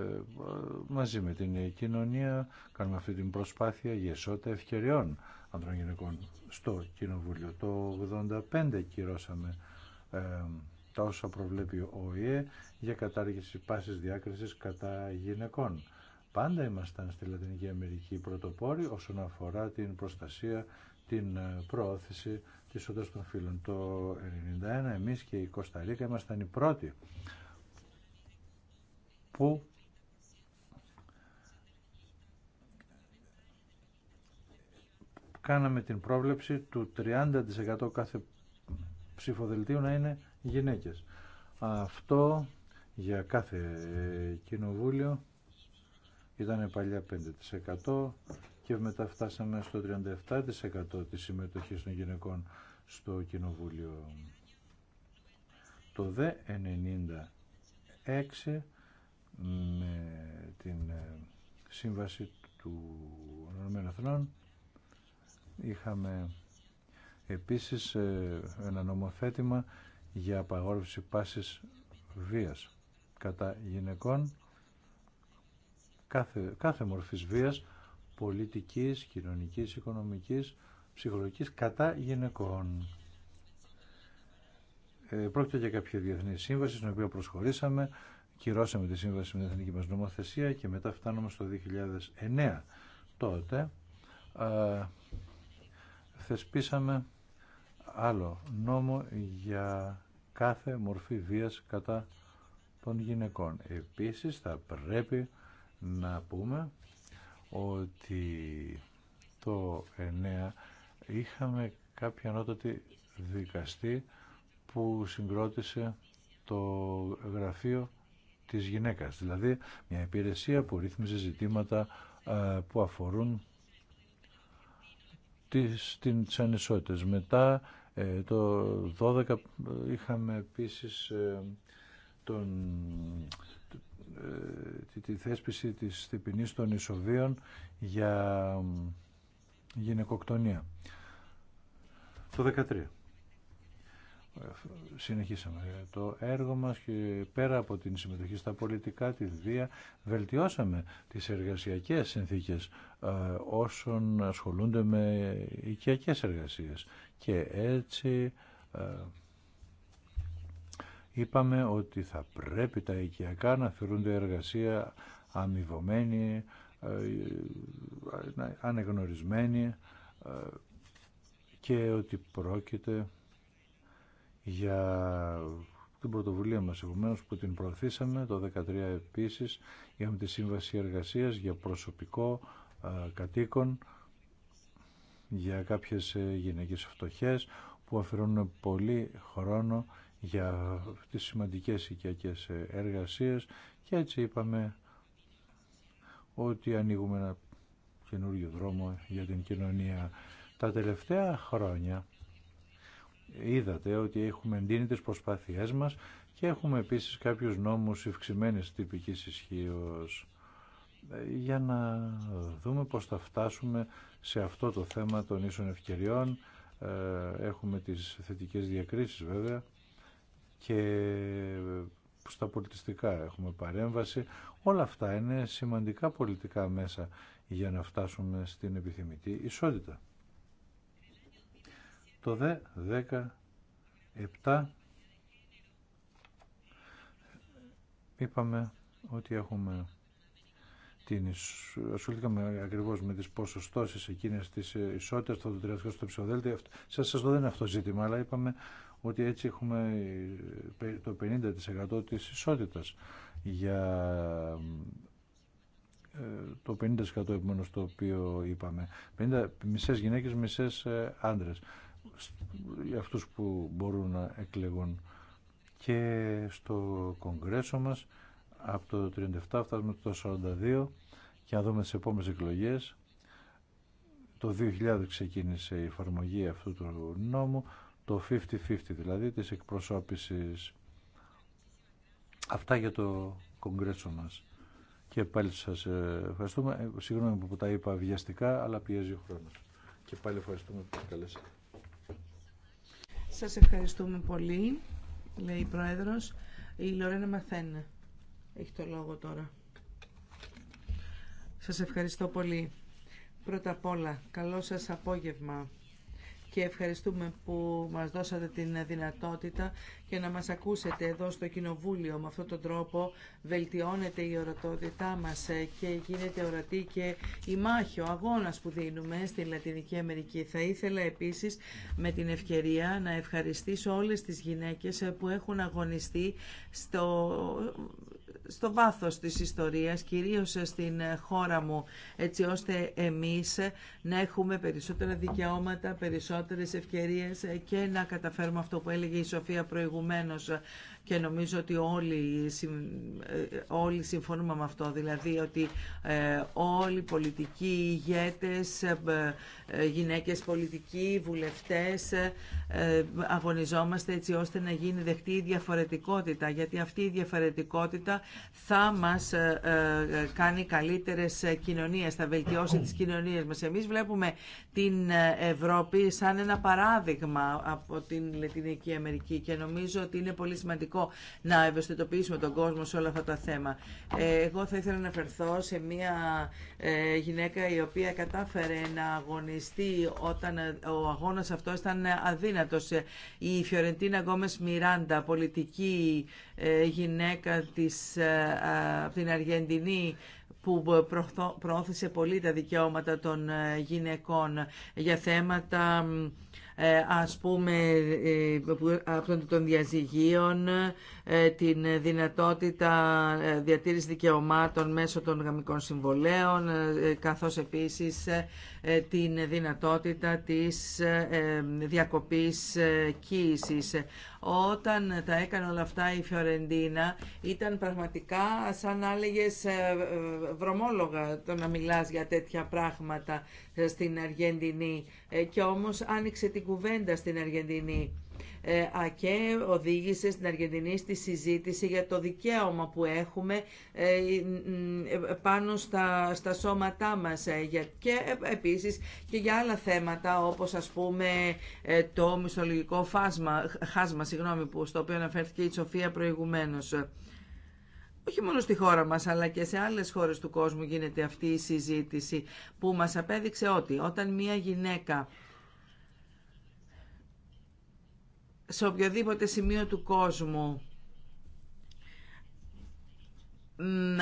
μαζί με την κοινωνία κάνουμε αυτή την προσπάθεια για ισότητα ευκαιριών ανδρών γυναικών στο Κοινοβούλιο. Το 1985 κυρώσαμε ε, τα όσα προβλέπει ο ΟΗΕ για κατάργηση πάσης διάκρισης κατά γυναικών. Πάντα ήμασταν στη Λατινική Αμερική πρωτοπόροι όσον αφορά την προστασία, την ε, προώθηση της όντας των φίλων. Το 1991 εμείς και η Κωνσταντίνα ήμασταν οι πρώτοι που κάναμε την πρόβλεψη του 30% κάθε ψηφοδελτίου να είναι γυναίκες. Αυτό για κάθε κοινοβούλιο ήταν παλιά 5% και μετά φτάσαμε στο 37% της συμμετοχής των γυναικών στο κοινοβούλιο. Το δε 96 με την ε, σύμβαση του ΟΕΕ Είχαμε επίσης ε, ένα νομοθέτημα για απαγόρευση πάσης βίας κατά γυναικών κάθε, κάθε μορφής βίας πολιτικής, κοινωνικής, οικονομικής, ψυχολογικής κατά γυναικών. Ε, πρόκειται για κάποια διεθνή σύμβαση στην οποία προσχωρήσαμε, κυρώσαμε τη σύμβαση με την εθνική μας νομοθεσία και μετά φτάνουμε στο 2009. Τότε ε, θεσπίσαμε άλλο νόμο για κάθε μορφή βίας κατά των γυναικών. Επίσης θα πρέπει να πούμε ότι το 9 είχαμε κάποια ανώτατη δικαστή που συγκρότησε το γραφείο της γυναίκας, δηλαδή μια υπηρεσία που ρύθμιζε ζητήματα ε, που αφορούν τις, τις ανισότητες. Μετά ε, το 12 είχαμε επίσης ε, τον, ε, τη, τη θέσπιση της θυπηνής των ισοβίων για γυναικοκτονία. Το 13 συνεχίσαμε το έργο μας και πέρα από την συμμετοχή στα πολιτικά, τη βία, βελτιώσαμε τις εργασιακές συνθήκες ε, όσων ασχολούνται με οικιακές εργασίες. Και έτσι ε, είπαμε ότι θα πρέπει τα οικιακά να θεωρούνται εργασία αμοιβωμένη, ε, αναγνωρισμένη και ότι πρόκειται για την πρωτοβουλία μας επομένω που την προωθήσαμε το 2013 επίσης είχαμε τη σύμβαση εργασίας για προσωπικό ε, κατοίκων για κάποιες ε, γυναίκες φτωχές που αφαιρώνουν πολύ χρόνο για τις σημαντικές οικιακές ε, εργασίες και έτσι είπαμε ότι ανοίγουμε ένα καινούριο δρόμο για την κοινωνία. Τα τελευταία χρόνια είδατε ότι έχουμε εντείνει τις προσπάθειές μας και έχουμε επίσης κάποιους νόμους ευξημένης τυπικής ισχύω ε, για να δούμε πώς θα φτάσουμε σε αυτό το θέμα των ίσων ευκαιριών. Ε, έχουμε τις θετικές διακρίσεις βέβαια και ε, στα πολιτιστικά έχουμε παρέμβαση. Όλα αυτά είναι σημαντικά πολιτικά μέσα για να φτάσουμε στην επιθυμητή ισότητα. Το δε 17 είπαμε ότι έχουμε την ασχοληθήκαμε ακριβώ με τι ποσοστώσει εκείνε της ε, ισότητας το τριαστικό στο ψηφοδέλτιο. Σας, σας δεν είναι αυτό ζήτημα, αλλά είπαμε ότι έτσι έχουμε ε, το 50% τη ισότητα για ε, το 50% επομένως το οποίο είπαμε. 50, μισές γυναίκες, μισές άντρες για αυτούς που μπορούν να εκλεγούν και στο κογκρέσο μας από το 37 φτάσουμε το 42 και να δούμε τις επόμενες εκλογές το 2000 ξεκίνησε η εφαρμογή αυτού του νόμου το 50-50 δηλαδή της εκπροσώπησης αυτά για το κογκρέσο μας και πάλι σας ε, ευχαριστούμε ε, συγγνώμη που τα είπα βιαστικά αλλά πιέζει ο χρόνος και πάλι ευχαριστούμε που καλέσατε σας ευχαριστούμε πολύ, λέει η Πρόεδρος. Η Λορένα Μαθένα έχει το λόγο τώρα. Σας ευχαριστώ πολύ. Πρώτα απ' όλα, καλό σας απόγευμα και ευχαριστούμε που μας δώσατε την δυνατότητα και να μας ακούσετε εδώ στο Κοινοβούλιο. Με αυτόν τον τρόπο βελτιώνεται η ορατότητά μας ε, και γίνεται ορατή και η μάχη, ο αγώνας που δίνουμε στη Λατινική Αμερική. Θα ήθελα επίσης με την ευκαιρία να ευχαριστήσω όλες τις γυναίκες ε, που έχουν αγωνιστεί στο στο βάθος της ιστορίας, κυρίως στην χώρα μου, έτσι ώστε εμείς να έχουμε περισσότερα δικαιώματα, περισσότερες ευκαιρίες και να καταφέρουμε αυτό που έλεγε η Σοφία προηγουμένως και νομίζω ότι όλοι, ε, όλοι συμφωνούμε με αυτό, δηλαδή ότι ε, όλοι οι πολιτικοί ηγέτες ε, ε, γυναίκες πολιτικοί, βουλευτές, ε, αγωνιζόμαστε έτσι ώστε να γίνει δεχτή η διαφορετικότητα, γιατί αυτή η διαφορετικότητα θα μας ε, κάνει καλύτερες κοινωνίες, θα βελτιώσει τις κοινωνίες μας. Εμείς βλέπουμε την Ευρώπη σαν ένα παράδειγμα από την Λετινική Αμερική και νομίζω ότι είναι πολύ σημαντικό να ευαισθητοποιήσουμε τον κόσμο σε όλα αυτά τα θέμα. Εγώ θα ήθελα να αναφερθώ σε μια γυναίκα η οποία κατάφερε να αγωνίζει όταν ε, ο αγώνας αυτό ήταν ε, αδύνατος. Ε, η Φιωρεντίνα Γκόμες Μιράντα, πολιτική γυναίκα της, από την Αργεντινή, που προώθησε πολύ τα δικαιώματα των γυναικών για θέματα ας πούμε των διαζυγίων, την δυνατότητα διατήρησης δικαιωμάτων μέσω των γαμικών συμβολέων, καθώς επίσης ε, την δυνατότητα της ε, ε, διακοπής κοίησης. Όταν τα έκανε όλα αυτά η Φιωρεντίνα ήταν πραγματικά σαν να βρομόλογα βρωμόλογα το να μιλάς για τέτοια πράγματα στην Αργεντινή και όμως άνοιξε την κουβέντα στην Αργεντινή. Ε, ΑΚΕ οδήγησε στην Αργεντινή στη συζήτηση για το δικαίωμα που έχουμε ε, ε, πάνω στα, στα σώματά μας και επίσης και για άλλα θέματα όπως ας πούμε το μισολογικό φάσμα, χάσμα συγγνώμη, που, στο οποίο αναφέρθηκε η Σοφία προηγουμένως. Όχι μόνο στη χώρα μας, αλλά και σε άλλες χώρες του κόσμου γίνεται αυτή η συζήτηση που μας απέδειξε ότι όταν μία γυναίκα σε οποιοδήποτε σημείο του κόσμου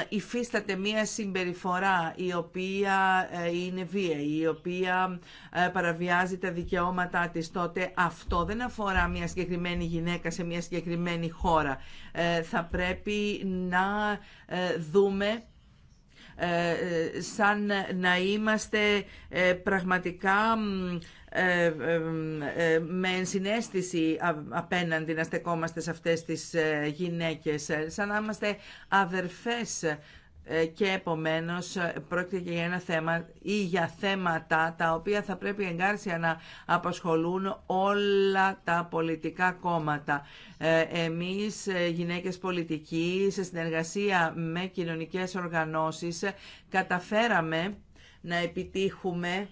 υφίσταται μία συμπεριφορά η οποία ε, είναι βία, η οποία ε, παραβιάζει τα δικαιώματά της, τότε αυτό δεν αφορά μία συγκεκριμένη γυναίκα σε μία συγκεκριμένη χώρα. Ε, θα πρέπει να δούμε σαν να είμαστε πραγματικά ε, ε, ε, με ενσυναίσθηση απέναντι να στεκόμαστε σε αυτές τις γυναίκες, σαν να είμαστε αδερφές και επομένως πρόκειται και για ένα θέμα ή για θέματα τα οποία θα πρέπει εγκάρσια να απασχολούν όλα τα πολιτικά κόμματα. Εμείς γυναίκες πολιτικοί σε συνεργασία με κοινωνικές οργανώσεις καταφέραμε να επιτύχουμε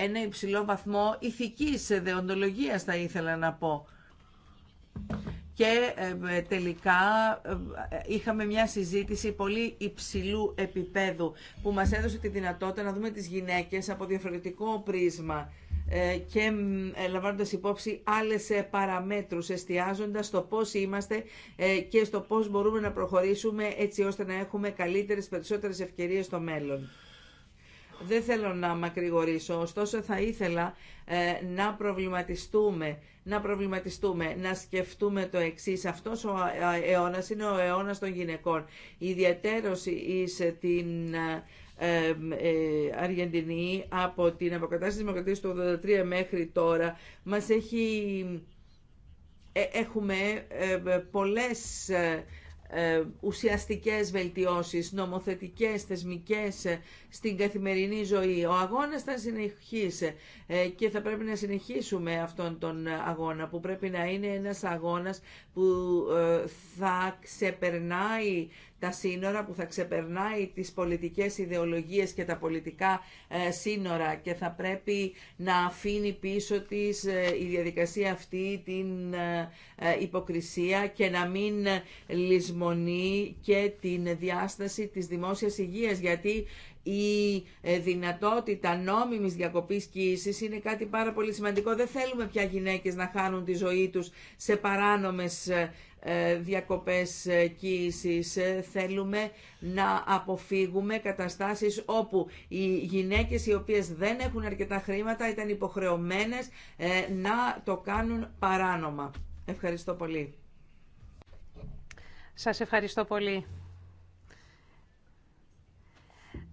ένα υψηλό βαθμό ηθικής δεοντολογίας θα ήθελα να πω. Και ε, ε, τελικά ε, είχαμε μια συζήτηση πολύ υψηλού επίπεδου που μας έδωσε τη δυνατότητα να δούμε τις γυναίκες από διαφορετικό πρίσμα και λαμβάνοντας υπόψη άλλες παραμέτρους, εστιάζοντας στο πώς είμαστε και στο πώς μπορούμε να προχωρήσουμε έτσι ώστε να έχουμε καλύτερες, περισσότερες ευκαιρίες στο μέλλον. Δεν θέλω να μακρηγορήσω, ωστόσο θα ήθελα ε, να προβληματιστούμε, να προβληματιστούμε, να σκεφτούμε το εξής. Αυτός ο ε, αιώνας είναι ο αιώνας των γυναικών. ιδιαίτερωση εις την ε, ε, Αργεντινή από την αποκατάσταση της Δημοκρατίας του 1983 μέχρι τώρα μας έχει... Έχουμε πολλές ε, ουσιαστικές βελτιώσεις, νομοθετικές, θεσμικές ε, στην καθημερινή ζωή. Ο αγώνας θα συνεχίσει ε, και θα πρέπει να συνεχίσουμε αυτόν τον αγώνα που πρέπει να είναι ένας αγώνας που θα ξεπερνάει τα σύνορα, που θα ξεπερνάει τις πολιτικές ιδεολογίες και τα πολιτικά ε, σύνορα και θα πρέπει να αφήνει πίσω της ε, η διαδικασία αυτή την ε, υποκρισία και να μην λησμονεί και την διάσταση της δημόσιας υγείας, γιατί η δυνατότητα νόμιμης διακοπής κοίησης είναι κάτι πάρα πολύ σημαντικό. Δεν θέλουμε πια γυναίκες να χάνουν τη ζωή τους σε παράνομες ε, διακοπές ε, κοίησης. Ε, θέλουμε να αποφύγουμε καταστάσεις όπου οι γυναίκες οι οποίες δεν έχουν αρκετά χρήματα ήταν υποχρεωμένες να το κάνουν παράνομα. Ευχαριστώ πολύ. Σας ευχαριστώ πολύ.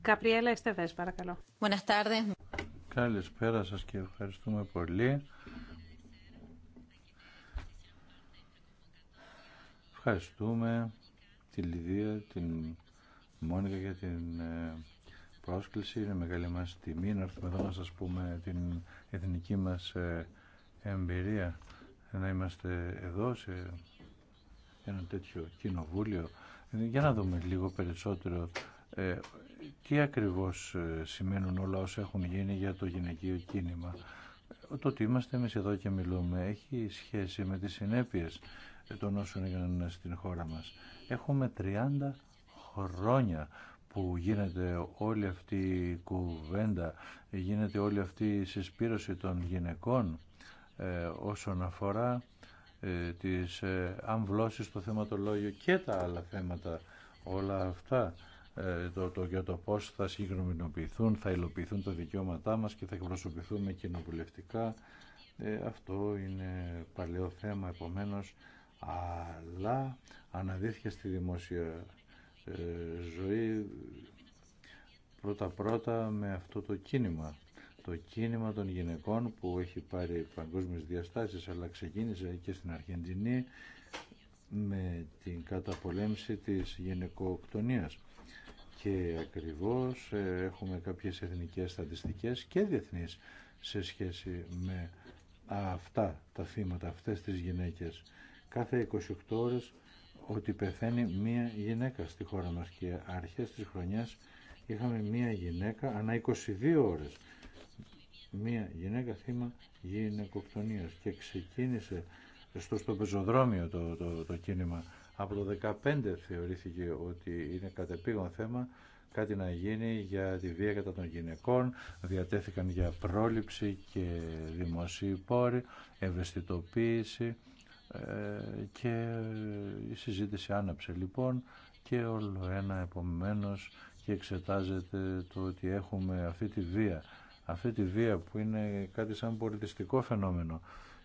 Καπριέλα Εστεβές, παρακαλώ. Καλησπέρα σας και ευχαριστούμε πολύ. Ευχαριστούμε την Λιδία, την Μόνικα για την ε, πρόσκληση. Είναι μεγάλη μας τιμή να έρθουμε εδώ να σας πούμε την εθνική μας ε, εμπειρία να είμαστε εδώ σε ένα τέτοιο κοινοβούλιο. Για να δούμε λίγο περισσότερο ε, τι ακριβώς σημαίνουν όλα όσα έχουν γίνει για το γυναικείο κίνημα. Το ότι είμαστε εμείς εδώ και μιλούμε έχει σχέση με τις συνέπειες των όσων έγιναν στην χώρα μας. Έχουμε 30 χρόνια που γίνεται όλη αυτή η κουβέντα, γίνεται όλη αυτή η συσπήρωση των γυναικών ε, όσον αφορά ε, τις ε, αμβλώσεις στο θεματολόγιο και τα άλλα θέματα όλα αυτά ε, το, το, για το πώς θα συγκρομινοποιηθούν, θα υλοποιηθούν τα δικαιώματά μας και θα εκπροσωπηθούμε κοινοβουλευτικά. Ε, αυτό είναι παλαιό θέμα, επομένως αλλά αναδύθηκε στη δημόσια ε, ζωή πρώτα-πρώτα με αυτό το κίνημα. Το κίνημα των γυναικών που έχει πάρει παγκόσμιες διαστάσεις αλλά ξεκίνησε και στην Αργεντινή με την καταπολέμηση της γυναικοκτονίας. Και ακριβώς ε, έχουμε κάποιες εθνικές στατιστικές και διεθνείς σε σχέση με αυτά τα θύματα, αυτές τις γυναίκες κάθε 28 ώρες ότι πεθαίνει μία γυναίκα στη χώρα μας και αρχές της χρονιάς είχαμε μία γυναίκα ανά 22 ώρες μία γυναίκα θύμα γυναικοκτονίας και ξεκίνησε στο, στο πεζοδρόμιο το, το, το κίνημα από το 2015 θεωρήθηκε ότι είναι κατεπήγον θέμα κάτι να γίνει για τη βία κατά των γυναικών, διατέθηκαν για πρόληψη και δημοσίου πόροι, ευαισθητοποίηση ε, και η συζήτηση άναψε λοιπόν και όλο ένα επομένως και εξετάζεται το ότι έχουμε αυτή τη βία αυτή τη βία που είναι κάτι σαν πολιτιστικό φαινόμενο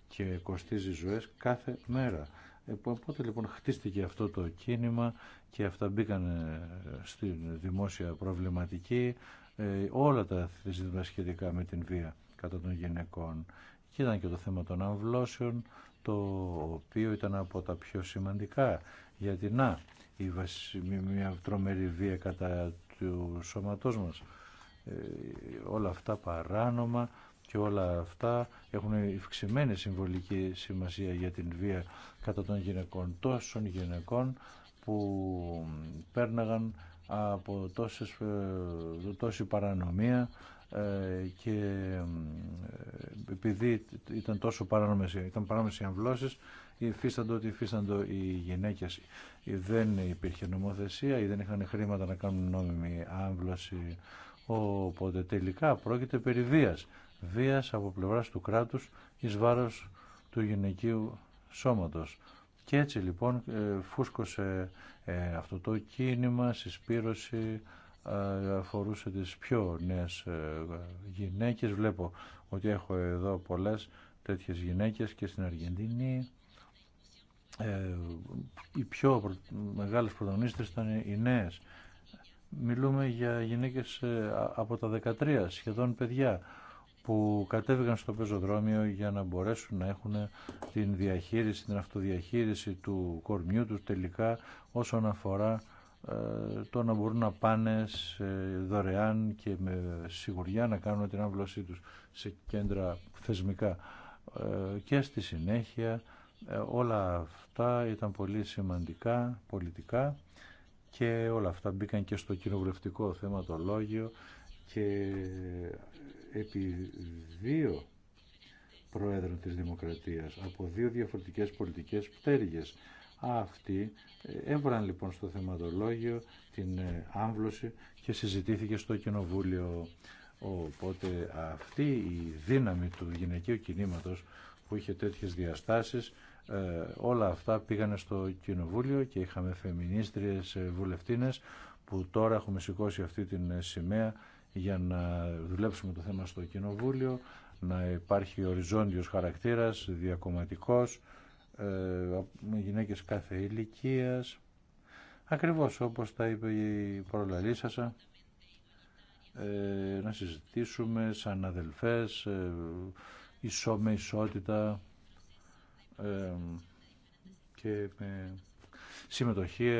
και κοστίζει ζωές κάθε μέρα. Ε, Οπότε λοιπόν χτίστηκε αυτό το κίνημα και αυτά μπήκαν ε, στην δημόσια προβληματική όλα τα ζητήματα σχετικά με την βία κατά των γυναικών. Και ήταν και το θέμα των αμβλώσεων, το οποίο ήταν από τα πιο σημαντικά. Γιατί να, η μια τρομερή βία κατά του σώματός μας. Ε, όλα αυτά παράνομα και όλα αυτά έχουν ευξημένη συμβολική σημασία για την βία κατά των γυναικών, τόσων γυναικών που πέρναγαν από τόσες, ε, τόση παρανομία ε, και ε, επειδή ήταν τόσο παράνομες, ήταν παράνομες οι αμβλώσεις υφίστανται ότι υφίστανται οι γυναίκες ε, δεν υπήρχε νομοθεσία ή δεν είχαν χρήματα να κάνουν νόμιμη άμβλωση οπότε τελικά πρόκειται περί βίας βίας από πλευράς του κράτους εις βάρος του γυναικείου σώματος και έτσι λοιπόν φούσκωσε αυτό το κίνημα συσπήρωση ε, αφορούσε τις πιο νέες ε, γυναίκες. Βλέπω ότι έχω εδώ πολλές τέτοιες γυναίκες και στην Αργεντινή. Ε, οι πιο μεγάλες πρωταγωνίστες ήταν οι νέες. Μιλούμε για γυναίκες από τα 13, σχεδόν παιδιά, που κατέβηκαν στο πεζοδρόμιο για να μπορέσουν να έχουν την διαχείριση, την αυτοδιαχείριση του κορμιού τους τελικά όσον αφορά ε, το να μπορούν να πάνε δωρεάν και με σιγουριά να κάνουν την άμβλωσή τους σε κέντρα θεσμικά. Ε, και στη συνέχεια ε, όλα αυτά ήταν πολύ σημαντικά πολιτικά και όλα αυτά μπήκαν και στο κοινοβουλευτικό θεματολόγιο και επί δύο προέδρων της Δημοκρατίας από δύο διαφορετικές πολιτικές πτέρυγες αυτή ε, έβραν λοιπόν στο θεματολόγιο την ε, άμβλωση και συζητήθηκε στο Κοινοβούλιο. Οπότε αυτή η δύναμη του γυναικείου κινήματος που είχε τέτοιες διαστάσεις ε, όλα αυτά πήγανε στο Κοινοβούλιο και είχαμε φεμινίστριες βουλευτίνες που τώρα έχουμε σηκώσει αυτή την σημαία για να δουλέψουμε το θέμα στο Κοινοβούλιο, να υπάρχει οριζόντιος χαρακτήρας, διακομματικός, ε, γυναίκες κάθε ηλικίας, ακριβώς όπως τα είπε η προλαλήσασα, ε, να συζητήσουμε σαν αδελφές, ε, ισό με ισότητα και με συμμετοχή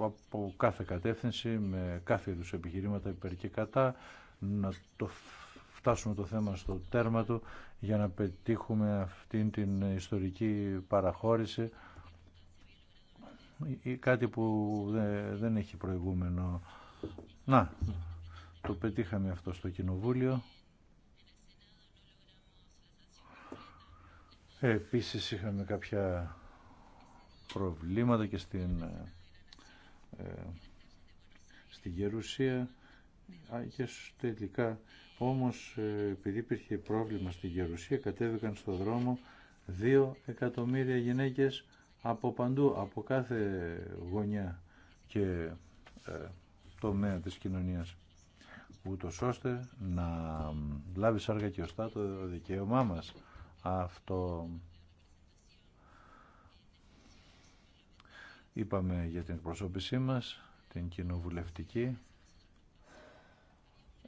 από κάθε κατεύθυνση, με κάθε είδους επιχειρήματα υπέρ και κατά, να το φτάσουμε το θέμα στο τέρμα του για να πετύχουμε αυτήν την ιστορική παραχώρηση ή κάτι που δεν έχει προηγούμενο. Να, το πετύχαμε αυτό στο Κοινοβούλιο. Επίσης είχαμε κάποια προβλήματα και στην, ε, ε, στη Γερουσία και τελικά όμως ε, επειδή υπήρχε πρόβλημα στη Γερουσία κατέβηκαν στο δρόμο δύο εκατομμύρια γυναίκες από παντού, από κάθε γωνιά και ε, τομέα της κοινωνίας ούτω ώστε να λάβει σάργα και οστά το δικαίωμά μας αυτό είπαμε για την εκπροσώπησή μας την κοινοβουλευτική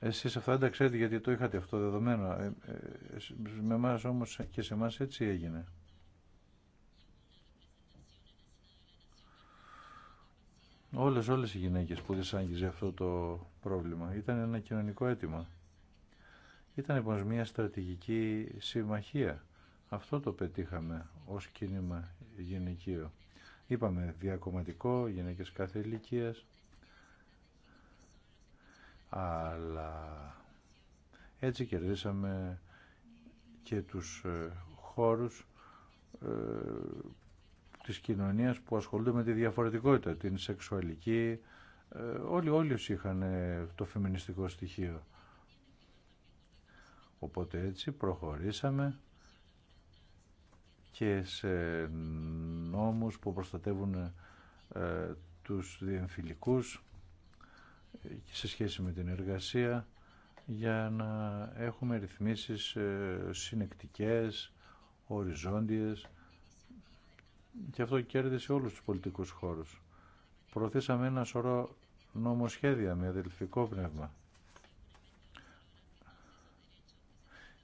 εσείς αυτά τα ξέρετε γιατί το είχατε αυτό δεδομένο. Ε, ε, με εμά όμως και σε εμά έτσι έγινε. Όλες, όλες οι γυναίκες που δυσάγγιζε αυτό το πρόβλημα ήταν ένα κοινωνικό αίτημα. Ήταν λοιπόν μια στρατηγική συμμαχία. Αυτό το πετύχαμε ως κίνημα γυναικείο. Είπαμε διακομματικό, γυναίκες κάθε ηλικίας, αλλά έτσι κερδίσαμε και τους ε, χώρους ε, της κοινωνίας που ασχολούνται με τη διαφορετικότητα, την σεξουαλική. Ε, όλοι όλοι είχαν το φεμινιστικό στοιχείο. Οπότε έτσι προχωρήσαμε και σε νόμους που προστατεύουν τους διεμφυλικούς σε σχέση με την εργασία για να έχουμε ρυθμίσεις ε, συνεκτικές, οριζόντιες και αυτό κέρδισε όλους τους πολιτικούς χώρους. Προωθήσαμε ένα σωρό νομοσχέδια με αδελφικό πνεύμα.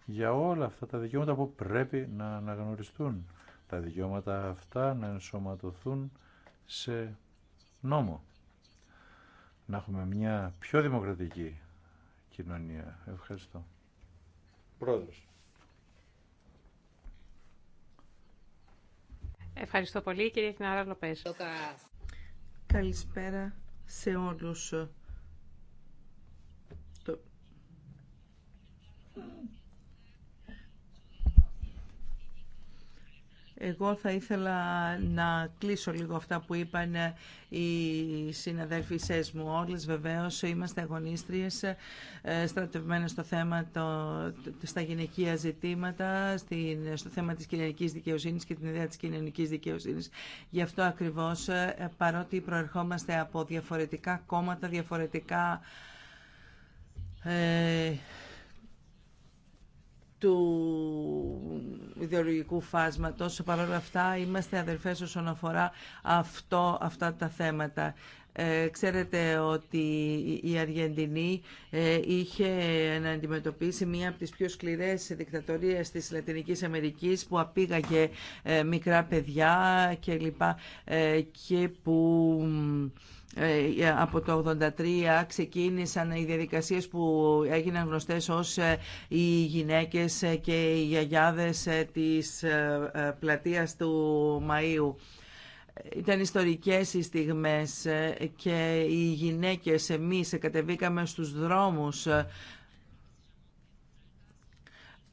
Για όλα αυτά τα δικαιώματα που πρέπει να αναγνωριστούν, τα δικαιώματα αυτά να ενσωματωθούν σε νόμο να έχουμε μια πιο δημοκρατική κοινωνία. Ευχαριστώ. Πρόεδρος. Ευχαριστώ πολύ, κυρία Κινάρα Λοπές. Καλησπέρα σε όλους. Εγώ θα ήθελα να κλείσω λίγο αυτά που είπαν οι συναδέλφισές μου. Όλες βεβαίως είμαστε αγωνίστριες ε, στρατευμένες στο θέμα το, στα γυναικεία ζητήματα, στην, στο θέμα της κοινωνικής δικαιοσύνης και την ιδέα της κοινωνικής δικαιοσύνης. Γι' αυτό ακριβώς, ε, παρότι προερχόμαστε από διαφορετικά κόμματα, διαφορετικά ε, του ιδεολογικού φάσματος. Παρ' όλα αυτά είμαστε αδερφές όσον αφορά αυτό, αυτά τα θέματα. Ε, ξέρετε ότι η Αργεντινή ε, είχε να αντιμετωπίσει μία από τις πιο σκληρές δικτατορίες της Λατινικής Αμερικής που απήγαγε ε, μικρά παιδιά και λοιπά και που από το 83 ξεκίνησαν οι διαδικασίες που έγιναν γνωστές ως οι γυναίκες και οι γιαγιάδες της πλατείας του Μαΐου ήταν ιστορικές οι στιγμές ε, και οι γυναίκες εμείς κατεβήκαμε στους δρόμους ε,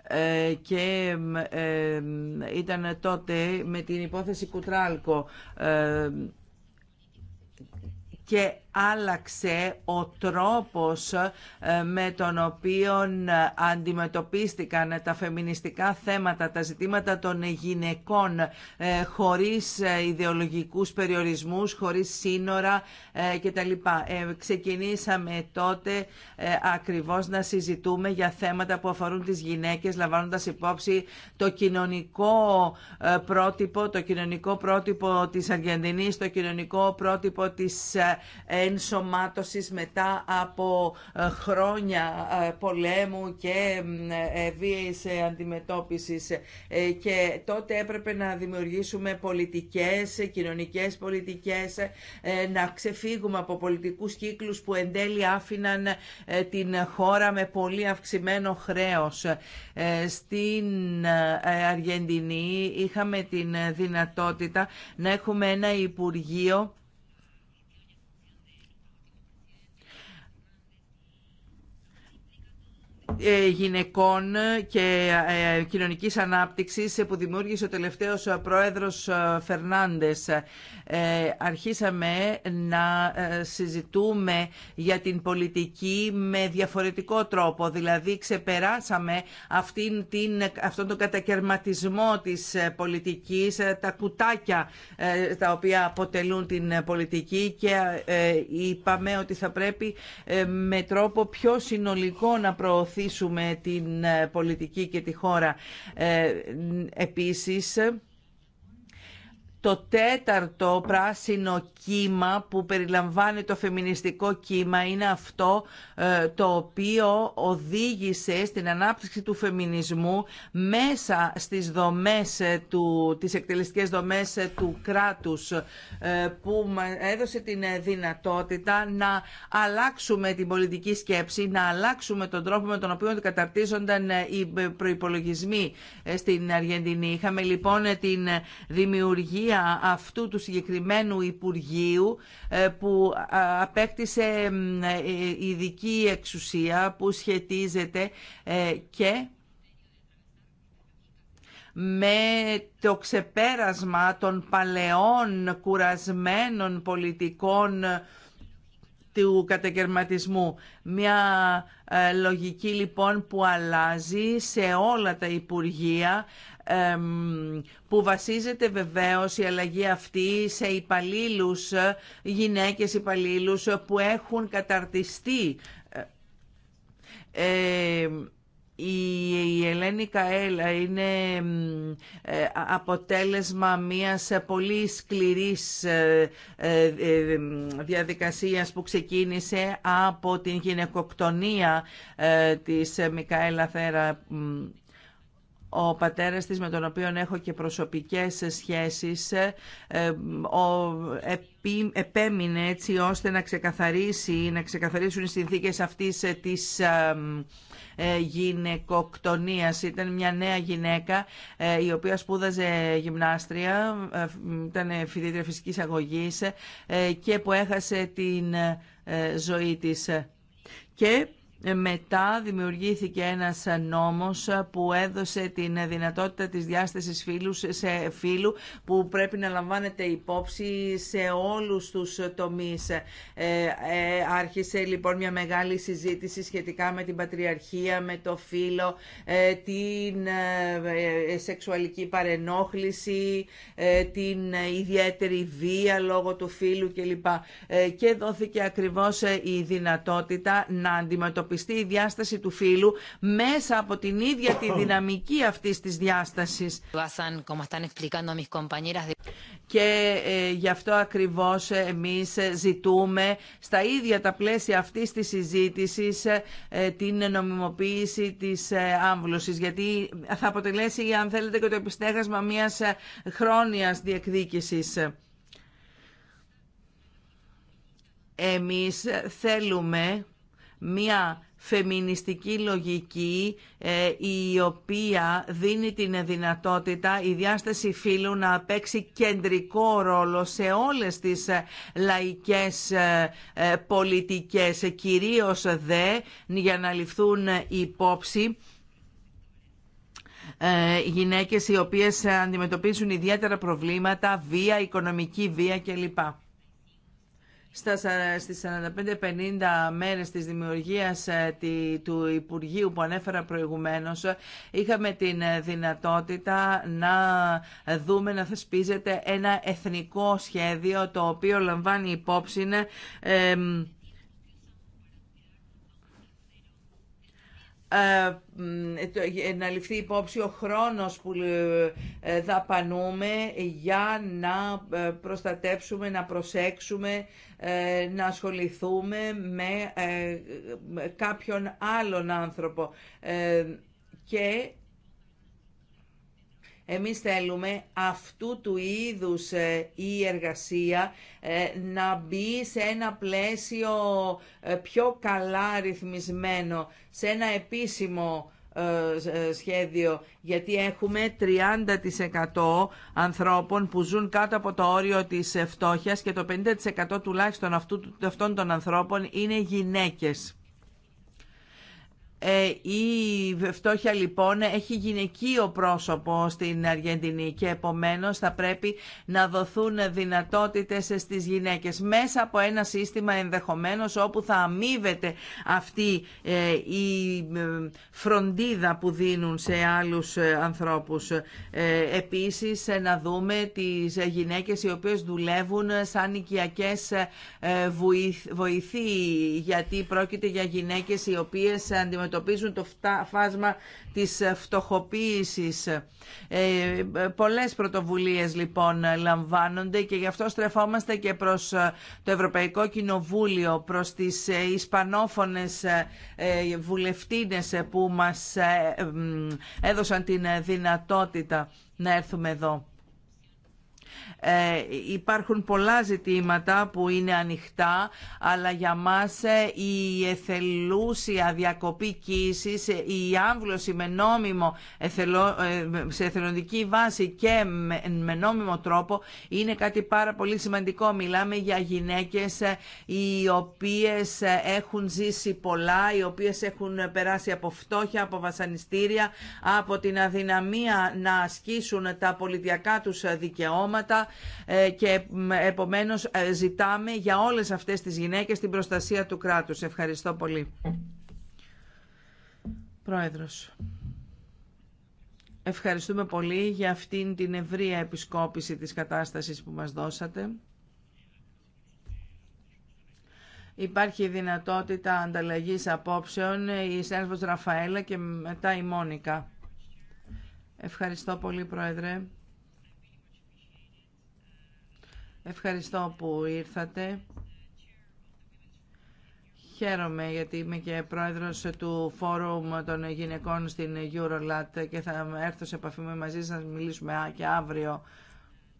ε, και ήταν τότε με την υπόθεση Κουτράλκο και άλλαξε ο τρόπος ε, με τον οποίο αντιμετωπίστηκαν τα φεμινιστικά θέματα, τα ζητήματα των γυναικών ε, χωρίς ε, ιδεολογικούς περιορισμούς, χωρίς σύνορα κτλ. Ξεκινήσαμε τότε ακριβώς να συζητούμε για θέματα που αφορούν τις γυναίκες, λαμβάνοντας υπόψη το κοινωνικό πρότυπο, το κοινωνικό πρότυπο της Αργεντινής, το κοινωνικό πρότυπο της ενσωμάτωσης μετά από ε, χρόνια ε, πολέμου και ε, βίαιης αντιμετώπισης και τότε έπρεπε να δημιουργήσουμε πολιτικές, κοινωνικές πολιτικές, να ξεφύγουμε από πολιτικούς κύκλους που εν τέλει άφηναν την χώρα με πολύ αυξημένο χρέος. Στην Αργεντινή είχαμε την δυνατότητα να έχουμε ένα Υπουργείο Ε, γυναικών και ε, κοινωνικής ανάπτυξης που δημιούργησε ο τελευταίος ε, πρόεδρος Φερνάντες. Αρχίσαμε να συζητούμε για την πολιτική με διαφορετικό τρόπο, δηλαδή ξεπεράσαμε αυτήν την, αυτόν τον κατακαιρματισμό της πολιτικής, τα κουτάκια τα οποία αποτελούν την πολιτική και είπαμε ότι θα πρέπει με τρόπο πιο συνολικό να προωθεί βοηθήσουμε την ε, πολιτική και τη χώρα. Ε, επίσης, το τέταρτο πράσινο κύμα που περιλαμβάνει το φεμινιστικό κύμα είναι αυτό ε, το οποίο οδήγησε στην ανάπτυξη του φεμινισμού μέσα στις δομές ε, του, τις εκτελεστικές δομές ε, του κράτους που έδωσε την δυνατότητα να αλλάξουμε την πολιτική σκέψη, να αλλάξουμε τον τρόπο με τον οποίο καταρτίζονταν οι προϋπολογισμοί στην Αργεντινή. Είχαμε λοιπόν την δημιουργία αυτού του συγκεκριμένου Υπουργείου ε, που απέκτησε ε, ειδική εξουσία που σχετίζεται ε, και με το ξεπέρασμα των παλαιών κουρασμένων πολιτικών του κατακαιρματισμού. Μια ε, λογική λοιπόν που αλλάζει σε όλα τα Υπουργεία που βασίζεται βεβαίως η αλλαγή αυτή σε υπαλλήλους, ε, γυναίκες υπαλλήλους ε, που έχουν καταρτιστεί η Ελένη Καέλα είναι ε, αποτέλεσμα μιας ε, πολύ σκληρής ε, διαδικασίας που ξεκίνησε από την γυναικοκτονία της Μικαέλα Θέρα. Ο πατέρας της με τον οποίο έχω και προσωπικές σχέσεις ο, επέμεινε έτσι ώστε να ξεκαθαρίσει, να ξεκαθαρίσουν οι συνθήκες αυτής της ε, γυναικοκτονίας. Ήταν μια νέα γυναίκα ε, η οποία σπούδαζε γυμνάστρια, ε, ήταν φοιτήτρια φυσικής αγωγής και που έχασε την ζωή της. Και μετά δημιουργήθηκε ένας νόμος που έδωσε την δυνατότητα της διάστασης φίλου σε φίλου που πρέπει να λαμβάνεται υπόψη σε όλους τους τομείς. Ε, ε, άρχισε λοιπόν μια μεγάλη συζήτηση σχετικά με την πατριαρχία, με το φίλο, ε, την σεξουαλική παρενόχληση, την ιδιαίτερη βία λόγω του φύλου κλπ. Και δόθηκε ακριβώς η δυνατότητα να αντιμετωπίσουμε στη η διάσταση του φύλου μέσα από την ίδια τη δυναμική αυτή τη διάσταση. Και ε, γι' αυτό ακριβώ ε, εμεί ε, ζητούμε στα ίδια τα πλαίσια αυτή τη συζήτηση ε, την νομιμοποίηση της ε, γιατί θα αποτελέσει, αν θέλετε, και το επιστέγασμα μιας χρόνιας διεκδίκηση. Εμείς θέλουμε μία φεμινιστική λογική ε, η οποία δίνει την δυνατότητα η διάσταση φύλου να παίξει κεντρικό ρόλο σε όλες τις ε, λαϊκές ε, πολιτικές, κυρίως δε για να ληφθούν υπόψη γυναίκες οι οποίες αντιμετωπίζουν ιδιαίτερα προβλήματα, βία, οικονομική βία κλπ στις 45-50 μέρες της δημιουργίας ε, του Υπουργείου που ανέφερα προηγουμένως είχαμε την ε, δυνατότητα να δούμε να θεσπίζεται ένα εθνικό σχέδιο το οποίο λαμβάνει υπόψη ε, Ε, να ληφθεί υπόψη ο χρόνος που ε, ε, δαπανούμε για να προστατέψουμε, να προσέξουμε, να ασχοληθούμε με κάποιον άλλον άνθρωπο. Και εμείς θέλουμε αυτού του είδους ε, η εργασία ε, να μπει σε ένα πλαίσιο ε, πιο καλά ρυθμισμένο, σε ένα επίσημο σχέδιο, γιατί έχουμε 30% ανθρώπων που ζουν κάτω από το όριο της φτώχειας και το 50% τουλάχιστον αυτών των ανθρώπων είναι γυναίκες. Ε, η φτώχεια λοιπόν έχει γυναικείο πρόσωπο στην Αργεντινή και επομένως θα πρέπει να δοθούν δυνατότητες στις γυναίκες μέσα από ένα σύστημα ενδεχομένως όπου θα αμείβεται αυτή ε, η ε, φροντίδα που δίνουν σε άλλους ανθρώπους. Επίσης να δούμε τις γυναίκες οι οποίες δουλεύουν σαν οικιακές βοηθοί γιατί πρόκειται για γυναίκες οι οποίες αντιμετωπίζουν αντιμετωπίζουν το φάσμα της φτωχοποίησης. Ε, πολλές πρωτοβουλίες λοιπόν λαμβάνονται και γι' αυτό στρεφόμαστε και προς ε, το Ευρωπαϊκό Κοινοβούλιο, προς τις ε, ισπανόφωνες βουλευτίνες που μας έδωσαν την δυνατότητα να έρθουμε εδώ. Ε, υπάρχουν πολλά ζητήματα που είναι ανοιχτά, αλλά για μας ε, η εθελούσια διακοπή κοίησης, ε, η άμβλωση με νόμιμο, σε εθελοντική βάση και με νόμιμο τρόπο είναι κάτι πάρα πολύ σημαντικό. Μιλάμε για γυναίκες οι οποίες έχουν ζήσει πολλά, οι οποίες έχουν περάσει από φτώχεια, από βασανιστήρια, από την αδυναμία να ασκήσουν τα πολιτιακά τους δικαιώματα ε, και επομένως ε, ζητάμε για όλες αυτές τις γυναίκες την προστασία του κράτους. Ευχαριστώ πολύ. Πρόεδρος. Ευχαριστούμε πολύ για αυτήν την ευρία επισκόπηση της κατάστασης που μας δώσατε. Υπάρχει δυνατότητα ανταλλαγής απόψεων η Σέρβος Ραφαέλα και μετά η Μόνικα. Ευχαριστώ πολύ, Πρόεδρε. Ευχαριστώ που ήρθατε. Χαίρομαι γιατί είμαι και πρόεδρος του Φόρουμ των Γυναικών στην Eurolat και θα έρθω σε επαφή με μαζί σας να μιλήσουμε και αύριο.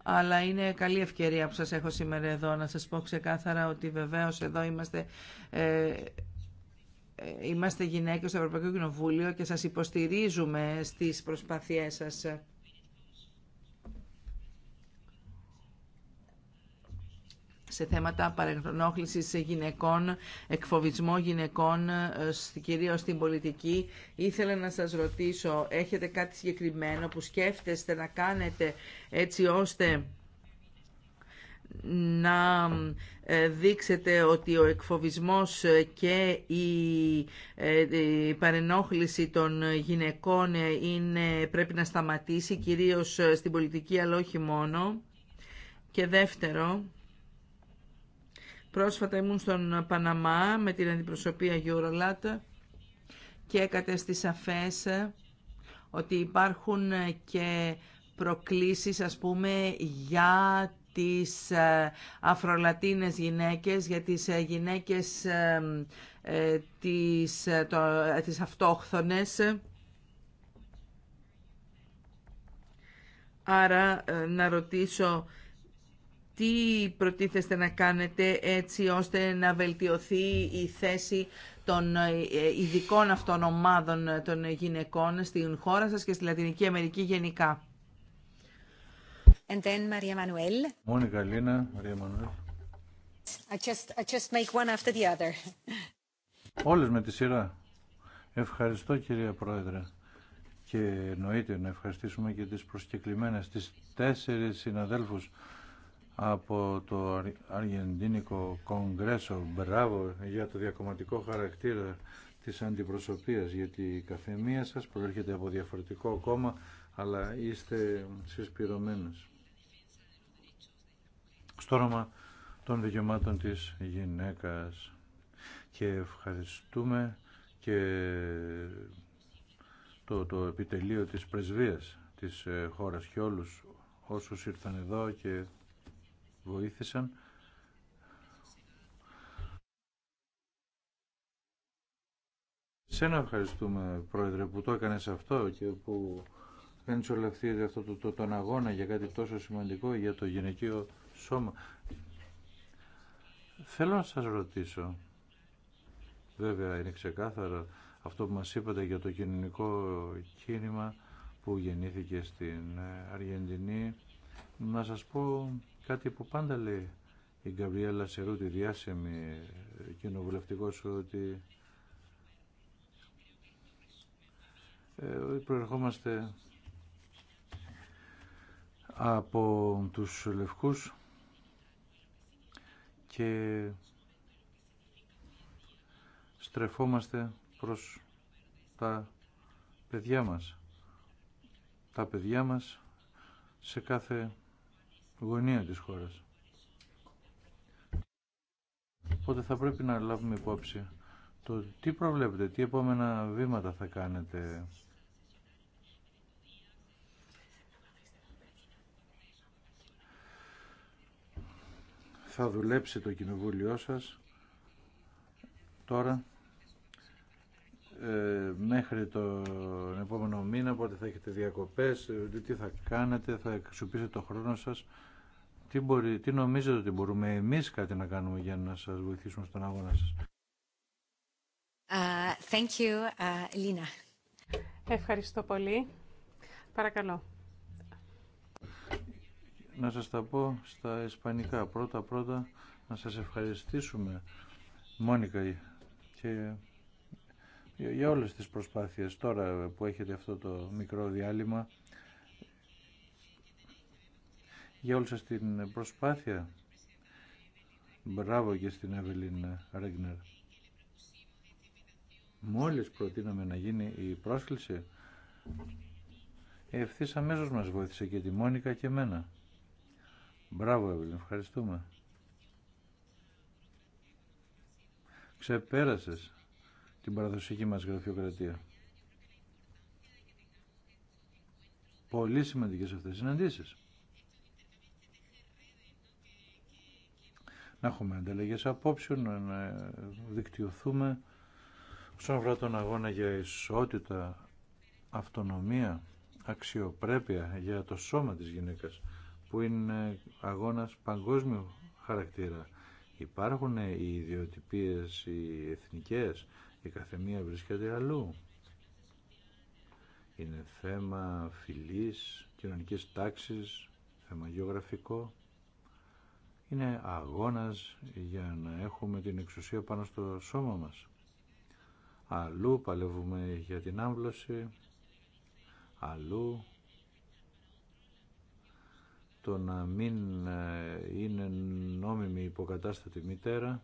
Αλλά είναι καλή ευκαιρία που σας έχω σήμερα εδώ να σας πω ξεκάθαρα ότι βεβαίως εδώ είμαστε... Ε, ε Είμαστε γυναίκες στο Ευρωπαϊκό Κοινοβούλιο και σας υποστηρίζουμε στις προσπάθειές σας. σε θέματα παρενόχλησης γυναικών, εκφοβισμό γυναικών, ε, κυρίως στην πολιτική. Ήθελα να σας ρωτήσω, έχετε κάτι συγκεκριμένο που σκέφτεστε να κάνετε έτσι ώστε να ε, δείξετε ότι ο εκφοβισμός και η ε, παρενόχληση των γυναικών είναι, πρέπει να σταματήσει κυρίως στην πολιτική αλλά όχι μόνο. Και δεύτερο, Πρόσφατα ήμουν στον Παναμά με την αντιπροσωπεία Eurolat και έκατε σαφές ότι υπάρχουν και προκλήσεις ας πούμε για τις ε, αφρολατίνες γυναίκες, για τις ε, γυναίκες ε, ε, τις, αυτόχθονες. Άρα να ρωτήσω τι προτίθεστε να κάνετε έτσι ώστε να βελτιωθεί η θέση των ε, ειδικών αυτών ομάδων ε, των γυναικών στην χώρα σας και στη Λατινική Αμερική γενικά. And then Maria Manuel. Μαρία Μανουέλ. I just, I make one after the other. Όλες με τη σειρά. Ευχαριστώ κυρία Πρόεδρε. Και εννοείται να ευχαριστήσουμε και τις προσκεκλημένες, τις τέσσερις συναδέλφους από το Αργεντίνικο Κογκρέσο. Μπράβο για το διακομματικό χαρακτήρα της αντιπροσωπείας, γιατί η καθεμία σας προέρχεται από διαφορετικό κόμμα, αλλά είστε συσπηρωμένες. Στο όνομα των δικαιωμάτων της γυναίκας. Και ευχαριστούμε και το, το επιτελείο της πρεσβείας της ε, χώρας και όλους όσους ήρθαν εδώ και βοήθησαν. Σένα ευχαριστούμε, Πρόεδρε, που το έκανες αυτό και που δεν όλα αυτή, αυτό το, τον αγώνα για κάτι τόσο σημαντικό για το γυναικείο σώμα. Θέλω να σας ρωτήσω, βέβαια είναι ξεκάθαρο αυτό που μας είπατε για το κοινωνικό κίνημα που γεννήθηκε στην Αργεντινή, να σας πω Κάτι που πάντα λέει η Γκαμπριέλα Σερούτη, διάσημη ε, κοινοβουλευτικός, ε, ότι προερχόμαστε από τους Λευκούς και στρεφόμαστε προς τα παιδιά μας. Τα παιδιά μας σε κάθε γωνία της χώρας. Οπότε θα πρέπει να λάβουμε υπόψη το τι προβλέπετε, τι επόμενα βήματα θα κάνετε. Θα δουλέψει το κοινοβούλιο σας τώρα ε, μέχρι τον επόμενο μήνα, πότε θα έχετε διακοπές, ε, τι θα κάνετε, θα εξουπίσετε το χρόνο σας. Τι, μπορεί, τι νομίζετε ότι μπορούμε εμείς κάτι να κάνουμε για να σας βοηθήσουμε στον αγώνα σας. Ε, thank you, Ευχαριστώ πολύ. Παρακαλώ. Να σας τα πω στα ισπανικά. Πρώτα-πρώτα να σας ευχαριστήσουμε Μόνικα και για όλες τις προσπάθειες τώρα που έχετε αυτό το μικρό διάλειμμα για όλη σας την προσπάθεια μπράβο και στην Εβελίν Ρέγνερ μόλις προτείναμε να γίνει η πρόσκληση ευθύς αμέσως μας βοήθησε και τη Μόνικα και εμένα μπράβο Εβελίν ευχαριστούμε ξεπέρασες την παραδοσιακή μας γραφειοκρατία. Πολύ σημαντικές αυτές οι συναντήσεις. Να έχουμε ανταλλαγές απόψεων, να δικτυωθούμε όσον αφορά τον αγώνα για ισότητα, αυτονομία, αξιοπρέπεια για το σώμα της γυναίκας που είναι αγώνας παγκόσμιου χαρακτήρα. Υπάρχουν οι ιδιοτυπίες, οι εθνικές, η καθεμία βρίσκεται αλλού. Είναι θέμα φιλής, κοινωνικής τάξης, θέμα γεωγραφικό. Είναι αγώνας για να έχουμε την εξουσία πάνω στο σώμα μας. Αλλού παλεύουμε για την άμβλωση, αλλού το να μην ε, είναι νόμιμη υποκατάστατη μητέρα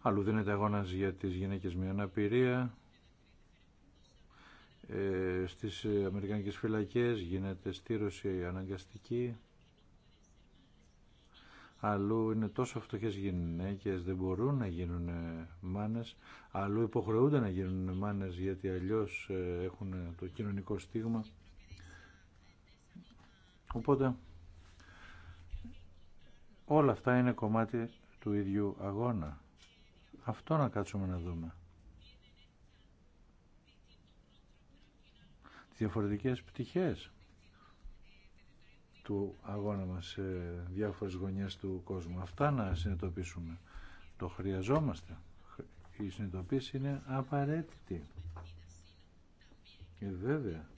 αλλού δίνεται αγώνα για τις γυναίκες με αναπηρία, ε, στις Αμερικανικές φυλακές γίνεται στήρωση αναγκαστική, αλλού είναι τόσο φτωχές γυναίκες, δεν μπορούν να γίνουν μάνες, αλλού υποχρεούνται να γίνουν μάνες γιατί αλλιώς ε, έχουν το κοινωνικό στίγμα. Οπότε όλα αυτά είναι κομμάτι του ίδιου αγώνα. Αυτό να κάτσουμε να δούμε. Τις διαφορετικές πτυχές του αγώνα μας σε διάφορες γωνιές του κόσμου. Αυτά να συνειδητοποιήσουμε. Το χρειαζόμαστε. Η συνειδητοποίηση είναι απαραίτητη. και ε, βέβαια.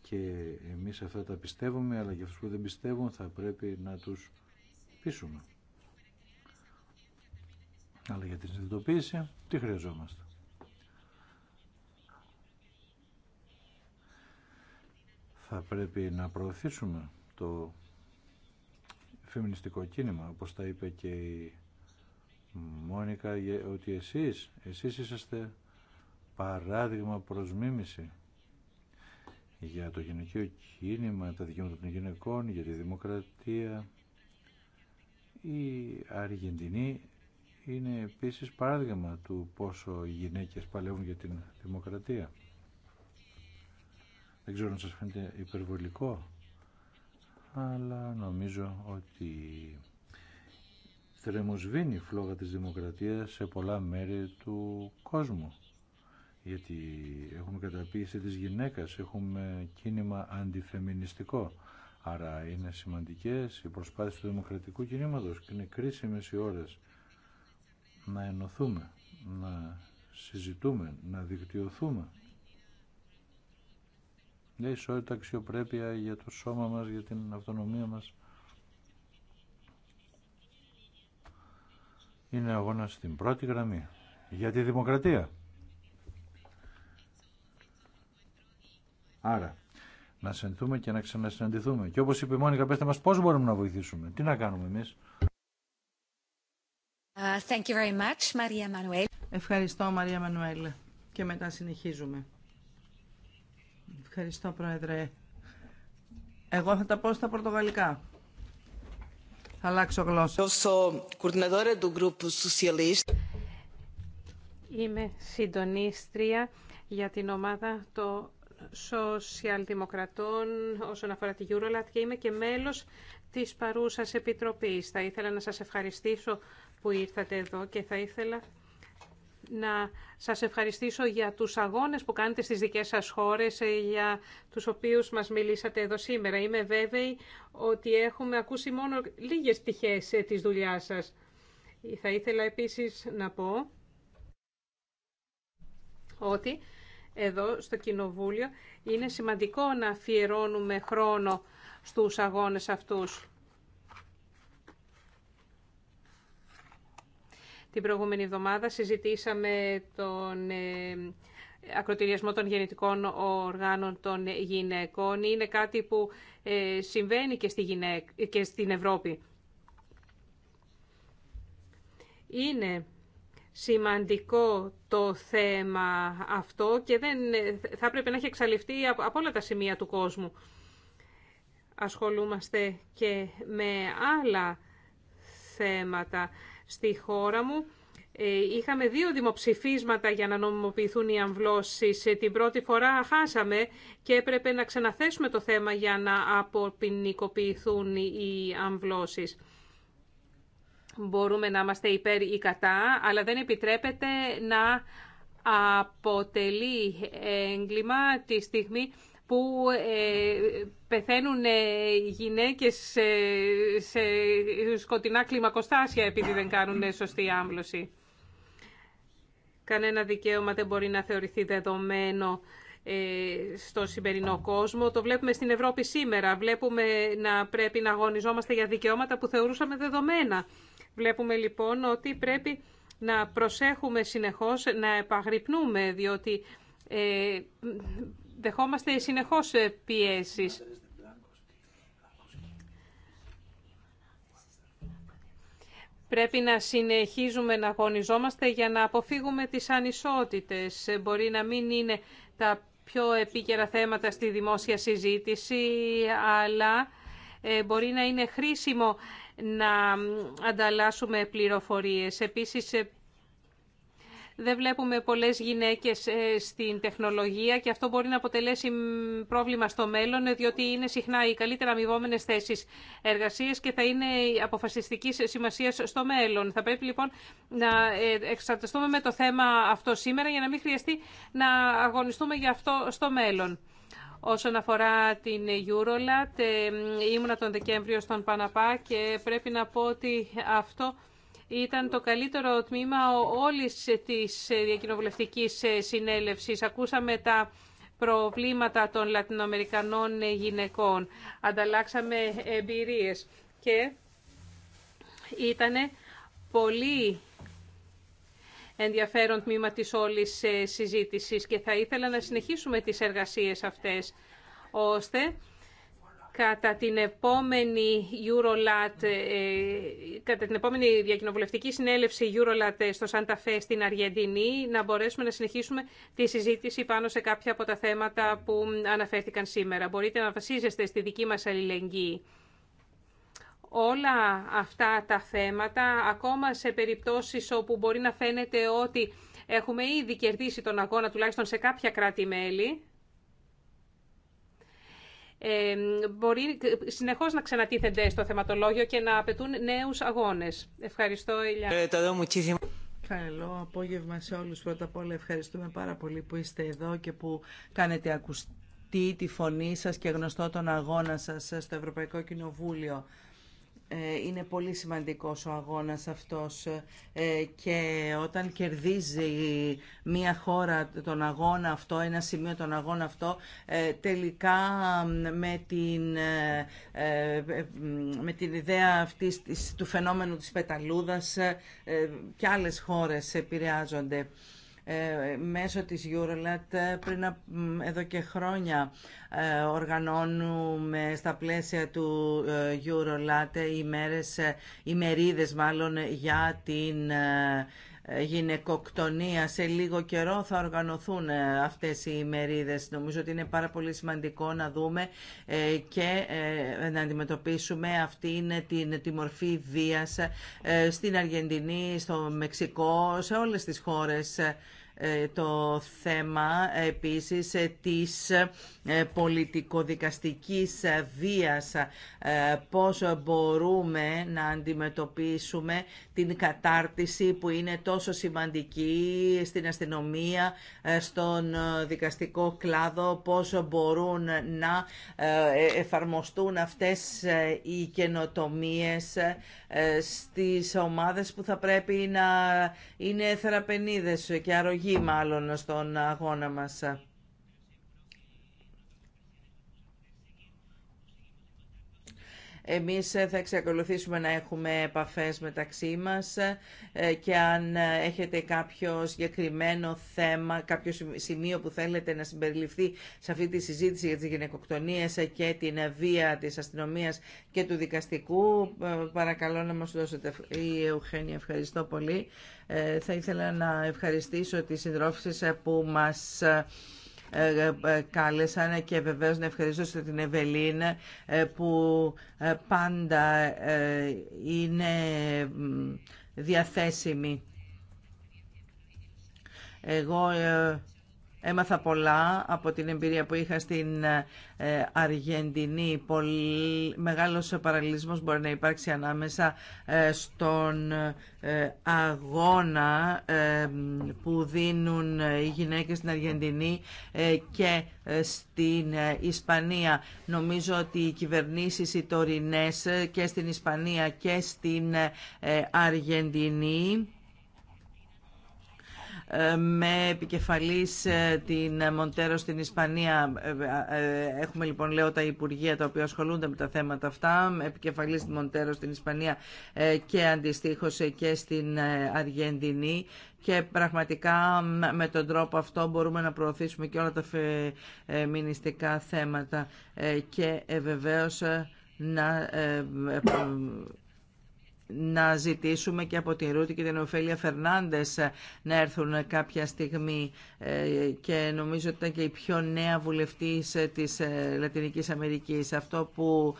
Και εμείς αυτά τα πιστεύουμε, αλλά και αυτούς που δεν πιστεύουν θα πρέπει να τους πείσουμε. Αλλά για την συνειδητοποίηση τι χρειαζόμαστε. Θα πρέπει να προωθήσουμε το φεμινιστικό κίνημα, όπως τα είπε και η Μόνικα, ότι εσείς, εσείς είσαστε παράδειγμα προς μίμηση για το γυναικείο κίνημα, τα δικαιώματα των γυναικών, για τη δημοκρατία. Η Αργεντινή είναι επίσης παράδειγμα του πόσο οι γυναίκες παλεύουν για την δημοκρατία. Δεν ξέρω αν σας φαίνεται υπερβολικό, αλλά νομίζω ότι θρεμοσβήνει η φλόγα της δημοκρατίας σε πολλά μέρη του κόσμου. Γιατί έχουμε καταπίεση της γυναίκας, έχουμε κίνημα αντιφεμινιστικό. Άρα είναι σημαντικές οι προσπάθειες του δημοκρατικού κινήματος και είναι κρίσιμες οι ώρες να ενωθούμε, να συζητούμε, να δικτυωθούμε. Για ισότητα, αξιοπρέπεια για το σώμα μας, για την αυτονομία μας. Είναι αγώνα στην πρώτη γραμμή. Για τη δημοκρατία. Άρα, να συνθούμε και να ξανασυναντηθούμε. Και όπως είπε η Μόνικα, πέστε μας πώς μπορούμε να βοηθήσουμε. Τι να κάνουμε εμείς. Uh, Ευχαριστώ, Μαρία Μανουέλ. Και μετά συνεχίζουμε. Ευχαριστώ, Πρόεδρε. Εγώ θα τα πω στα πορτογαλικά. Θα αλλάξω γλώσσα. Είμαι συντονίστρια για την ομάδα των σοσιαλδημοκρατών όσον αφορά τη Eurolat και είμαι και μέλος της παρούσας επιτροπής. Θα ήθελα να σας ευχαριστήσω που ήρθατε εδώ και θα ήθελα να σας ευχαριστήσω για τους αγώνες που κάνετε στις δικές σας χώρες, ε, για τους οποίους μας μιλήσατε εδώ σήμερα. Είμαι βέβαιη ότι έχουμε ακούσει μόνο λίγες πτυχές ε, της δουλειά σας. Θα ήθελα επίσης να πω ότι εδώ στο Κοινοβούλιο είναι σημαντικό να αφιερώνουμε χρόνο στους αγώνες αυτούς. Την προηγούμενη εβδομάδα συζητήσαμε τον ε, ακροτηριασμό των γεννητικών οργάνων των γυναικών. Είναι κάτι που ε, συμβαίνει και, στη και στην Ευρώπη. Είναι σημαντικό το θέμα αυτό και δεν, θα πρέπει να έχει εξαλειφθεί από όλα τα σημεία του κόσμου. Ασχολούμαστε και με άλλα θέματα. Στη χώρα μου ε, είχαμε δύο δημοψηφίσματα για να νομιμοποιηθούν οι αμβλώσεις. Ε, την πρώτη φορά χάσαμε και έπρεπε να ξαναθέσουμε το θέμα για να αποποινικοποιηθούν οι αμβλώσεις. Μπορούμε να είμαστε υπέρ ή κατά, αλλά δεν επιτρέπεται να αποτελεί έγκλημα τη στιγμή που ε, πεθαίνουν ε, γυναίκες σε σκοτεινά κλιμακοστάσια επειδή δεν κάνουν ε, σωστή άμβλωση. Κανένα δικαίωμα δεν μπορεί να θεωρηθεί δεδομένο στο σημερινό κόσμο. Το βλέπουμε στην Ευρώπη σήμερα. Βλέπουμε να πρέπει να αγωνιζόμαστε για δικαιώματα που θεωρούσαμε δεδομένα. Βλέπουμε λοιπόν ότι πρέπει να προσέχουμε συνεχώς, να επαγρυπνούμε, διότι δεχόμαστε συνεχώς ε, πιέσεις. Πρέπει να συνεχίζουμε να αγωνιζόμαστε για να αποφύγουμε τις ανισότητες. Ε, μπορεί να μην είναι τα πιο επίκαιρα θέματα στη δημόσια συζήτηση, αλλά ε, μπορεί να είναι χρήσιμο να ανταλλάσσουμε πληροφορίες. Επίσης, δεν βλέπουμε πολλές γυναίκες ε, στην τεχνολογία και αυτό μπορεί να αποτελέσει πρόβλημα στο μέλλον, ε, διότι είναι συχνά οι καλύτερα αμοιβόμενες θέσεις εργασίας και θα είναι αποφασιστική σημασία στο μέλλον. Θα πρέπει λοιπόν να ε, εξαρτηστούμε με το θέμα αυτό σήμερα για να μην χρειαστεί να αγωνιστούμε για αυτό στο μέλλον. Όσον αφορά την Eurolat, ήμουνα τον Δεκέμβριο στον Παναπά και πρέπει να πω ότι αυτό ήταν το καλύτερο τμήμα όλης της διακοινοβουλευτικής συνέλευσης. Ακούσαμε τα προβλήματα των Λατινοαμερικανών γυναικών. Ανταλλάξαμε εμπειρίες και ήταν πολύ ενδιαφέρον τμήμα της όλης συζήτησης και θα ήθελα να συνεχίσουμε τις εργασίες αυτές ώστε κατά την επόμενη Eurolat, ε, κατά την επόμενη διακοινοβουλευτική συνέλευση Eurolat ε, στο Σανταφέ στην Αργεντινή, να μπορέσουμε να συνεχίσουμε τη συζήτηση πάνω σε κάποια από τα θέματα που αναφέρθηκαν σήμερα. Μπορείτε να βασίζεστε στη δική μας αλληλεγγύη. Όλα αυτά τα θέματα, ακόμα σε περιπτώσεις όπου μπορεί να φαίνεται ότι έχουμε ήδη κερδίσει τον αγώνα τουλάχιστον σε κάποια κράτη-μέλη, ε, μπορεί συνεχώς να ξανατίθενται στο θεματολόγιο και να απαιτούν νέους αγώνες. Ευχαριστώ, Ηλιά. Ε, Καλό απόγευμα σε όλους. Πρώτα απ' όλα ευχαριστούμε πάρα πολύ που είστε εδώ και που κάνετε ακουστή τη φωνή σας και γνωστό τον αγώνα σας στο Ευρωπαϊκό Κοινοβούλιο. Ε, είναι πολύ σημαντικός ο αγώνας αυτός ε, και όταν κερδίζει μια χώρα τον αγώνα αυτό, ένα σημείο τον αγώνα αυτό, ε, τελικά με την, με την ιδέα αυτή του φαινόμενου της πεταλούδας και άλλες χώρες επηρεάζονται. Ε, μέσω της Eurolat ε, πριν εδώ και χρόνια ε, οργανώνουμε στα πλαίσια του Eurolat ημέρες, ημερίδες μάλλον για την ε, γυναικοκτονία. Σε λίγο καιρό θα οργανωθούν ε, αυτές οι ημερίδες. Νομίζω ότι είναι πάρα πολύ σημαντικό να δούμε ε, και να αντιμετωπίσουμε είναι την, τη μορφή βίας στην Αργεντινή, στο Μεξικό, σε όλες τις χώρες ε, το θέμα ε, επίσης ε, της πολιτικοδικαστικής βίας, πώς μπορούμε να αντιμετωπίσουμε την κατάρτιση που είναι τόσο σημαντική στην αστυνομία, στον δικαστικό κλάδο, πώς μπορούν να εφαρμοστούν αυτές οι καινοτομίες στις ομάδες που θα πρέπει να είναι θεραπενίδες και αρρωγή οδηγεί μάλλον στον αγώνα μας. Εμείς ε, θα εξακολουθήσουμε να έχουμε επαφές μεταξύ μας ε, και αν ε, έχετε κάποιο συγκεκριμένο θέμα, κάποιο σημείο που θέλετε να συμπεριληφθεί σε αυτή τη συζήτηση για τις γυναικοκτονίες και την βία της αστυνομίας και του δικαστικού, παρακαλώ να μας δώσετε. Η ευχαριστώ πολύ. Θα ήθελα να ευχαριστήσω τις συντρόφισσες που μας ε, ε, κάλεσαν και βεβαίως να ευχαριστήσω την Ευελίν ε, που πάντα είναι διαθέσιμη. Εγώ Έμαθα πολλά από την εμπειρία που είχα στην ε, Αργεντινή. Πολύ μεγάλος παραλληλισμός μπορεί να υπάρξει ανάμεσα ε, στον ε, αγώνα που δίνουν οι γυναίκες στην Αργεντινή και στην Ισπανία. Νομίζω ότι οι κυβερνήσεις οι τωρινές και στην Ισπανία και στην Αργεντινή ε, με επικεφαλής ε, την Μοντέρο στην Ισπανία. Ε, έχουμε λοιπόν λέω τα Υπουργεία τα οποία ασχολούνται με τα θέματα αυτά, με επικεφαλής την Μοντέρο στην Ισπανία και αντιστοίχως και στην Αργεντινή και πραγματικά με τον τρόπο αυτό μπορούμε να προωθήσουμε και όλα τα φεμινιστικά θέματα και βεβαίως να να ζητήσουμε και από την Ρούτη και την Οφέλια Φερνάντες ε, να έρθουν κάποια στιγμή ε, και νομίζω ότι ήταν και η πιο νέα βουλευτής ε, της Λατινικής Αμερικής. Αυτό που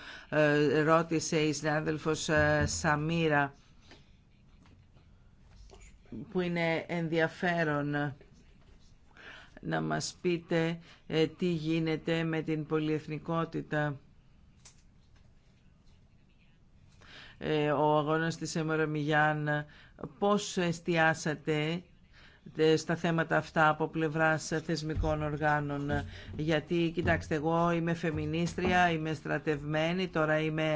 ρώτησε η συνάδελφος Σαμίρα που είναι ενδιαφέρον να μας πείτε τι γίνεται με την πολυεθνικότητα Ε, ο αγώνας της Μιγιάν, πώς εστιάσατε ε, στα θέματα αυτά από πλευράς θεσμικών οργάνων. Γιατί, κοιτάξτε, εγώ είμαι φεμινίστρια, είμαι στρατευμένη, τώρα είμαι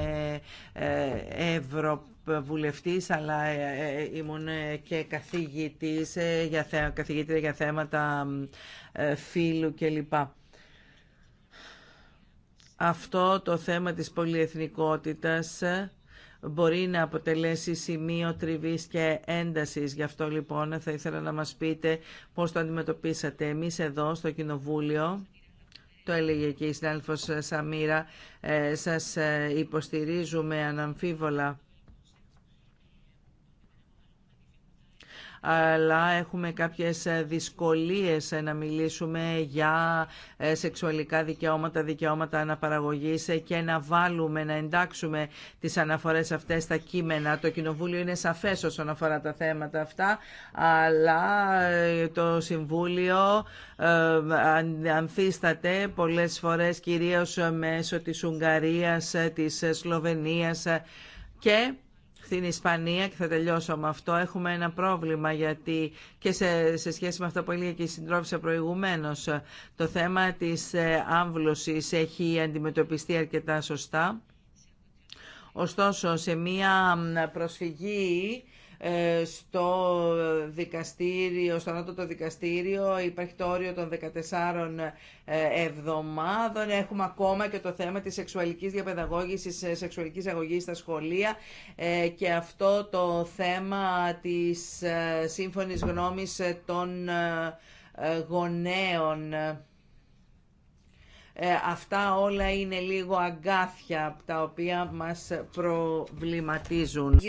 ε, Ευρωβουλευτής αλλά ήμουν και καθηγητής για για θέματα φύλου κλπ. Αυτό το θέμα της πολυεθνικότητας μπορεί να αποτελέσει σημείο τριβής και έντασης. Γι' αυτό λοιπόν θα ήθελα να μας πείτε πώς το αντιμετωπίσατε εμείς εδώ στο Κοινοβούλιο. Το έλεγε και η συνάδελφος Σαμίρα, ε, σας ε, υποστηρίζουμε αναμφίβολα αλλά έχουμε κάποιες δυσκολίες να μιλήσουμε για ε, σεξουαλικά δικαιώματα, δικαιώματα αναπαραγωγής και να βάλουμε, να εντάξουμε τις αναφορές αυτές στα κείμενα. Το Κοινοβούλιο είναι σαφές όσον αφορά τα θέματα αυτά, αλλά ε, το Συμβούλιο ε, ανθίσταται πολλές φορές κυρίως μέσω της Ουγγαρίας, της Σλοβενίας και στην Ισπανία και θα τελειώσω με αυτό. Έχουμε ένα πρόβλημα γιατί και σε, σε σχέση με αυτό που έλεγε και η συντρόφισσα προηγουμένω, το θέμα τη ε, άμβλωσης έχει αντιμετωπιστεί αρκετά σωστά. Ωστόσο, σε μία προσφυγή ε, στο δικαστήριο, στο ανώτατο δικαστήριο υπάρχει το όριο των 14 ε, εβδομάδων. Έχουμε ακόμα και το θέμα της σεξουαλικής διαπαιδαγώγησης, ε, σεξουαλικής αγωγής στα σχολεία και αυτό το θέμα της σύμφωνης γνώμης των γονέων. Ε, αυτά όλα είναι λίγο αγκάθια τα οποία μας προβληματίζουν.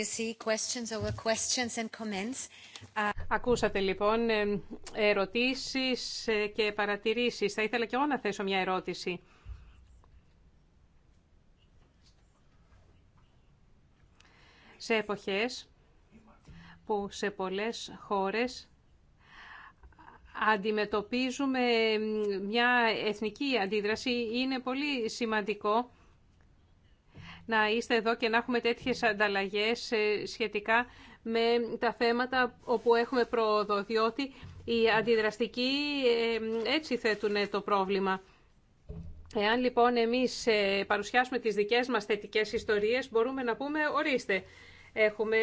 over questions and comments. Uh, Ακούσατε λοιπόν ε, ερωτήσεις ε, και παρατηρήσεις. Θα ήθελα και εγώ να θέσω μια ερώτηση. Σε εποχές που σε πολλές χώρες αντιμετωπίζουμε μια εθνική αντίδραση. Είναι πολύ σημαντικό να είστε εδώ και να έχουμε τέτοιες ανταλλαγές ε, σχετικά με τα θέματα όπου έχουμε πρόοδο, διότι οι αντιδραστικοί ε, έτσι θέτουν το πρόβλημα. Εάν λοιπόν εμείς ε, παρουσιάσουμε τις δικές μας θετικές ιστορίες, μπορούμε να πούμε ορίστε. Έχουμε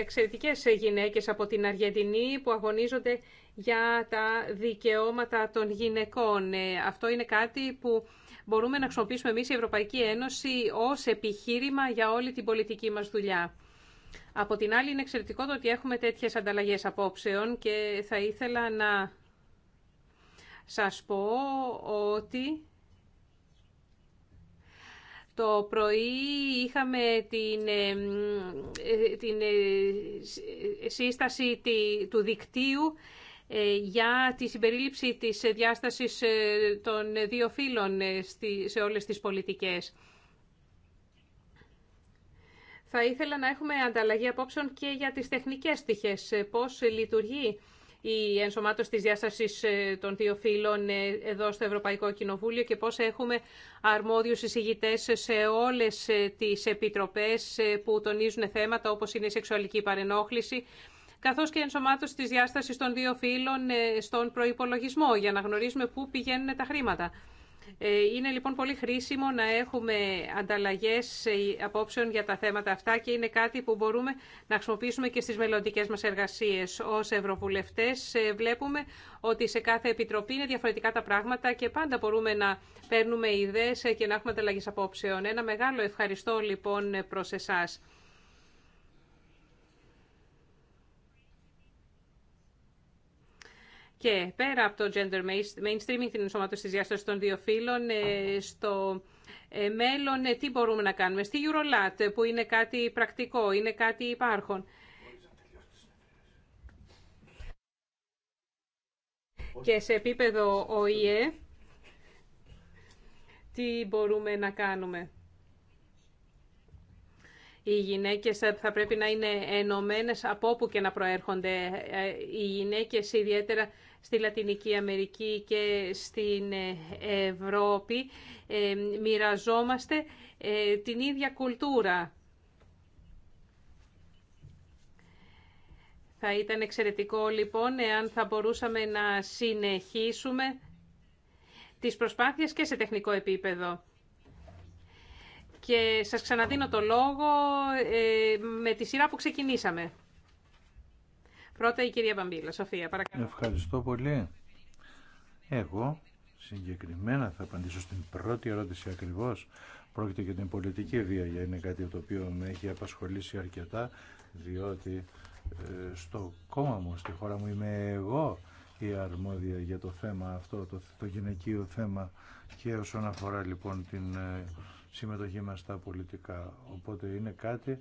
εξαιρετικές γυναίκες από την Αργεντινή που αγωνίζονται για τα δικαιώματα των γυναικών. Ε, αυτό είναι κάτι που μπορούμε να χρησιμοποιήσουμε εμείς η Ευρωπαϊκή Ένωση ως επιχείρημα για όλη την πολιτική μας δουλειά. Από την άλλη είναι εξαιρετικό το ότι έχουμε τέτοιες ανταλλαγές απόψεων και θα ήθελα να σας πω ότι... Το πρωί είχαμε την, ε, ε, την σύσταση του δικτύου ε, για τη συμπερίληψη της διάστασης ε, των δύο φύλων ε, σε όλες τις πολιτικές. Θα ήθελα να έχουμε ανταλλαγή απόψεων και για τις τεχνικές στοιχές. Πώς λειτουργεί η ενσωμάτωση της διάστασης των δύο φύλων εδώ στο Ευρωπαϊκό Κοινοβούλιο και πώς έχουμε αρμόδιους εισηγητές σε όλες τις επιτροπές που τονίζουν θέματα όπως είναι η σεξουαλική παρενόχληση, καθώς και ενσωμάτωση της διάστασης των δύο φύλων ε, στον προϋπολογισμό, για να γνωρίζουμε πού πηγαίνουν τα χρήματα. Ε, είναι λοιπόν πολύ χρήσιμο να έχουμε ανταλλαγές ε, απόψεων για τα θέματα αυτά και είναι κάτι που μπορούμε να χρησιμοποιήσουμε και στις μελλοντικέ μας εργασίες. Ως Ευρωβουλευτές βλέπουμε ότι σε κάθε επιτροπή είναι διαφορετικά τα πράγματα και πάντα μπορούμε να παίρνουμε ιδέες και να έχουμε ανταλλαγές απόψεων. Ένα μεγάλο ευχαριστώ λοιπόν προς εσάς. Και πέρα από το gender mainstreaming, την ενσωμάτωση της διάστασης των δύο φύλων, ε, στο ε, μέλλον ε, τι μπορούμε να κάνουμε. Στη Eurolat, που είναι κάτι πρακτικό, είναι κάτι υπάρχον. Και σε επίπεδο ΟΗΕ, τι μπορούμε να κάνουμε. Οι γυναίκες θα πρέπει να είναι ενωμένες από όπου και να προέρχονται. Οι γυναίκες ιδιαίτερα στη Λατινική Αμερική και στην ε, Ευρώπη ε, μοιραζόμαστε ε, την ίδια κουλτούρα. Θα ήταν εξαιρετικό λοιπόν εάν θα μπορούσαμε να συνεχίσουμε τις προσπάθειες και σε τεχνικό επίπεδο. Και σας ξαναδίνω το λόγο με τη σειρά που ξεκινήσαμε. Πρώτα η κυρία Μπαμπίλα. Σοφία, παρακαλώ. Ευχαριστώ πολύ. Εγώ συγκεκριμένα θα απαντήσω στην πρώτη ερώτηση ακριβώς. Πρόκειται για την πολιτική βία, για είναι κάτι το οποίο με έχει απασχολήσει αρκετά, διότι ε, στο κόμμα μου, στη χώρα μου είμαι εγώ η αρμόδια για το θέμα αυτό, το, το γυναικείο θέμα και όσον αφορά λοιπόν την ε, συμμετοχή μας στα πολιτικά. Οπότε είναι κάτι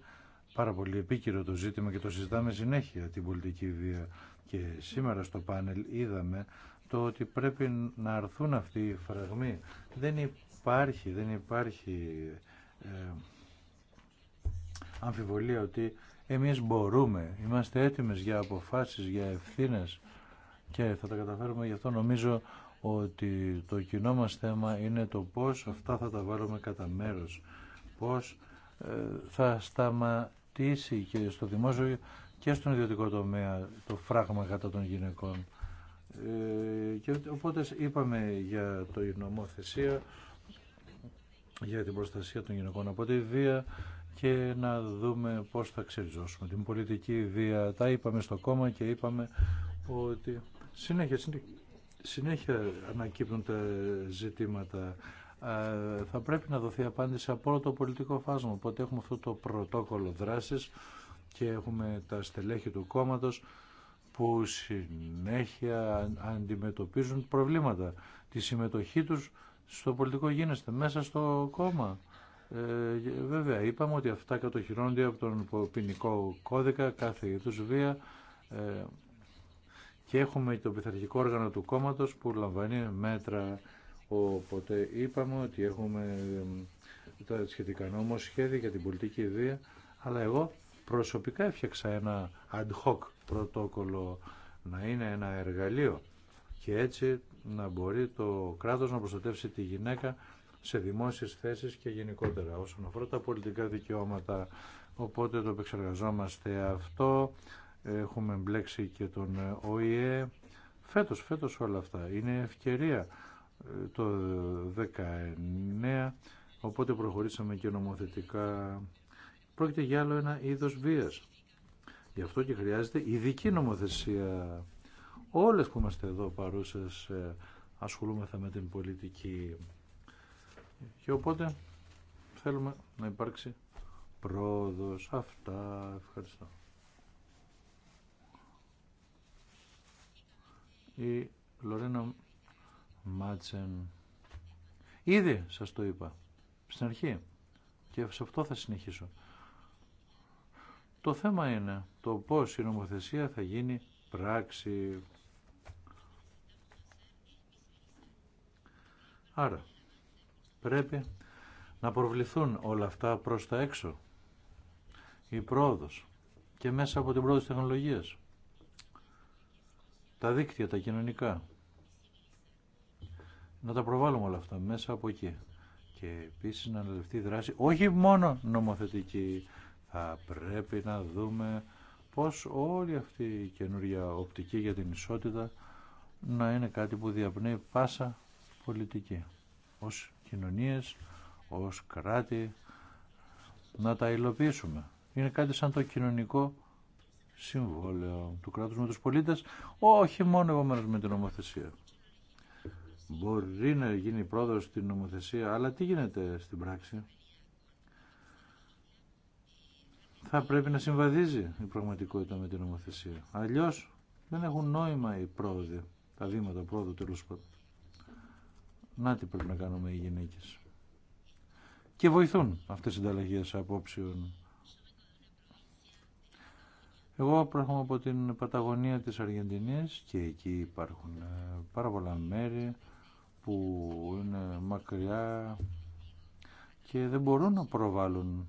πάρα πολύ επίκυρο το ζήτημα και το συζητάμε συνέχεια την πολιτική βία. Και σήμερα στο πάνελ είδαμε το ότι πρέπει να αρθούν αυτοί οι φραγμοί. Δεν υπάρχει, δεν υπάρχει ε, αμφιβολία ότι εμείς μπορούμε, είμαστε έτοιμες για αποφάσεις, για ευθύνες και θα τα καταφέρουμε. Γι' αυτό νομίζω ότι το κοινό μας θέμα είναι το πώς αυτά θα τα βάλουμε κατά μέρος, πώς ε, θα σταματήσουμε και στο δημόσιο και στον ιδιωτικό τομέα το φράγμα κατά των γυναικών. Ε, και οπότε είπαμε για το νομοθεσία, για την προστασία των γυναικών από τη βία και να δούμε πώς θα ξεριζώσουμε την πολιτική βία. Τα είπαμε στο κόμμα και είπαμε ότι συνέχεια, συνέχεια ανακύπτουν τα ζητήματα ε, θα πρέπει να δοθεί απάντηση από όλο το πολιτικό φάσμα. Οπότε έχουμε αυτό το πρωτόκολλο δράσης και έχουμε τα στελέχη του κόμματος που συνέχεια αντιμετωπίζουν προβλήματα. Τη συμμετοχή τους στο πολιτικό γίνεστε, μέσα στο κόμμα. Ε, βέβαια, είπαμε ότι αυτά κατοχυρώνονται από τον ποινικό κώδικα, κάθε είδου βία ε, και έχουμε το πειθαρχικό όργανο του κόμματος που λαμβάνει μέτρα Οπότε είπαμε ότι έχουμε τα σχετικά σχέδια για την πολιτική βία, αλλά εγώ προσωπικά έφτιαξα ένα ad hoc πρωτόκολλο να είναι ένα εργαλείο και έτσι να μπορεί το κράτος να προστατεύσει τη γυναίκα σε δημόσιες θέσεις και γενικότερα όσον αφορά τα πολιτικά δικαιώματα. Οπότε το επεξεργαζόμαστε αυτό, έχουμε μπλέξει και τον ΟΗΕ. Φέτος, φέτος όλα αυτά είναι ευκαιρία το 19 οπότε προχωρήσαμε και νομοθετικά πρόκειται για άλλο ένα είδος βίας γι' αυτό και χρειάζεται ειδική νομοθεσία όλες που είμαστε εδώ παρούσες ε, ασχολούμεθα με την πολιτική και οπότε θέλουμε να υπάρξει πρόοδος αυτά ευχαριστώ η Λορένα Μάτσεν. Ήδη σας το είπα στην αρχή και σε αυτό θα συνεχίσω. Το θέμα είναι το πώς η νομοθεσία θα γίνει πράξη. Άρα πρέπει να προβληθούν όλα αυτά προς τα έξω. Η πρόοδος και μέσα από την πρόοδο της τεχνολογίας. Τα δίκτυα, τα κοινωνικά, να τα προβάλλουμε όλα αυτά μέσα από εκεί. Και επίσης να αναλυφθεί δράση, όχι μόνο νομοθετική, θα πρέπει να δούμε πώς όλη αυτή η καινούργια οπτική για την ισότητα να είναι κάτι που διαπνέει πάσα πολιτική. Ως κοινωνίες, ως κράτη, να τα υλοποιήσουμε. Είναι κάτι σαν το κοινωνικό συμβόλαιο του κράτους με τους πολίτες, όχι μόνο εγώ με την νομοθεσία. Μπορεί να γίνει πρόοδος στην νομοθεσία, αλλά τι γίνεται στην πράξη. Θα πρέπει να συμβαδίζει η πραγματικότητα με την νομοθεσία. Αλλιώς δεν έχουν νόημα οι πρόοδοι, τα βήματα πρόοδου τέλο πάντων. Να τι πρέπει να κάνουμε οι γυναίκες. Και βοηθούν αυτές οι συνταλλαγές απόψεων. Εγώ προέρχομαι από την Παταγωνία της Αργεντινής και εκεί υπάρχουν ε, πάρα πολλά μέρη που είναι μακριά και δεν μπορούν να προβάλλουν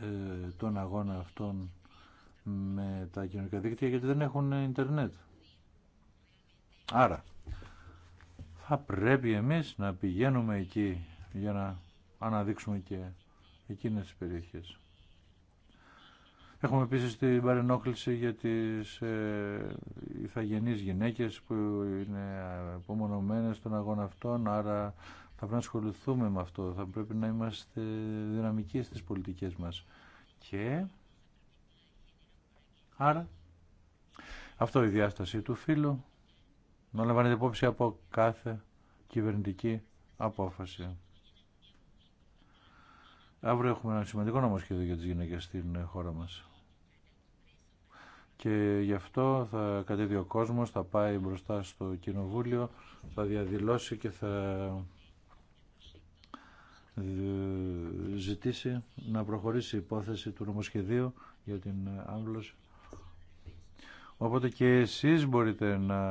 ε, τον αγώνα αυτόν με τα κοινωνικά δίκτυα γιατί δεν έχουν ίντερνετ. Άρα θα πρέπει εμείς να πηγαίνουμε εκεί για να αναδείξουμε και εκείνες τις περιοχές. Έχουμε επίση την παρενόχληση για τι ε, ηθαγενείς γυναίκες που είναι απομονωμένε στον αγώνα αυτών, άρα θα πρέπει να ασχοληθούμε με αυτό, θα πρέπει να είμαστε δυναμικοί στις πολιτικές μας. Και άρα αυτό η διάσταση του φίλου να λαμβάνετε υπόψη από κάθε κυβερνητική απόφαση. Αύριο έχουμε ένα σημαντικό νομοσχέδιο για τις γυναίκες στην χώρα μας και γι' αυτό θα κατέβει ο κόσμος, θα πάει μπροστά στο κοινοβούλιο, θα διαδηλώσει και θα ε, ζητήσει να προχωρήσει η υπόθεση του νομοσχεδίου για την άμβλωση. Οπότε και εσείς μπορείτε να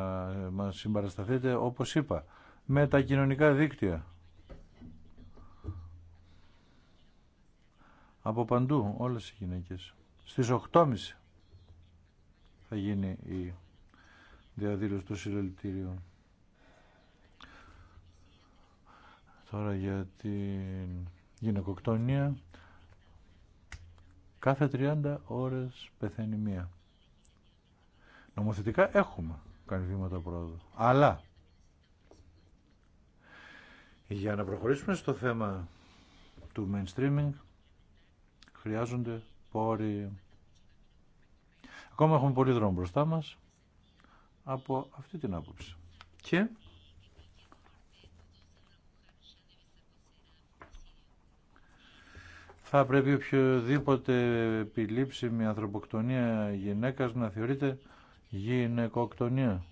μας συμπαρασταθείτε, όπως είπα, με τα κοινωνικά δίκτυα. Από παντού, όλες οι γυναίκες. Στις 8.30 θα γίνει η διαδήλωση του συλλαλητήριων. Τώρα για την γυναικοκτονία. Κάθε 30 ώρες πεθαίνει μία. Νομοθετικά έχουμε κάνει βήματα πρόοδο. Αλλά για να προχωρήσουμε στο θέμα του mainstreaming χρειάζονται πόροι Ακόμα έχουμε πολύ δρόμο μπροστά μας από αυτή την άποψη. Και θα πρέπει οποιοδήποτε επιλήψιμη ανθρωποκτονία γυναίκας να θεωρείται γυναικοκτονία.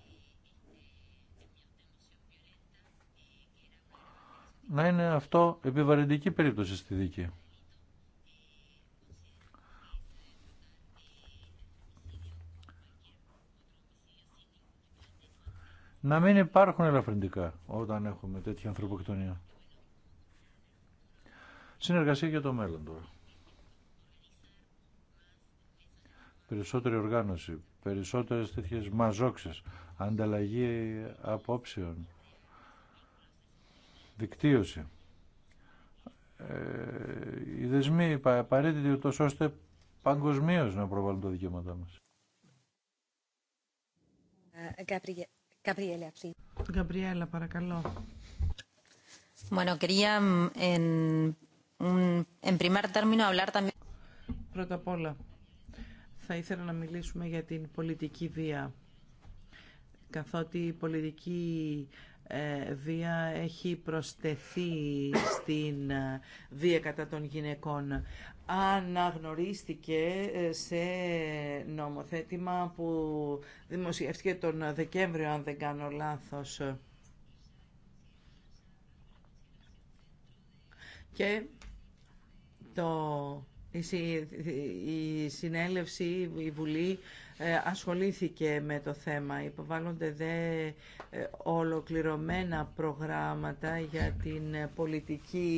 Να είναι αυτό επιβαρυντική περίπτωση στη δίκη. να μην υπάρχουν ελαφρυντικά όταν έχουμε τέτοια ανθρωποκτονία. Συνεργασία για το μέλλον τώρα. Περισσότερη οργάνωση, περισσότερες τέτοιες μαζόξες, ανταλλαγή απόψεων, δικτύωση. Ε, οι δεσμοί απαραίτητοι ούτως ώστε παγκοσμίω να προβάλλουν τα δικαιώματά μας. Ε, Gabriela, Gabriela, παρακαλώ. Bueno, quería mm, Πρώτα απ' όλα, θα ήθελα να μιλήσουμε για την πολιτική βία. Καθότι η πολιτική ε, βία έχει προσθεθεί στην ε, βία κατά των γυναικών αναγνωρίστηκε ε, σε νομοθέτημα που δημοσιεύτηκε τον Δεκέμβριο, αν δεν κάνω λάθος. Και το, η, συνέλευση, η Βουλή ε, ασχολήθηκε με το θέμα. Υποβάλλονται δε ε, ολοκληρωμένα προγράμματα για την πολιτική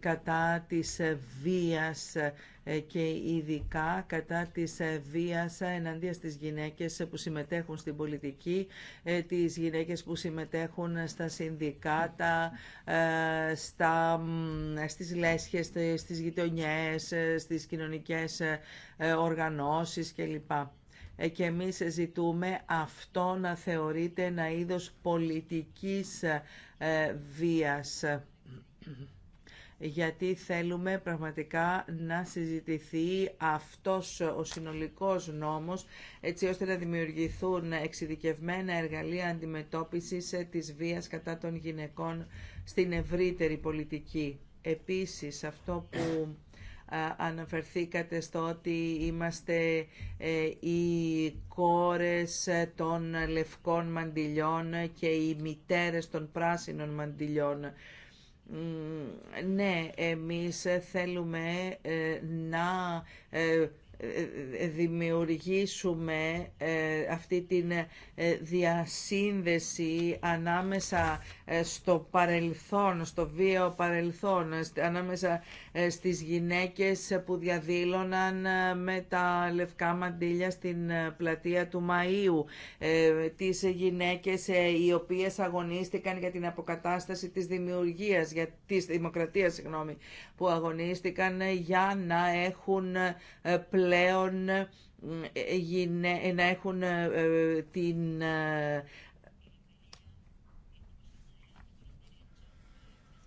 κατά της βίας ε, και ειδικά κατά της βίας εναντίον στις γυναίκες που συμμετέχουν στην πολιτική, ε, τις γυναίκες που συμμετέχουν στα συνδικάτα, ε, στα, στις λέσχες, στις γειτονιές, στις κοινωνικές οργανώσεις κλπ. Και εμείς ζητούμε αυτό να θεωρείται ένα είδος πολιτικής βίας γιατί θέλουμε πραγματικά να συζητηθεί αυτός ο συνολικός νόμος έτσι ώστε να δημιουργηθούν εξειδικευμένα εργαλεία αντιμετώπισης της βίας κατά των γυναικών στην ευρύτερη πολιτική. Επίσης αυτό που αναφερθήκατε στο ότι είμαστε ε, οι κόρες των λευκών μαντιλιών και οι μητέρες των πράσινων μαντιλιών. Ναι, εμείς θέλουμε ε, να ε, ε, ε, δημιουργήσουμε ε, αυτή την διασύνδεση ανάμεσα στο παρελθόν, στο βίο παρελθόν, ανάμεσα στις γυναίκες που διαδήλωναν με τα λευκά μαντήλια στην πλατεία του Μαΐου, τις γυναίκες οι οποίες αγωνίστηκαν για την αποκατάσταση της δημιουργίας, για της δημοκρατίας, συγγνώμη, που αγωνίστηκαν για να έχουν πλέον ε, ε, να έχουν ε, την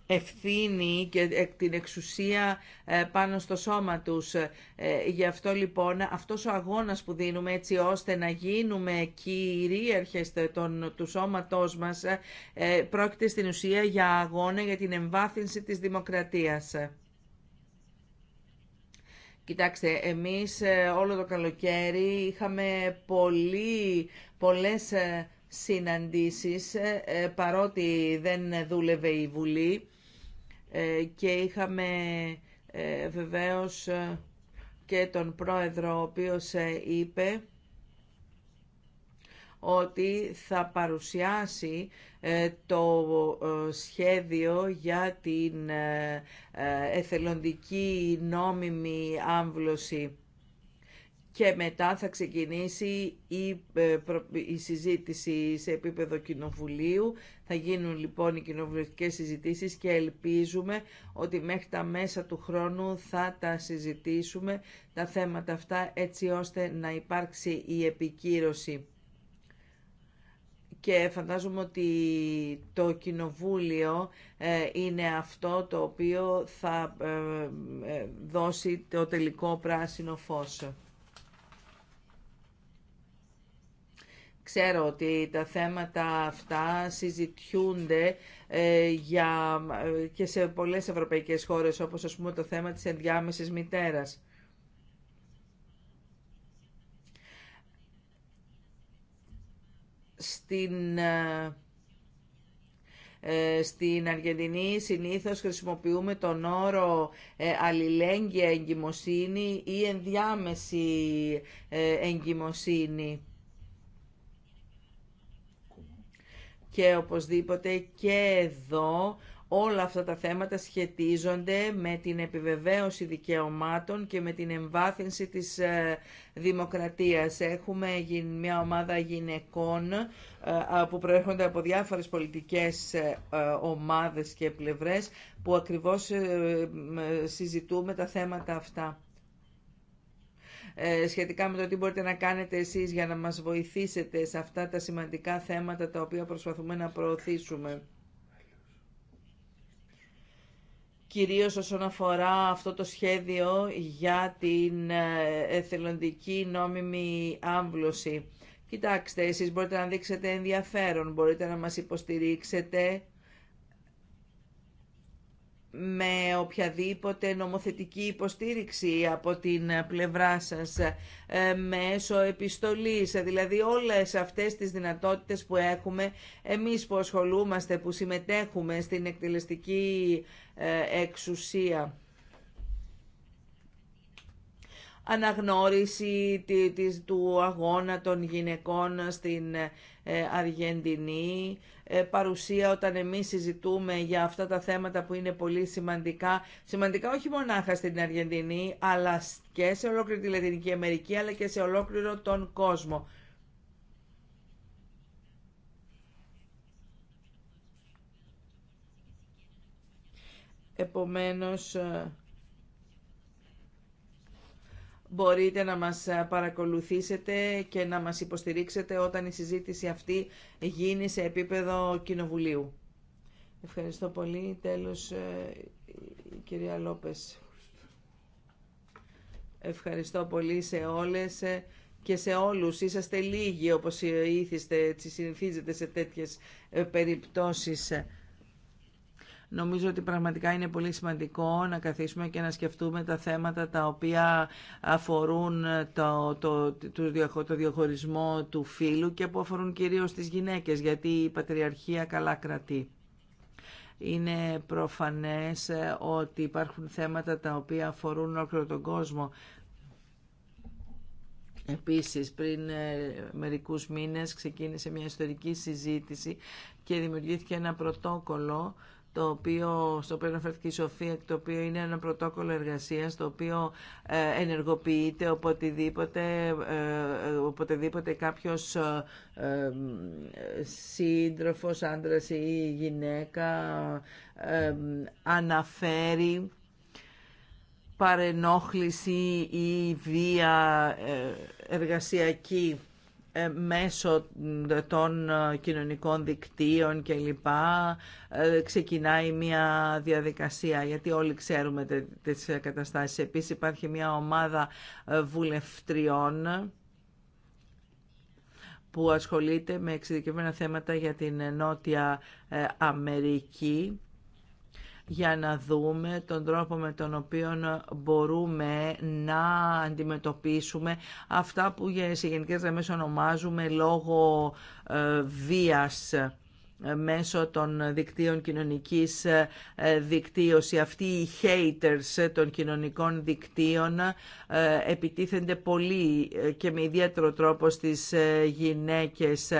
ευθύνη και την εξουσία πάνω στο σώμα τους. Γι' αυτό λοιπόν αυτός ο αγώνας που δίνουμε έτσι ώστε να γίνουμε κυρίαρχες των, του σώματός μας πρόκειται στην ουσία για αγώνα για την εμβάθυνση της δημοκρατίας. Κοιτάξτε, εμείς ε, όλο το καλοκαίρι είχαμε πολύ, πολλές ε, συναντήσεις, ε, παρότι δεν δούλευε η Βουλή και είχαμε βεβαίως και τον πρόεδρο ο οποίος είπε ότι θα παρουσιάσει ε, το ε, σχέδιο για την ε, εθελοντική νόμιμη άμβλωση και μετά θα ξεκινήσει η, η συζήτηση σε επίπεδο κοινοβουλίου. Θα γίνουν λοιπόν οι κοινοβουλευτικές συζητήσεις και ελπίζουμε ότι μέχρι τα μέσα του χρόνου θα τα συζητήσουμε τα θέματα αυτά έτσι ώστε να υπάρξει η επικύρωση και φαντάζομαι ότι το Κοινοβούλιο ε, είναι αυτό το οποίο θα ε, ε, δώσει το τελικό πράσινο φως. Ξέρω ότι τα θέματα αυτά συζητιούνται για, και σε πολλές ευρωπαϊκές χώρες, όπως ας πούμε το θέμα της ενδιάμεσης μητέρας. Στην ε, ε, στην Αργεντινή συνήθως χρησιμοποιούμε τον όρο ε, αλληλέγγυα εγκυμοσύνη ή ενδιάμεση εγκυμοσύνη. Και οπωσδήποτε και εδώ όλα αυτά τα θέματα σχετίζονται με την επιβεβαίωση δικαιωμάτων και με την εμβάθυνση της ε, δημοκρατίας. Έχουμε μια ομάδα γυναικών ε, που προέρχονται από διάφορες πολιτικές ε, ομάδες και πλευρές που ακριβώς συζητούμε τα θέματα αυτά σχετικά με το τι μπορείτε να κάνετε εσείς για να μας βοηθήσετε σε αυτά τα σημαντικά θέματα τα οποία προσπαθούμε να προωθήσουμε. κυρίως όσον αφορά αυτό το σχέδιο για την ε, εθελοντική νόμιμη άμβλωση. Κοιτάξτε, εσείς μπορείτε να δείξετε ενδιαφέρον, μπορείτε να μας υποστηρίξετε με οποιαδήποτε νομοθετική υποστήριξη από την πλευρά σας, ε, μέσω επιστολής, δηλαδή όλες αυτές τις δυνατότητες που έχουμε εμείς που ασχολούμαστε, που συμμετέχουμε στην εκτελεστική ε, εξουσία αναγνώριση του αγώνα των γυναικών στην ε, Αργεντινή, ε, παρουσία όταν εμείς συζητούμε για αυτά τα θέματα που είναι πολύ σημαντικά, σημαντικά όχι μονάχα στην Αργεντινή, αλλά και σε ολόκληρη τη Λατινική Αμερική, αλλά και σε ολόκληρο τον κόσμο. Επομένως, ε, μπορείτε να μας ε, παρακολουθήσετε και να μας υποστηρίξετε όταν η συζήτηση αυτή γίνει σε επίπεδο κοινοβουλίου. Ευχαριστώ πολύ. Τέλος, ε, η κυρία Λόπες. Ευχαριστώ πολύ σε όλες ε, και σε όλους. Είσαστε λίγοι όπως ήθιστε, συνηθίζετε σε τέτοιες περιπτώσεις. Νομίζω ότι πραγματικά είναι πολύ σημαντικό να καθίσουμε και να σκεφτούμε τα θέματα τα οποία αφορούν το, το, το, διαχωρισμό του φύλου και που αφορούν κυρίως τις γυναίκες, γιατί η πατριαρχία καλά κρατεί. Είναι προφανές ε, ότι υπάρχουν θέματα τα οποία αφορούν όλο τον κόσμο. Επίσης, πριν ε, μερικούς μήνες ξεκίνησε μια ιστορική συζήτηση και δημιουργήθηκε ένα πρωτόκολλο το οποίο, στο οποίο αναφέρθηκε η Σοφία, το οποίο είναι ένα πρωτόκολλο εργασίας, το οποίο ε, ενεργοποιείται οποτεδήποτε, ε, οποτεδήποτε κάποιος ε, σύντροφος, άντρας ή γυναίκα αναφέρει παρενόχληση ή βία εργασιακή ε, μέσω ε, των ε, κοινωνικών δικτύων και λοιπά ξεκινάει μια διαδικασία γιατί όλοι ξέρουμε τις καταστάσεις. Επίσης υπάρχει μια ομάδα βουλευτριών που ασχολείται με εξειδικευμένα θέματα για την Νότια Αμερική για να δούμε τον τρόπο με τον οποίο μπορούμε να αντιμετωπίσουμε αυτά που σε γενικές γραμμές ονομάζουμε λόγο ε, βίας μέσω των δικτύων κοινωνικής ε, δικτύωση. Αυτοί οι haters των κοινωνικών δικτύων ε, επιτίθενται πολύ ε, και με ιδιαίτερο τρόπο στις γυναίκες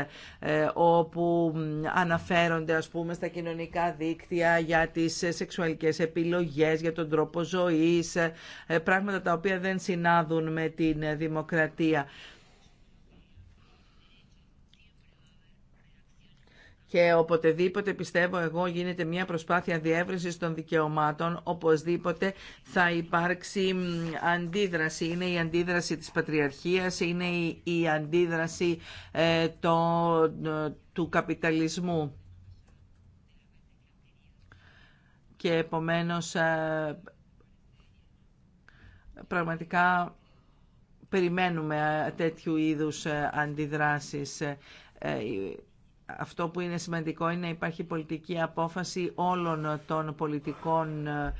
όπου αναφέρονται ας πούμε στα κοινωνικά δίκτυα για τις σεξουαλικές επιλογές, για τον τρόπο ζωής, πράγματα τα οποία δεν συνάδουν με την δημοκρατία. και οποτεδήποτε πιστεύω εγώ γίνεται μια προσπάθεια διεύρυνσης των δικαιωμάτων, οπωσδήποτε θα υπάρξει αντίδραση. Είναι η αντίδραση της Πατριαρχίας, είναι η αντίδραση ε, ε, του καπιταλισμού. Και επομένως ε, πραγματικά περιμένουμε τέτοιου είδους αντιδράσεις αυτό που είναι σημαντικό είναι να υπάρχει πολιτική απόφαση όλων των πολιτικών ε,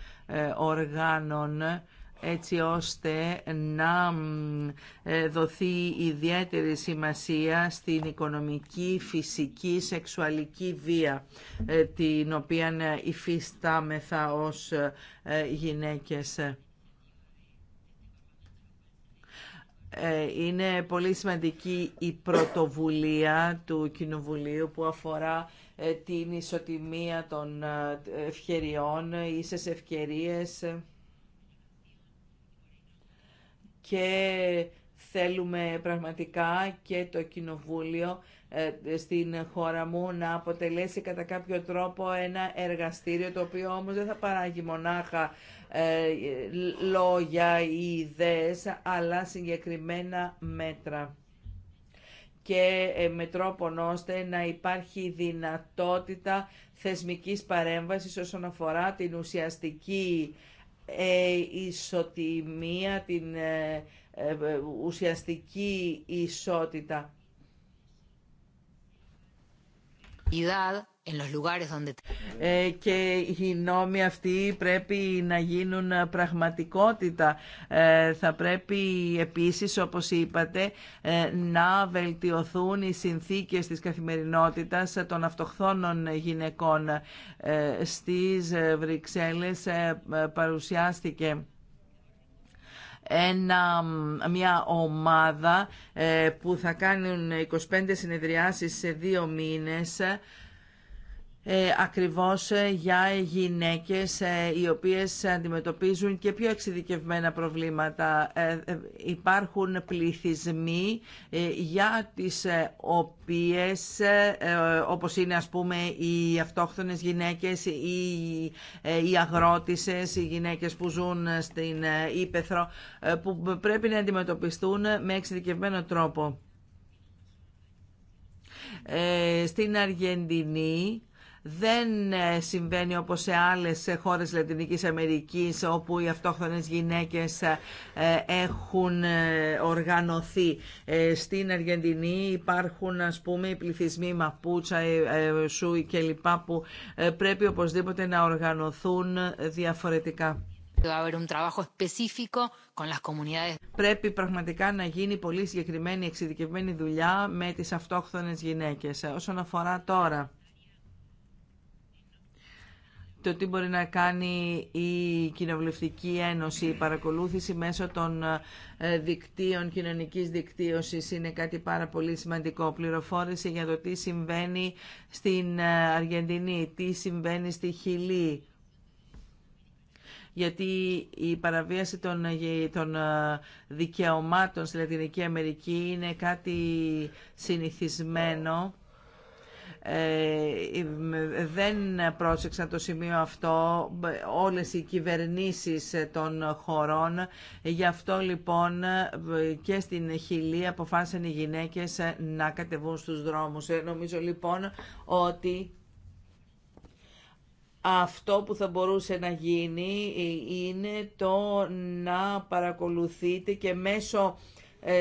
οργάνων έτσι ώστε να ε, δοθεί ιδιαίτερη σημασία στην οικονομική, φυσική, σεξουαλική βία ε, την οποία υφίσταμεθα ως γυναίκες. Ε, είναι πολύ σημαντική η πρωτοβουλία του Κοινοβουλίου που αφορά ε, την ισοτιμία των ε, ευκαιριών, ίσες ευκαιρίες και θέλουμε πραγματικά και το Κοινοβούλιο ε, στην χώρα μου να αποτελέσει κατά κάποιο τρόπο ένα εργαστήριο το οποίο όμως δεν θα παράγει μονάχα ε, λόγια ή ιδέες αλλά συγκεκριμένα μέτρα και ε, με τρόπο ώστε να υπάρχει δυνατότητα θεσμικής παρέμβασης όσον αφορά την ουσιαστική ισοτιμία, την ουσιαστική ισότητα. Ε, και οι νόμοι αυτοί πρέπει να γίνουν πραγματικότητα. Ε, θα πρέπει επίσης, όπως είπατε, ε, να βελτιωθούν οι συνθήκες της καθημερινότητας των αυτοχθόνων γυναικών. Στις Βρυξέλλες παρουσιάστηκε ένα, μια ομάδα ε, που θα κάνουν 25 συνεδριάσεις σε δύο μήνες ε, ακριβώς ε, για γυναίκες ε, οι οποίες αντιμετωπίζουν και πιο εξειδικευμένα προβλήματα. Υπάρχουν πληθυσμοί για τις οποίες, όπως είναι ας πούμε οι αυτόχθονες γυναίκες, οι αγρότησες, οι γυναίκες που ζουν στην Ήπεθρο, που πρέπει να αντιμετωπιστούν με εξειδικευμένο τρόπο. Στην Αργεντινή δεν ε, συμβαίνει όπως σε άλλες χώρες Λατινικής Αμερικής όπου οι αυτόχθονες γυναίκες ε, έχουν ε, οργανωθεί. Στην Αργεντινή υπάρχουν ας πούμε οι πληθυσμοί Μαπούτσα, Σούι και λοιπά που πρέπει οπωσδήποτε να οργανωθούν διαφορετικά. Πρέπει πραγματικά να γίνει πολύ συγκεκριμένη εξειδικευμένη δουλειά με τις αυτόχθονες γυναίκες. Όσον αφορά τώρα το τι μπορεί να κάνει η Κοινοβουλευτική Ένωση, η παρακολούθηση μέσω των ε, δικτύων, κοινωνικής δικτύωσης είναι κάτι πάρα πολύ σημαντικό. Πληροφόρηση για το τι συμβαίνει στην ε, Αργεντινή, τι συμβαίνει στη Χιλή. Γιατί η παραβίαση των, των ε, δικαιωμάτων στη Λατινική Αμερική είναι κάτι συνηθισμένο ε, δεν πρόσεξαν το σημείο αυτό όλες οι κυβερνήσεις των χωρών. Γι' αυτό λοιπόν και στην Χιλή αποφάσισαν οι γυναίκες να κατεβούν στους δρόμους. Ε, νομίζω λοιπόν ότι αυτό που θα μπορούσε να γίνει ε, είναι το να παρακολουθείτε και μέσω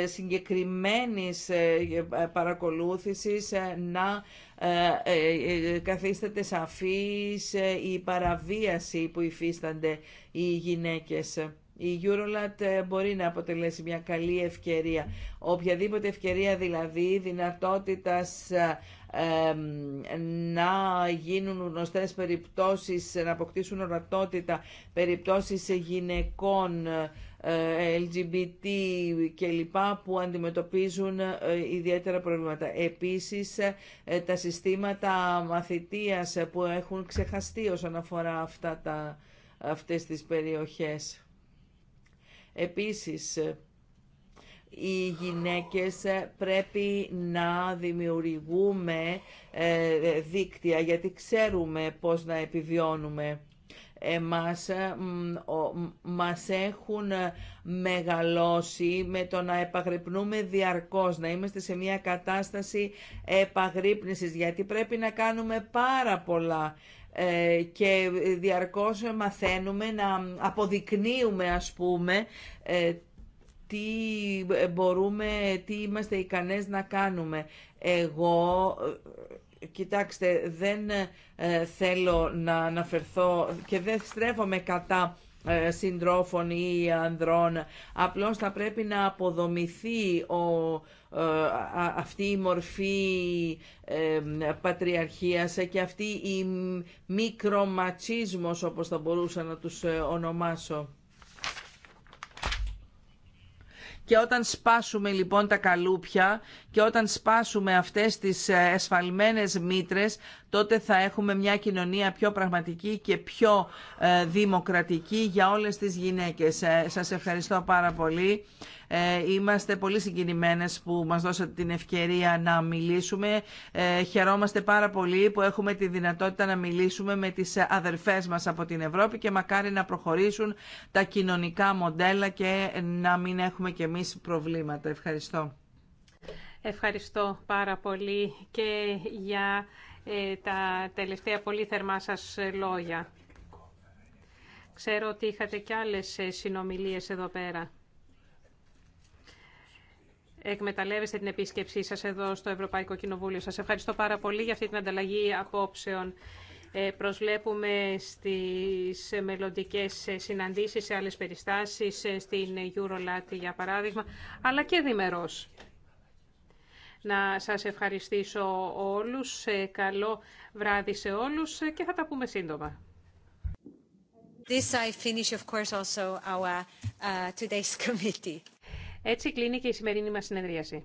συγκεκριμένης παρακολούθησης να ε, ε, ε, καθίσταται σαφής η παραβίαση που υφίστανται οι γυναίκες. Η Eurolat μπορεί να αποτελέσει μια καλή ευκαιρία. Οποιαδήποτε ευκαιρία δηλαδή δυνατότητας να γίνουν γνωστές περιπτώσεις, να αποκτήσουν ορατότητα περιπτώσεις γυναικών LGBT κλπ. που αντιμετωπίζουν ε, ιδιαίτερα προβλήματα. Επίσης ε, τα συστήματα μαθητείας που έχουν ξεχαστεί όσον αφορά αυτά τα, αυτές τις περιοχές. Επίσης, ε, οι γυναίκες πρέπει να δημιουργούμε δίκτυα γιατί ξέρουμε πώς να επιβιώνουμε εμάς ε, μας έχουν ε, μεγαλώσει με το να επαγρυπνούμε διαρκώς, να είμαστε σε μια κατάσταση επαγρύπνησης, γιατί πρέπει να κάνουμε πάρα πολλά ε, και διαρκώς μαθαίνουμε να αποδεικνύουμε ας πούμε τι μπορούμε, τι είμαστε ικανές να κάνουμε. Εγώ Κοιτάξτε, δεν ε, θέλω να αναφερθώ και δεν στρέφομαι κατά ε, συντρόφων ή ανδρών. Απλώς θα πρέπει να αποδομηθεί ο, ε, αυτή η μορφή ε, πατριαρχίας και αυτή η μικροματσισμός όπως θα μπορούσα να τους ονομάσω. Και όταν σπάσουμε λοιπόν τα καλούπια και όταν σπάσουμε αυτές τις ε, εσφαλμένες μήτρες τότε θα έχουμε μια κοινωνία πιο πραγματική και πιο ε, δημοκρατική για όλες τις γυναίκες. Ε, σας ευχαριστώ πάρα πολύ. Είμαστε πολύ συγκινημένες που μας δώσατε την ευκαιρία να μιλήσουμε. Χαιρόμαστε πάρα πολύ που έχουμε τη δυνατότητα να μιλήσουμε με τις αδερφές μας από την Ευρώπη και μακάρι να προχωρήσουν τα κοινωνικά μοντέλα και να μην έχουμε κι εμείς προβλήματα. Ευχαριστώ. Ευχαριστώ πάρα πολύ και για ε, τα τελευταία πολύ θερμά σας λόγια. Ξέρω ότι είχατε κι άλλες ε, συνομιλίες εδώ πέρα. Εκμεταλλεύεστε την επίσκεψή σας εδώ στο Ευρωπαϊκό Κοινοβούλιο. Σας ευχαριστώ πάρα πολύ για αυτή την ανταλλαγή απόψεων. Ε, προσβλέπουμε στις μελλοντικές συναντήσεις σε άλλες περιστάσεις, στην Eurolat για παράδειγμα, αλλά και διμερός να σας ευχαριστήσω όλους. Καλό βράδυ σε όλους και θα τα πούμε σύντομα. This I finish, of course, uh, [LAUGHS] Έτσι κλείνει και η σημερινή μας συνεδρίαση.